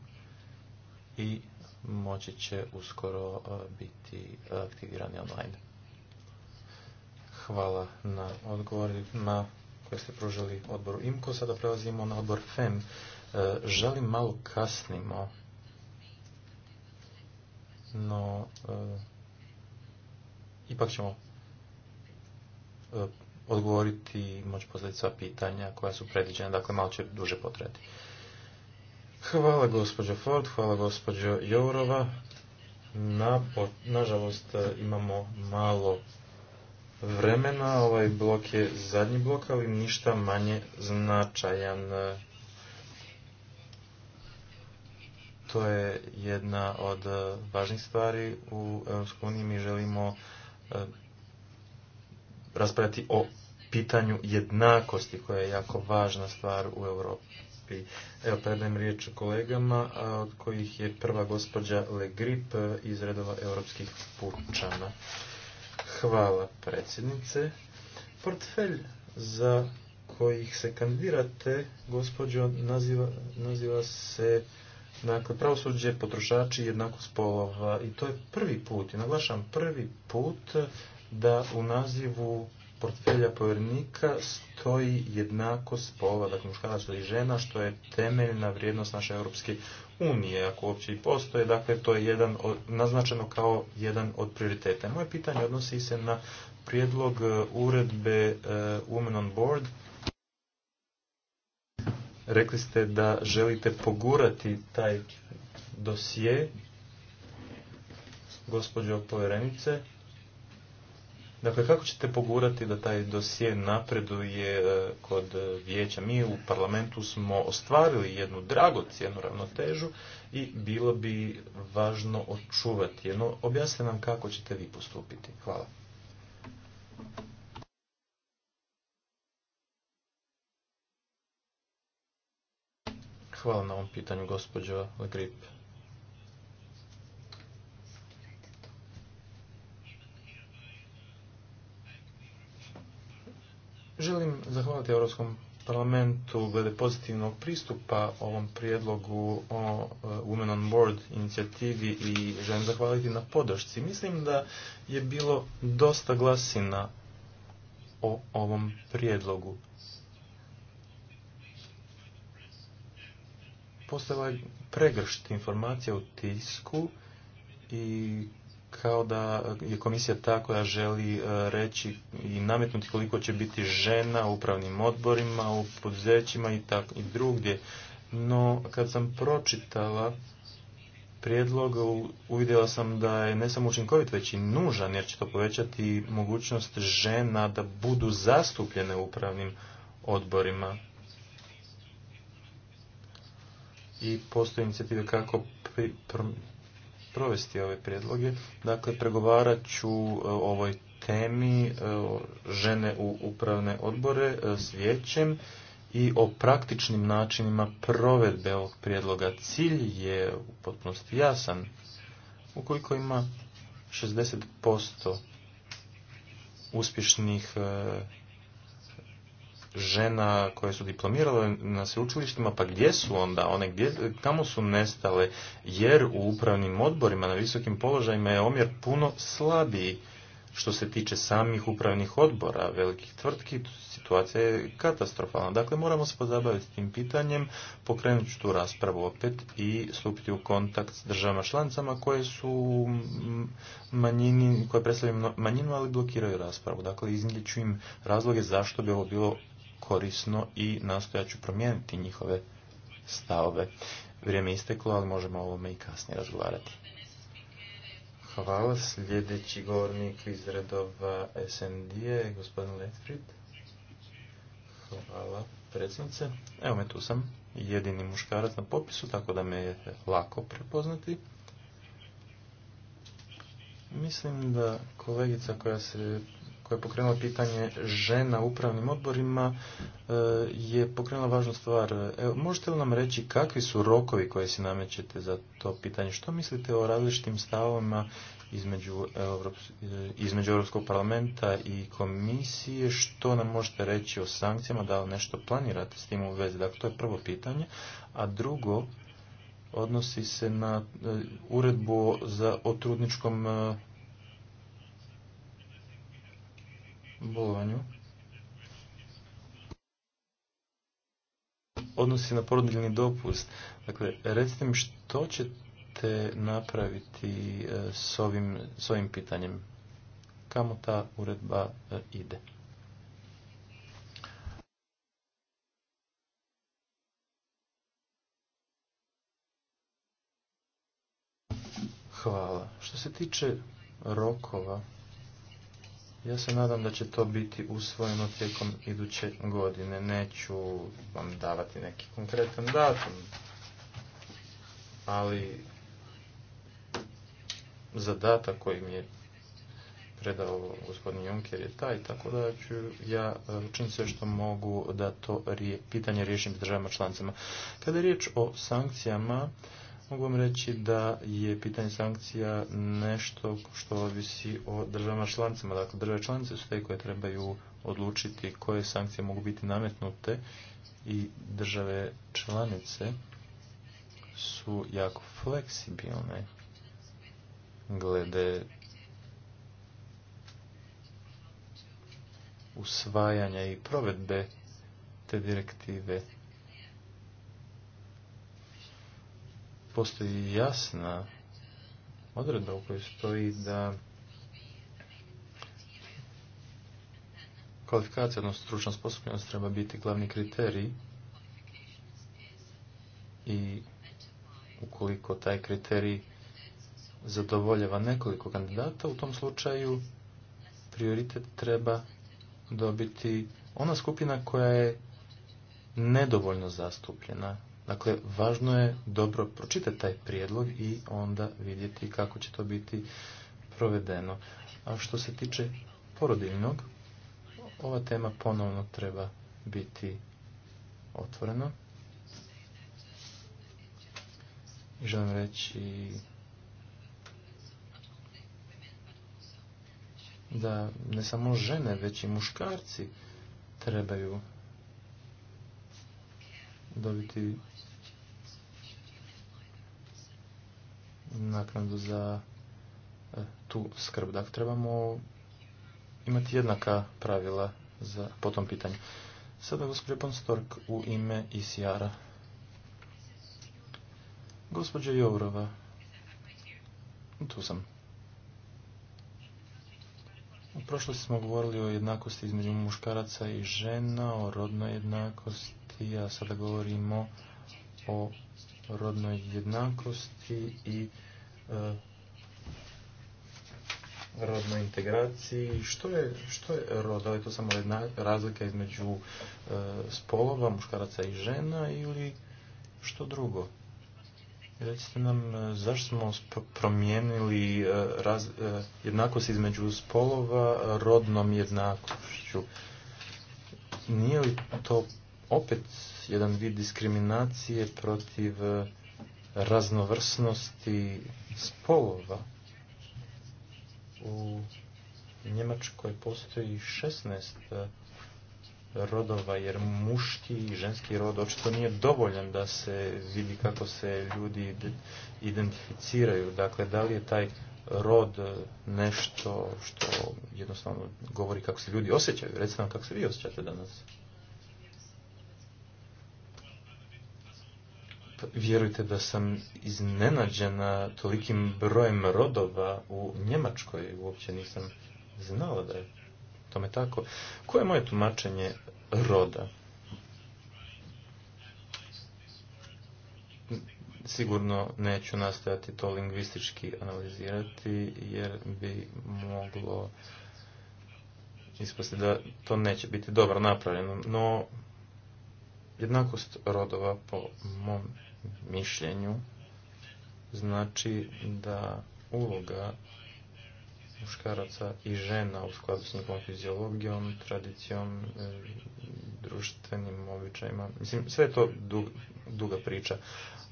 i moći će uskoro biti aktivirani online. Hvala na na koje ste pružili odboru IMKO. Sada prelazimo na odbor FEM. E, želim malo kasnimo, no e, ipak ćemo e, odgovoriti i moći postaviti sva pitanja koja su predviđena, dakle malo će duže potreti. Hvala gospođo Ford, hvala gospođo Jourova. nažalost imamo malo vremena. Ovaj blok je zadnji blok, ali ništa manje značajan. To je jedna od eh, važnih stvari u EU. Mi želimo eh, raspraviti o pitanju jednakosti koja je jako važna stvar u Europi. Evo predajem riječ kolegama, od kojih je prva gospođa Legrip eh, iz redova europskih pučana. Hvala predsjednice. Portfelj za kojih se kandidirate, gospođo, naziva, naziva se dakle, pravosuđe, potrošači, jednako spolova. I to je prvi put, i naglašam prvi put, da u nazivu portfelja povjernika stoji jednako spolova. dakle muškarac i žena, što je temeljna vrijednost naše Europske unije, ako uopće i postoje, dakle to je jedan od, naznačeno kao jedan od prioriteta. Moje pitanje odnosi se na prijedlog e, uredbe e, Women on Board. Rekli ste da želite pogurati taj dosije, gospođo povjerenice, Dakle, kako ćete pogurati da taj dosje napreduje e, kod e, vijeća? Mi u parlamentu smo ostvarili jednu cijenu ravnotežu i bilo bi važno očuvati Jedno No, objasnite nam kako ćete vi postupiti. Hvala. Hvala na ovom pitanju, gospođo Legrip. Želim zahvaliti Europskom parlamentu glede pozitivnog pristupa ovom prijedlogu o e, Women on Board inicijativi i želim zahvaliti na podršci. Mislim da je bilo dosta glasina o ovom prijedlogu. Postala je pregršt informacija u tisku i kao da je komisija ta koja želi e, reći i nametnuti koliko će biti žena u upravnim odborima, u poduzećima i tako i drugdje. No, kad sam pročitala prijedlog, uvidjela sam da je ne samo učinkovit, već i nužan, jer će to povećati mogućnost žena da budu zastupljene u upravnim odborima. I postoje inicijative kako provesti ove prijedloge. Dakle, pregovarat ću e, o ovoj temi e, žene u upravne odbore e, s vijećem i o praktičnim načinima provedbe ovog prijedloga. Cilj je u potpunosti jasan. Ukoliko ima 60% uspješnih žena koje su diplomirale na sveučilištima, pa gdje su onda one, gdje, kamo su nestale, jer u upravnim odborima na visokim položajima je omjer puno slabiji što se tiče samih upravnih odbora velikih tvrtki, situacija je katastrofalna. Dakle, moramo se pozabaviti tim pitanjem, pokrenut ću tu raspravu opet i stupiti u kontakt s državama članicama koje su manjini, koje predstavljaju manjinu, ali blokiraju raspravu. Dakle, iznijet im razloge zašto bi ovo bilo korisno i nastojat ću promijeniti njihove stavove. Vrijeme je isteklo, ali možemo o ovome i kasnije razgovarati. Hvala. Sljedeći govornik iz redova SND je gospodin Letfrid. Hvala predsjednice. Evo me tu sam, jedini muškarac na popisu, tako da me je lako prepoznati. Mislim da kolegica koja se koja je pokrenula pitanje žena u upravnim odborima e, je pokrenula važnu stvar. Evo, možete li nam reći kakvi su rokovi koje si namećete za to pitanje? Što mislite o različitim stavovima između, e, između Europskog parlamenta i komisije? Što nam možete reći o sankcijama? Da li nešto planirate s tim u vezi? Dakle, to je prvo pitanje. A drugo, odnosi se na e, uredbu za, o trudničkom bolovanju odnosi na porodiljni dopust. Dakle, recite mi što ćete napraviti e, s ovim, s ovim pitanjem? Kamo ta uredba e, ide? Hvala. Što se tiče rokova, ja se nadam da će to biti usvojeno tijekom iduće godine. Neću vam davati neki konkretan datum, ali zadatak koji mi je predao gospodin Juncker je taj, tako da ću ja e, učiniti sve što mogu da to pitanje riješim s državama članicama. Kada je riječ o sankcijama, Mogu vam reći da je pitanje sankcija nešto što ovisi o državama članicama. Dakle, države članice su te koje trebaju odlučiti koje sankcije mogu biti nametnute i države članice su jako fleksibilne glede usvajanja i provedbe te direktive postoji jasna odredba u kojoj stoji da kvalifikacija, odnosno stručna sposobnost treba biti glavni kriterij i ukoliko taj kriterij zadovoljava nekoliko kandidata, u tom slučaju prioritet treba dobiti ona skupina koja je nedovoljno zastupljena Dakle, važno je dobro pročitati taj prijedlog i onda vidjeti kako će to biti provedeno. A što se tiče porodiljnog, ova tema ponovno treba biti otvorena. I želim reći da ne samo žene, već i muškarci trebaju dobiti naknadu za e, tu skrb. Dakle, trebamo imati jednaka pravila za, po tom pitanju. Sada gospođa Ponstork u ime ICR-a. E gospođa Jourova. Tu sam. U prošlosti smo govorili o jednakosti između muškaraca i žena, o rodnoj jednakosti, a sada govorimo o rodnoj jednakosti i e, rodnoj integraciji. Što je, što je rod? ali je to samo razlika između e, spolova, muškaraca i žena ili što drugo? Recite nam e, zašto smo promijenili jednakost između spolova rodnom jednakošću. Nije li to opet jedan vid diskriminacije protiv e, raznovrsnosti spolova. U Njemačkoj postoji 16 e, rodova, jer muški i ženski rod očito nije dovoljan da se vidi kako se ljudi identificiraju. Dakle, da li je taj rod e, nešto što jednostavno govori kako se ljudi osjećaju? Recimo, kako se vi osjećate danas? vjerujte da sam iznenađena tolikim brojem rodova u Njemačkoj. Uopće nisam znala da je tome tako. Koje je moje tumačenje roda? Sigurno neću nastojati to lingvistički analizirati jer bi moglo ispasti da to neće biti dobro napravljeno. No, jednakost rodova po mom mišljenju znači da uloga muškaraca i žena u skladu s njihovom fiziologijom, tradicijom, e, društvenim običajima. Mislim, sve je to duga priča,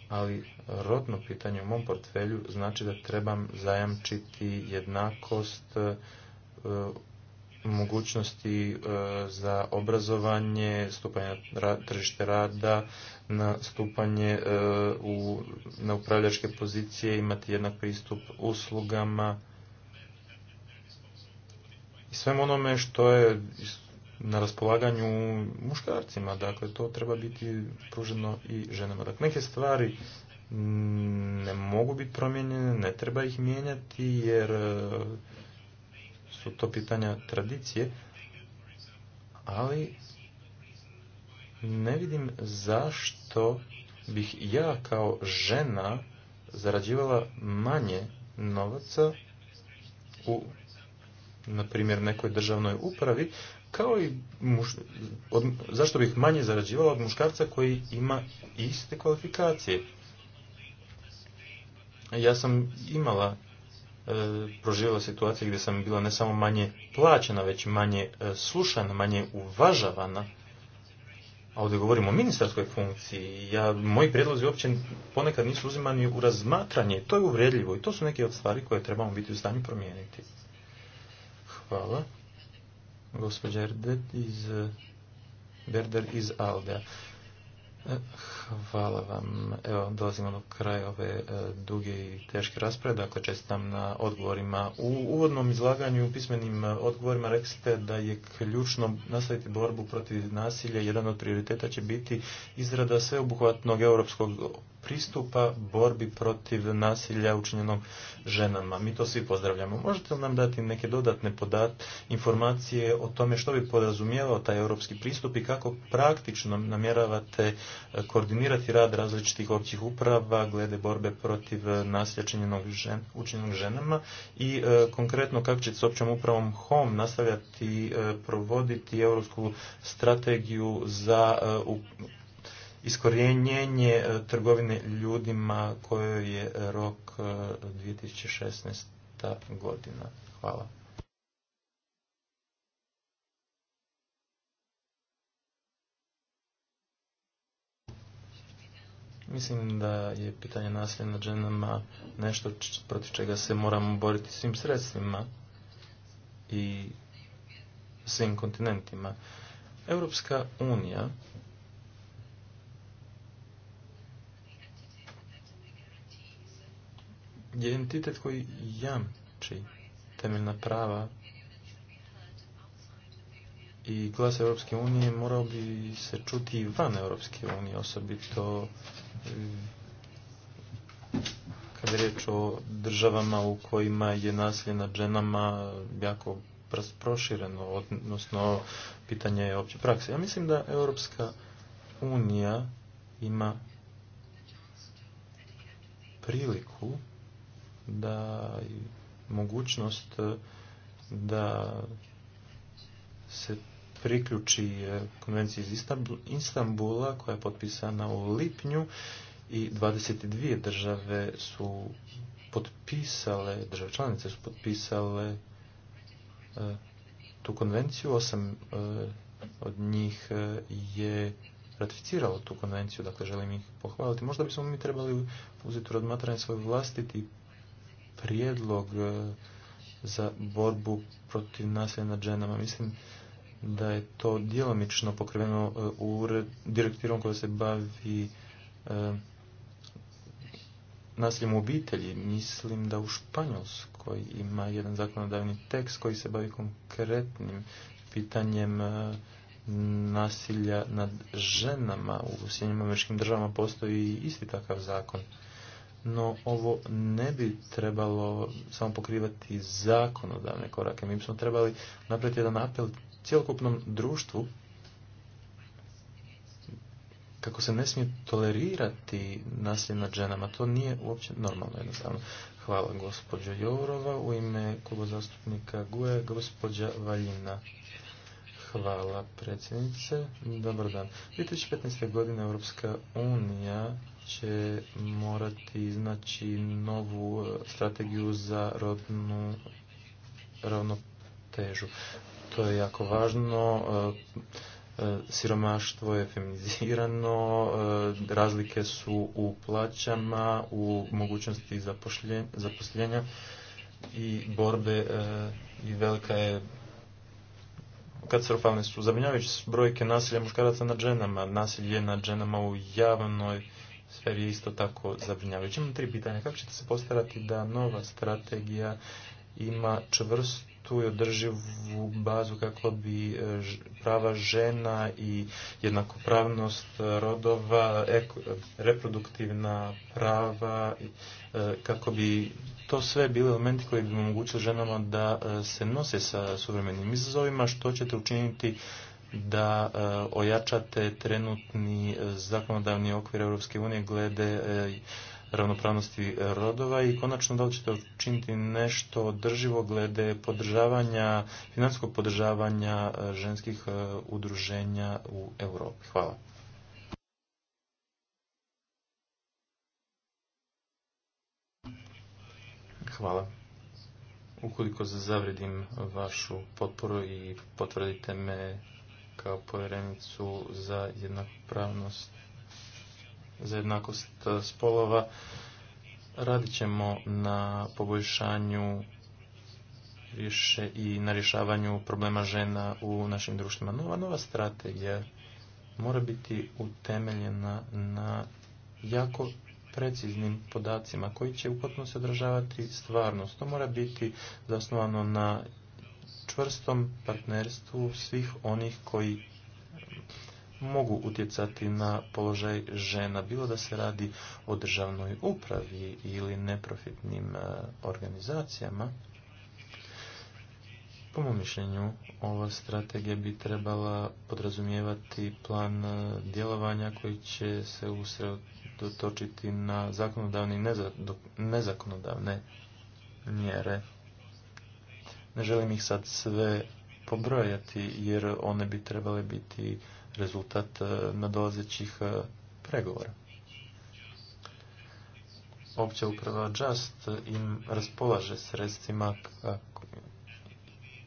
ali rodno pitanje u mom portfelju znači da trebam zajamčiti jednakost e, mogućnosti e, za obrazovanje, stupanje na tržište rada, na stupanje e, u, na upravljačke pozicije, imati jednak pristup uslugama i svem onome što je na raspolaganju muškarcima. Dakle, to treba biti pruženo i ženama. Dakle, neke stvari ne mogu biti promijenjene, ne treba ih mijenjati jer e, su to pitanja tradicije, ali ne vidim zašto bih ja kao žena zarađivala manje novaca u, na primjer, nekoj državnoj upravi, kao i muš, zašto bih manje zarađivala od muškarca koji ima iste kvalifikacije. Ja sam imala E, proživjela situacije gdje sam bila ne samo manje plaćena, već manje e, slušana, manje uvažavana. A ovdje govorimo o ministarskoj funkciji. Ja, moji prijedlozi uopće ponekad nisu uzimani u razmatranje. To je uvredljivo i to su neke od stvari koje trebamo biti u stanju promijeniti. Hvala. Gospođa Erdet iz Berder e, iz Aldea. Hvala vam. Evo, dolazimo do kraja ove e, duge i teške rasprave. Dakle, čestitam na odgovorima. U uvodnom izlaganju, u pismenim e, odgovorima, rekste da je ključno nastaviti borbu protiv nasilja. Jedan od prioriteta će biti izrada sveobuhvatnog europskog pristupa borbi protiv nasilja učinjenog ženama. Mi to svi pozdravljamo. Možete li nam dati neke dodatne podat, informacije o tome što bi podrazumijevao taj europski pristup i kako praktično namjeravate e, koordinirati rad različitih općih uprava glede borbe protiv e, nasilja žen, učinjenog ženama i e, konkretno kako će s općom upravom HOM nastavljati provoditi europsku strategiju za iskorjenjenje e, trgovine ljudima kojoj je e, rok 2016. E, godina. Hvala. Mislim da je pitanje nasilja nad ženama nešto protiv čega se moramo boriti svim sredstvima i svim kontinentima. Europska unija je identitet koji jamči temeljna prava i glas Europske unije morao bi se čuti i van Europske unije, osobito eh, kad je riječ o državama u kojima je nasilje nad ženama jako prošireno, odnosno pitanje je opće prakse. Ja mislim da Europska unija ima priliku da mogućnost e, da se priključi e, konvenciji iz Istambula koja je potpisana u lipnju i 22 države su potpisale, države članice su potpisale e, tu konvenciju, osam od njih je ratificiralo tu konvenciju, dakle želim ih pohvaliti. Možda bismo mi trebali uzeti u razmatranje svoj vlastiti prijedlog e, za borbu protiv nasilja nad ženama. Mislim da je to djelomično pokriveno e, u direktivom koja se bavi e, nasiljem u obitelji. Mislim da u Španjolskoj ima jedan zakonodavni tekst koji se bavi konkretnim pitanjem nasilja nad ženama. U Sjednjim američkim državama postoji isti takav zakon no ovo ne bi trebalo samo pokrivati zakonodavne korake. Mi bismo trebali napraviti jedan apel cjelokupnom društvu kako se ne smije tolerirati nasilje nad ženama. To nije uopće normalno jednostavno. Hvala gospođo Jourova. U ime kluba zastupnika GUE gospođa Valjina. Hvala predsjednice. Dobar dan. 2015. godine Europska unija će morati iznaći novu e, strategiju za rodnu ravnotežu. To je jako važno. E, e, siromaštvo je feminizirano, razlike su u plaćama, u mogućnosti zaposljenja i borbe i velika je katastrofalne su. Zabinjavajući brojke nasilja muškaraca nad ženama, nasilje nad ženama u javnoj sve je isto tako zabrinjavajući Imam tri pitanja. Kako ćete se postarati da nova strategija ima čvrstu i održivu bazu kako bi e, prava žena i jednakopravnost rodova, reproduktivna prava, e, kako bi to sve bili elementi koji bi omogućili ženama da e, se nose sa suvremenim izazovima, što ćete učiniti da e, ojačate trenutni e, zakonodavni okvir Europske unije glede e, ravnopravnosti rodova i konačno da li ćete učiniti nešto održivo glede podržavanja, financijskog podržavanja ženskih udruženja u Europi. Hvala. Hvala. Ukoliko zavredim vašu potporu i potvrdite me kao povjerenicu za jednakopravnost za jednakost e, spolova radit ćemo na poboljšanju i na rješavanju problema žena u našim društvima. Nova, nova strategija mora biti utemeljena na jako preciznim podacima koji će upotno se stvarnost. To mora biti zasnovano na čvrstom partnerstvu svih onih koji mogu utjecati na položaj žena, bilo da se radi o državnoj upravi ili neprofitnim e, organizacijama. Po mom mišljenju, ova strategija bi trebala podrazumijevati plan e, djelovanja koji će se usredotočiti na zakonodavne i nezakonodavne mjere ne želim ih sad sve pobrojati jer one bi trebale biti rezultat e, nadolazećih e, pregovora. Opća uprava Just im raspolaže sredstvima kako e,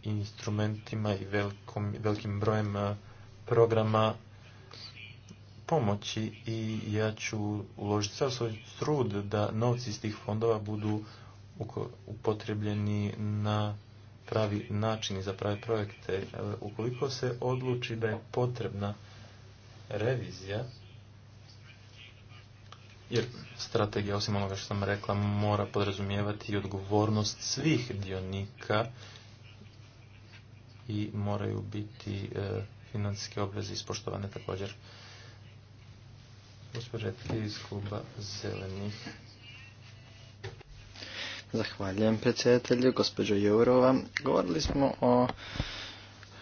instrumentima i velikom, velikim brojem programa pomoći i ja ću uložiti sav svoj trud da novci iz tih fondova budu upotrebljeni na pravi način i za prave projekte. E, ukoliko se odluči da je potrebna revizija, jer strategija, osim onoga što sam rekla, mora podrazumijevati i odgovornost svih dionika i moraju biti e, financijske obveze ispoštovane također. Gospođa iz kluba zelenih. Zahvaljujem predsjedatelju, gospođo Jourova. Govorili smo o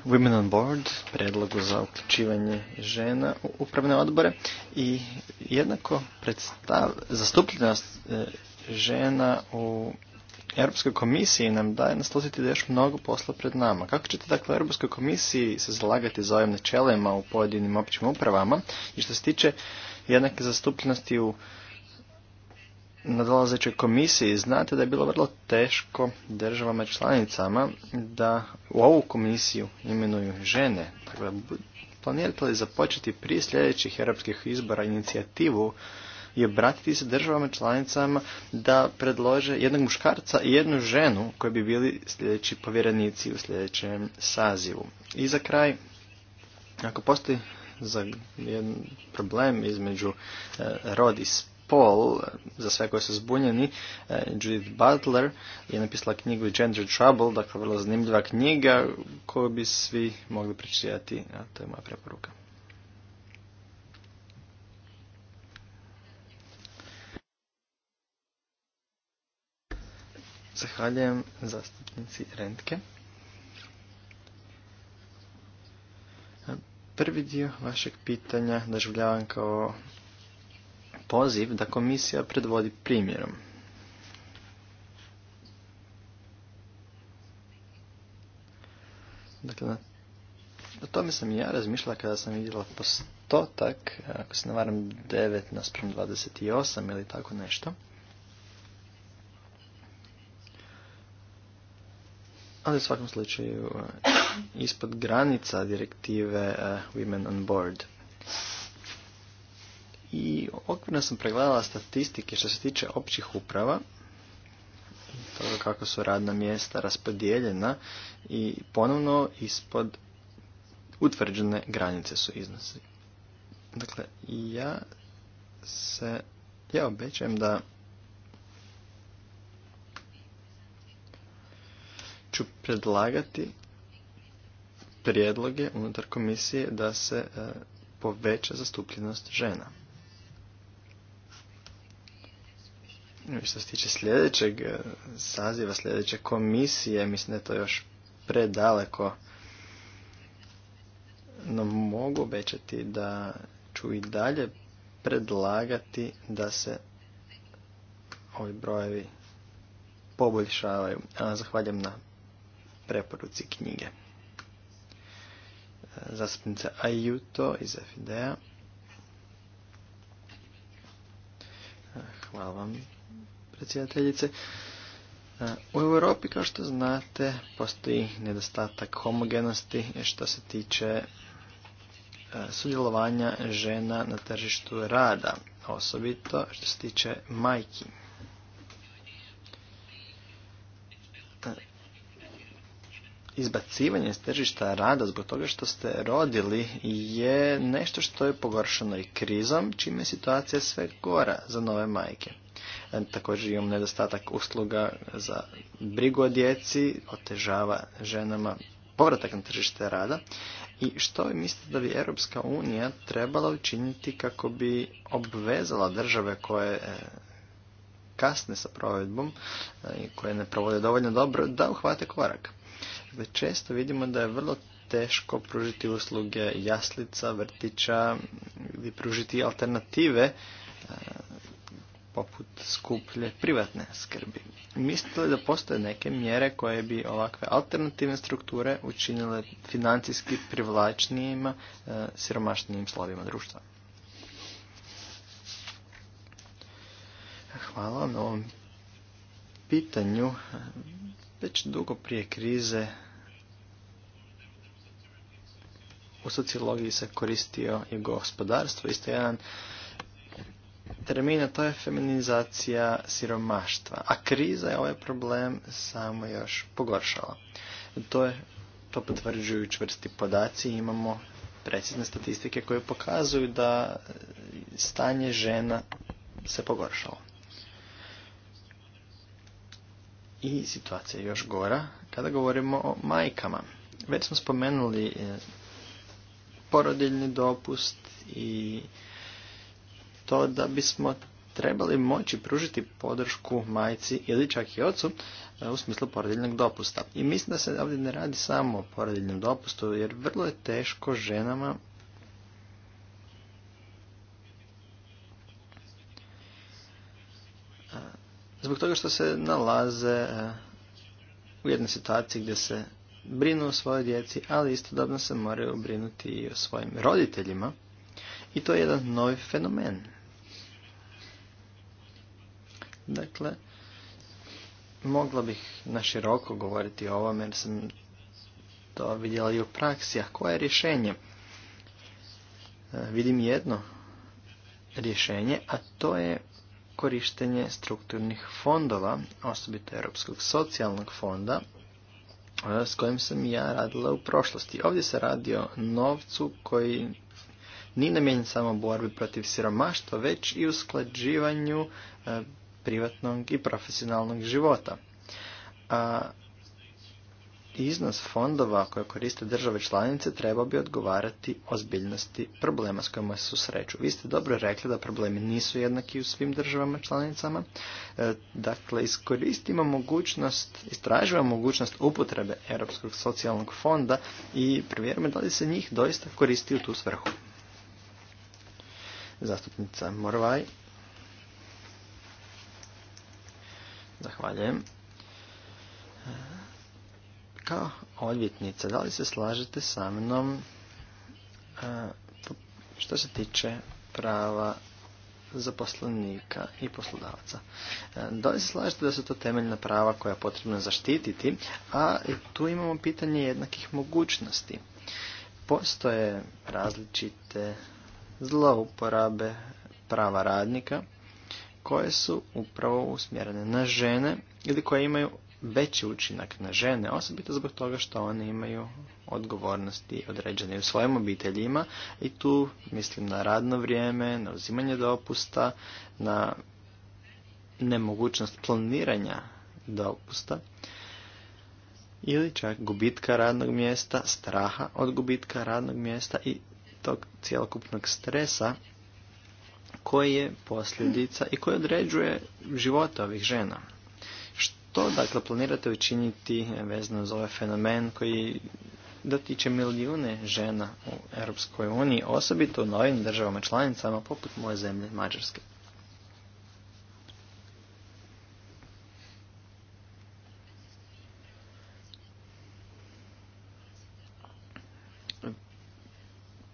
Women on Board, predlogu za uključivanje žena u upravne odbore i jednako zastupljenost e, žena u Europskoj komisiji nam daje naslutiti da još mnogo posla pred nama. Kako ćete dakle u Europskoj komisiji se zalagati za ovim načelima u pojedinim općim upravama i što se tiče jednake zastupljenosti u nadolazećoj komisiji znate da je bilo vrlo teško državama članicama da u ovu komisiju imenuju žene. Dakle, planirate li započeti prije sljedećih europskih izbora inicijativu i obratiti se državama članicama da predlože jednog muškarca i jednu ženu koji bi bili sljedeći povjerenici u sljedećem sazivu. I za kraj, ako postoji za jedan problem između e, rodis Paul, za sve koji su zbunjeni, e, Judith Butler je napisala knjigu Gender Trouble, dakle vrlo zanimljiva knjiga koju bi svi mogli pričijati, a to je moja preporuka. Zahvaljujem zastupnici Rentke. Prvi dio vašeg pitanja doživljavam kao poziv da komisija predvodi primjerom. Dakle, o tome sam i ja razmišljala kada sam vidjela postotak, ako se ne varam 9 nasprem 28 ili tako nešto. Ali u svakom slučaju eh, ispod granica direktive eh, Women on Board. I okvirno sam pregledala statistike što se tiče općih uprava, toga kako su radna mjesta raspodijeljena i ponovno ispod utvrđene granice su iznosi. Dakle, ja se, ja obećajem da ću predlagati prijedloge unutar komisije da se e, poveća zastupljenost žena. Što se tiče sljedećeg e, saziva, sljedeće komisije, mislim da je to još predaleko. No mogu obećati da ću i dalje predlagati da se ovi brojevi poboljšavaju. Zahvaljujem zahvaljam na preporuci knjige. E, zastupnica Ajuto iz FIDEA. E, hvala vam predsjedateljice. E, u Europi, kao što znate, postoji nedostatak homogenosti što se tiče e, sudjelovanja žena na tržištu rada, osobito što se tiče majki. E, izbacivanje iz tržišta rada zbog toga što ste rodili je nešto što je pogoršeno i krizom, čime je situacija sve gora za nove majke. Također imam nedostatak usluga za brigu o djeci, otežava ženama povratak na tržište rada. I što vi mislite da bi Europska unija trebala učiniti kako bi obvezala države koje e, kasne sa provedbom i e, koje ne provode dovoljno dobro da uhvate korak? Dakle, često vidimo da je vrlo teško pružiti usluge jaslica, vrtića ili pružiti alternative e, poput skuplje privatne skrbi. Mislite da postoje neke mjere koje bi ovakve alternativne strukture učinile financijski privlačnijima e, siromašnijim slovima društva? Hvala na ovom pitanju. Već dugo prije krize u sociologiji se koristio i gospodarstvo. Isto jedan termina, to je feminizacija siromaštva, a kriza je ovaj problem samo još pogoršala. To je to potvrđuju čvrsti podaci, imamo precizne statistike koje pokazuju da stanje žena se pogoršalo. I situacija je još gora kada govorimo o majkama. Već smo spomenuli eh, porodiljni dopust i to da bismo trebali moći pružiti podršku majci ili čak i ocu e, u smislu porodiljnog dopusta. I mislim da se ovdje ne radi samo o porodiljnom dopustu, jer vrlo je teško ženama zbog toga što se nalaze e, u jednoj situaciji gdje se brinu o svojoj djeci, ali istodobno se moraju brinuti i o svojim roditeljima. I to je jedan novi fenomen. Dakle, mogla bih na široko govoriti o ovome jer sam to vidjela i u praksi. A koje je rješenje? E, vidim jedno rješenje, a to je korištenje strukturnih fondova, osobito Europskog socijalnog fonda, e, s kojim sam ja radila u prošlosti. Ovdje se radi o novcu koji nije namijenjen samo borbi protiv siromaštva, već i usklađivanju e, privatnog i profesionalnog života. A iznos fondova koje koriste države članice treba bi odgovarati ozbiljnosti problema s kojima se susreću. Vi ste dobro rekli da problemi nisu jednaki u svim državama članicama. E, dakle, iskoristimo mogućnost, istražujemo mogućnost upotrebe Europskog socijalnog fonda i provjerimo da li se njih doista koristi u tu svrhu. Zastupnica Morvaj. Zahvaljujem. Kao odvjetnica, da li se slažete sa mnom e, što se tiče prava zaposlenika i poslodavca? E, da li se slažete da su to temeljna prava koja je potrebno zaštititi, a tu imamo pitanje jednakih mogućnosti. Postoje različite zlouporabe prava radnika koje su upravo usmjerene na žene ili koje imaju veći učinak na žene, osobito zbog toga što one imaju odgovornosti određene u svojim obiteljima i tu mislim na radno vrijeme, na uzimanje dopusta, na nemogućnost planiranja dopusta ili čak gubitka radnog mjesta, straha od gubitka radnog mjesta i tog cjelokupnog stresa koji je posljedica i koji određuje života ovih žena. Što dakle planirate učiniti vezano za ovaj fenomen koji dotiče milijune žena u Europskoj uniji, osobito u novim državama članicama poput moje zemlje Mađarske?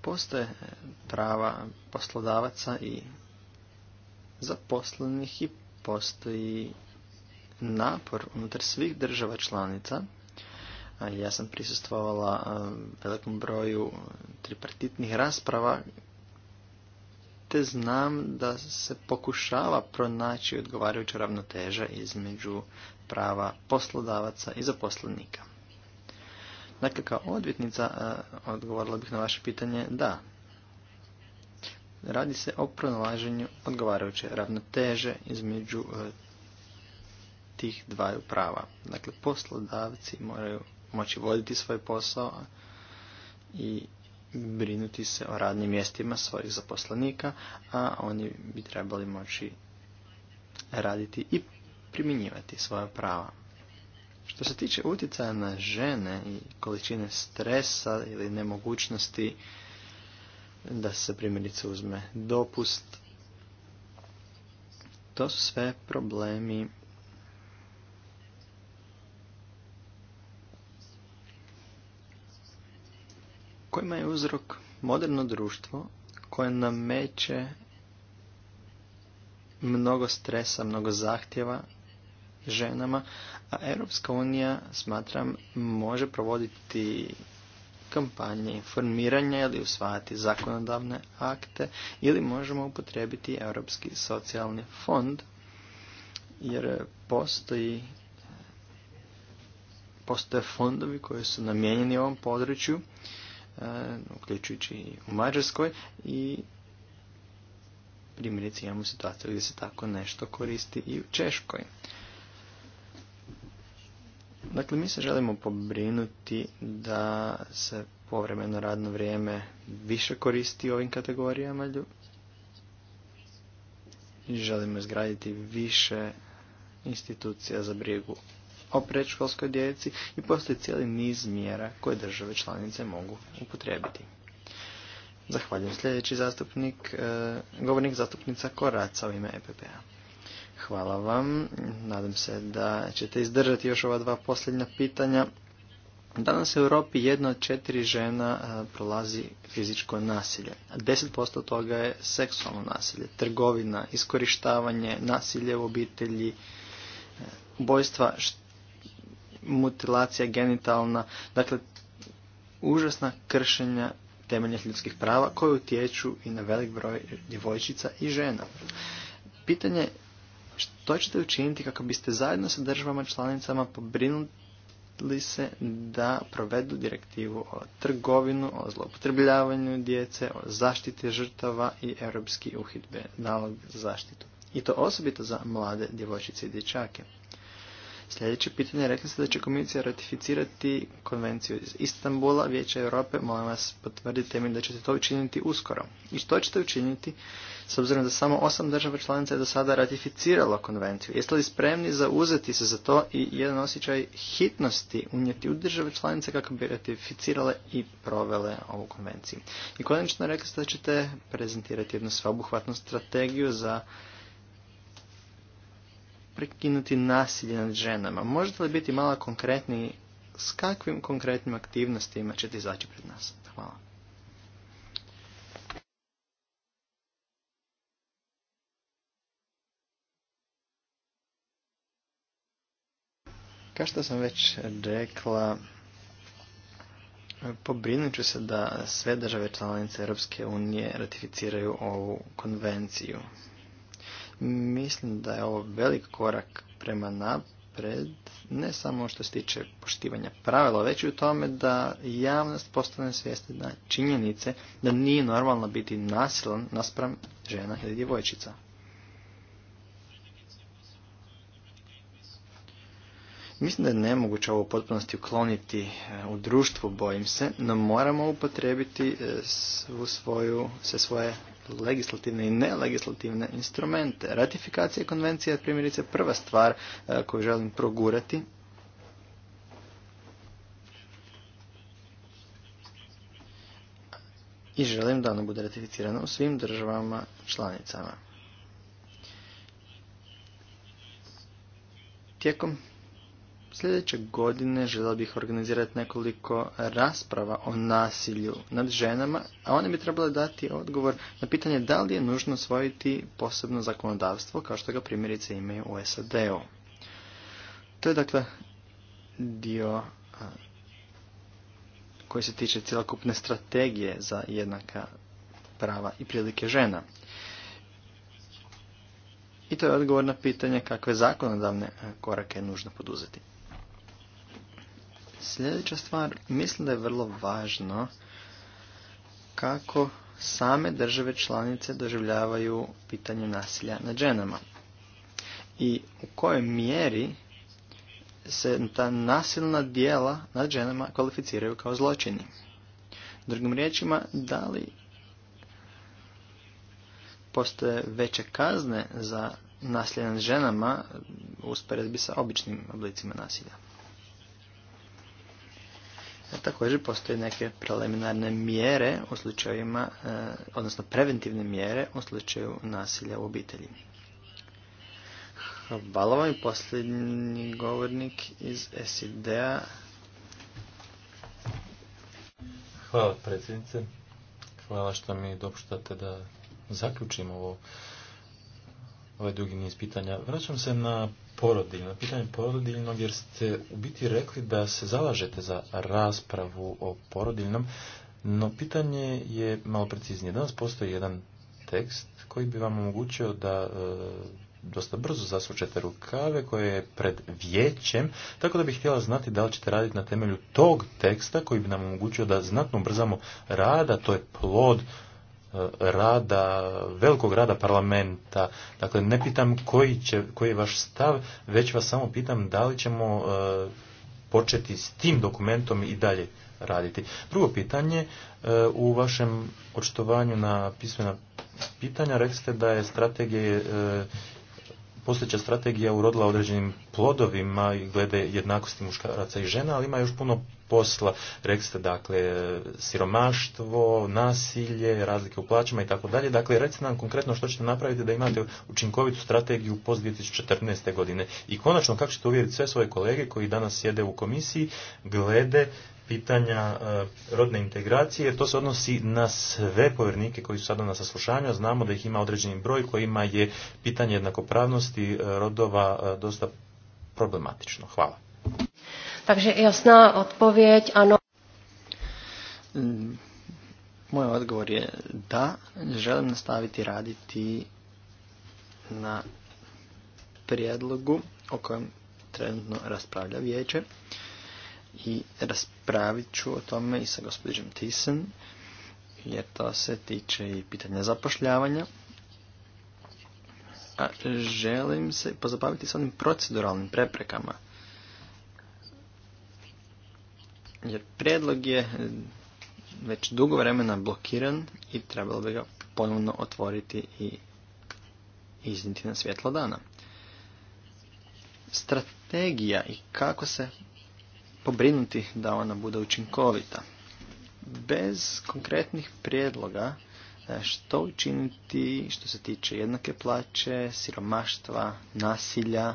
Postoje prava poslodavaca i zaposlenih i postoji napor unutar svih država članica. Ja sam prisustvovala velikom broju tripartitnih rasprava te znam da se pokušava pronaći odgovarajuća ravnoteža između prava poslodavaca i zaposlenika. Dakle, kao odvjetnica odgovorila bih na vaše pitanje da, Radi se o pronalaženju odgovarajuće ravnoteže između e, tih dvaju prava. Dakle, poslodavci moraju moći voditi svoj posao i brinuti se o radnim mjestima svojih zaposlenika, a oni bi trebali moći raditi i primjenjivati svoja prava. Što se tiče utjecaja na žene i količine stresa ili nemogućnosti da se primjerice uzme dopust. To su sve problemi kojima je uzrok moderno društvo koje nameće mnogo stresa, mnogo zahtjeva ženama, a Europska unija, smatram, može provoditi kampanje informiranja ili usvajati zakonodavne akte ili možemo upotrebiti Europski socijalni fond jer postoji postoje fondovi koji su namijenjeni ovom području e, uključujući i u Mađarskoj i primjerice imamo situaciju gdje se tako nešto koristi i u Češkoj. Dakle, mi se želimo pobrinuti da se povremeno radno vrijeme više koristi ovim kategorijama ljudi. Želimo izgraditi više institucija za brigu o predškolskoj djeci i postoji cijeli niz mjera koje države članice mogu upotrijebiti. Zahvaljujem sljedeći zastupnik, e, govornik zastupnica Koraca u ime EPP-a. Hvala vam. Nadam se da ćete izdržati još ova dva posljednja pitanja. Danas u Europi jedna od četiri žena prolazi fizičko nasilje. 10% toga je seksualno nasilje, trgovina, iskorištavanje, nasilje u obitelji, bojstva, mutilacija genitalna, dakle užasna kršenja temeljnih ljudskih prava koje utječu i na velik broj djevojčica i žena. Pitanje što ćete učiniti kako biste zajedno sa državama članicama pobrinuli se da provedu direktivu o trgovinu, o zloupotrebljavanju djece, o zaštiti žrtava i europski uhidbe nalog za zaštitu? I to osobito za mlade djevojčice i dječake. Sljedeće pitanje, rekli ste da će komisija ratificirati konvenciju iz Istanbula, Vijeća Europe, molim vas potvrdite mi da ćete to učiniti uskoro. I što ćete učiniti s obzirom da samo osam država članica je do sada ratificiralo konvenciju? Jeste li spremni zauzeti se za to i jedan osjećaj hitnosti unijeti u države članice kako bi ratificirale i provele ovu konvenciju? I konačno rekli ste da ćete prezentirati jednu sveobuhvatnu strategiju za prekinuti nasilje nad ženama. Možete li biti malo konkretniji s kakvim konkretnim aktivnostima ćete izaći pred nas? Hvala. Kao što sam već rekla, pobrinut ću se da sve države članice Europske unije ratificiraju ovu konvenciju. Mislim da je ovo velik korak prema napred, ne samo što se tiče poštivanja pravila, već i u tome da javnost postane svjesna na činjenice da nije normalno biti nasilan naspram žena ili djevojčica. Mislim da je nemoguće ovo u potpunosti ukloniti e, u društvu, bojim se, no moramo upotrebiti e, svu svoju, sve svoje legislativne i nelegislativne instrumente. Ratifikacija konvencije je primjerice prva stvar e, koju želim progurati. I želim da ona bude ratificirana u svim državama članicama. Tijekom Sljedeće godine želio bih organizirati nekoliko rasprava o nasilju nad ženama, a one bi trebale dati odgovor na pitanje da li je nužno osvojiti posebno zakonodavstvo kao što ga primjerice imaju u SAD-u. To je dakle dio koji se tiče cjelokupne strategije za jednaka prava i prilike žena. I to je odgovor na pitanje kakve zakonodavne korake je nužno poduzeti. Sljedeća stvar, mislim da je vrlo važno kako same države članice doživljavaju pitanje nasilja nad ženama. I u kojoj mjeri se ta nasilna dijela nad ženama kvalificiraju kao zločini. Drugim riječima, da li postoje veće kazne za nasilje nad ženama usporedbi sa običnim oblicima nasilja? E, također postoje neke preliminarne mjere u slučajevima, e, odnosno preventivne mjere u slučaju nasilja u obitelji. Hvala vam i posljednji govornik iz SID-a. Hvala predsjednice. Hvala što mi dopuštate da zaključim ovo ovaj dugi niz pitanja. Vraćam se na porodiljno, pitanje porodiljnog, jer ste u biti rekli da se zalažete za raspravu o porodiljnom, no pitanje je malo preciznije. Danas postoji jedan tekst koji bi vam omogućio da e, dosta brzo zasučete rukave koje je pred vijećem, tako da bih htjela znati da li ćete raditi na temelju tog teksta koji bi nam omogućio da znatno ubrzamo rada, to je plod E, rada, velikog rada parlamenta. Dakle, ne pitam koji, će, koji je vaš stav, već vas samo pitam da li ćemo e, početi s tim dokumentom i dalje raditi. Drugo pitanje, e, u vašem očitovanju na pismena pitanja rekste da je strategije postojeća strategija urodila određenim plodovima i glede jednakosti muškaraca i žena, ali ima još puno posla. Rekli ste, dakle, siromaštvo, nasilje, razlike u plaćama i tako dalje. Dakle, recite nam konkretno što ćete napraviti da imate učinkovitu strategiju post 2014. godine. I konačno, kako ćete uvjeriti sve svoje kolege koji danas sjede u komisiji glede pitanja e, rodne integracije, jer to se odnosi na sve povjernike koji su sada na saslušanju, znamo da ih ima određeni broj kojima je pitanje jednakopravnosti e, rodova e, dosta problematično. Hvala. Takže jasná odpověď, ano. Moj mm, odgovor je da, želim nastaviti raditi na prijedlogu o kojem trenutno raspravlja vijeće i raspravit ću o tome i sa gospodinom Thyssen jer to se tiče i pitanja zapošljavanja. A želim se pozabaviti s onim proceduralnim preprekama Jer predlog je e, već dugo vremena blokiran i trebalo bi ga ponovno otvoriti i izniti na svjetlo dana. Strategija i kako se pobrinuti da ona bude učinkovita. Bez konkretnih prijedloga e, što učiniti što se tiče jednake plaće, siromaštva, nasilja,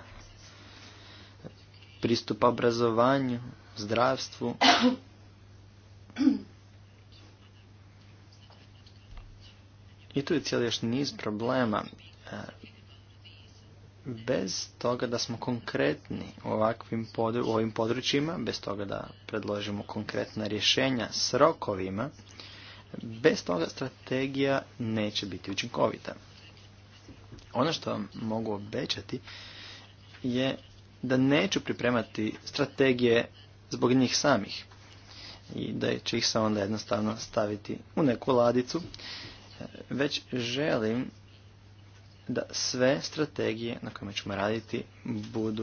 pristupa obrazovanju, zdravstvu. I tu je cijeli još niz problema. E, bez toga da smo konkretni u, ovakvim ovim područjima, bez toga da predložimo konkretna rješenja s rokovima, bez toga strategija neće biti učinkovita. Ono što vam mogu obećati je da neću pripremati strategije zbog njih samih i da će ih se onda jednostavno staviti u neku ladicu, e, već želim da sve strategije na kojima ćemo raditi budu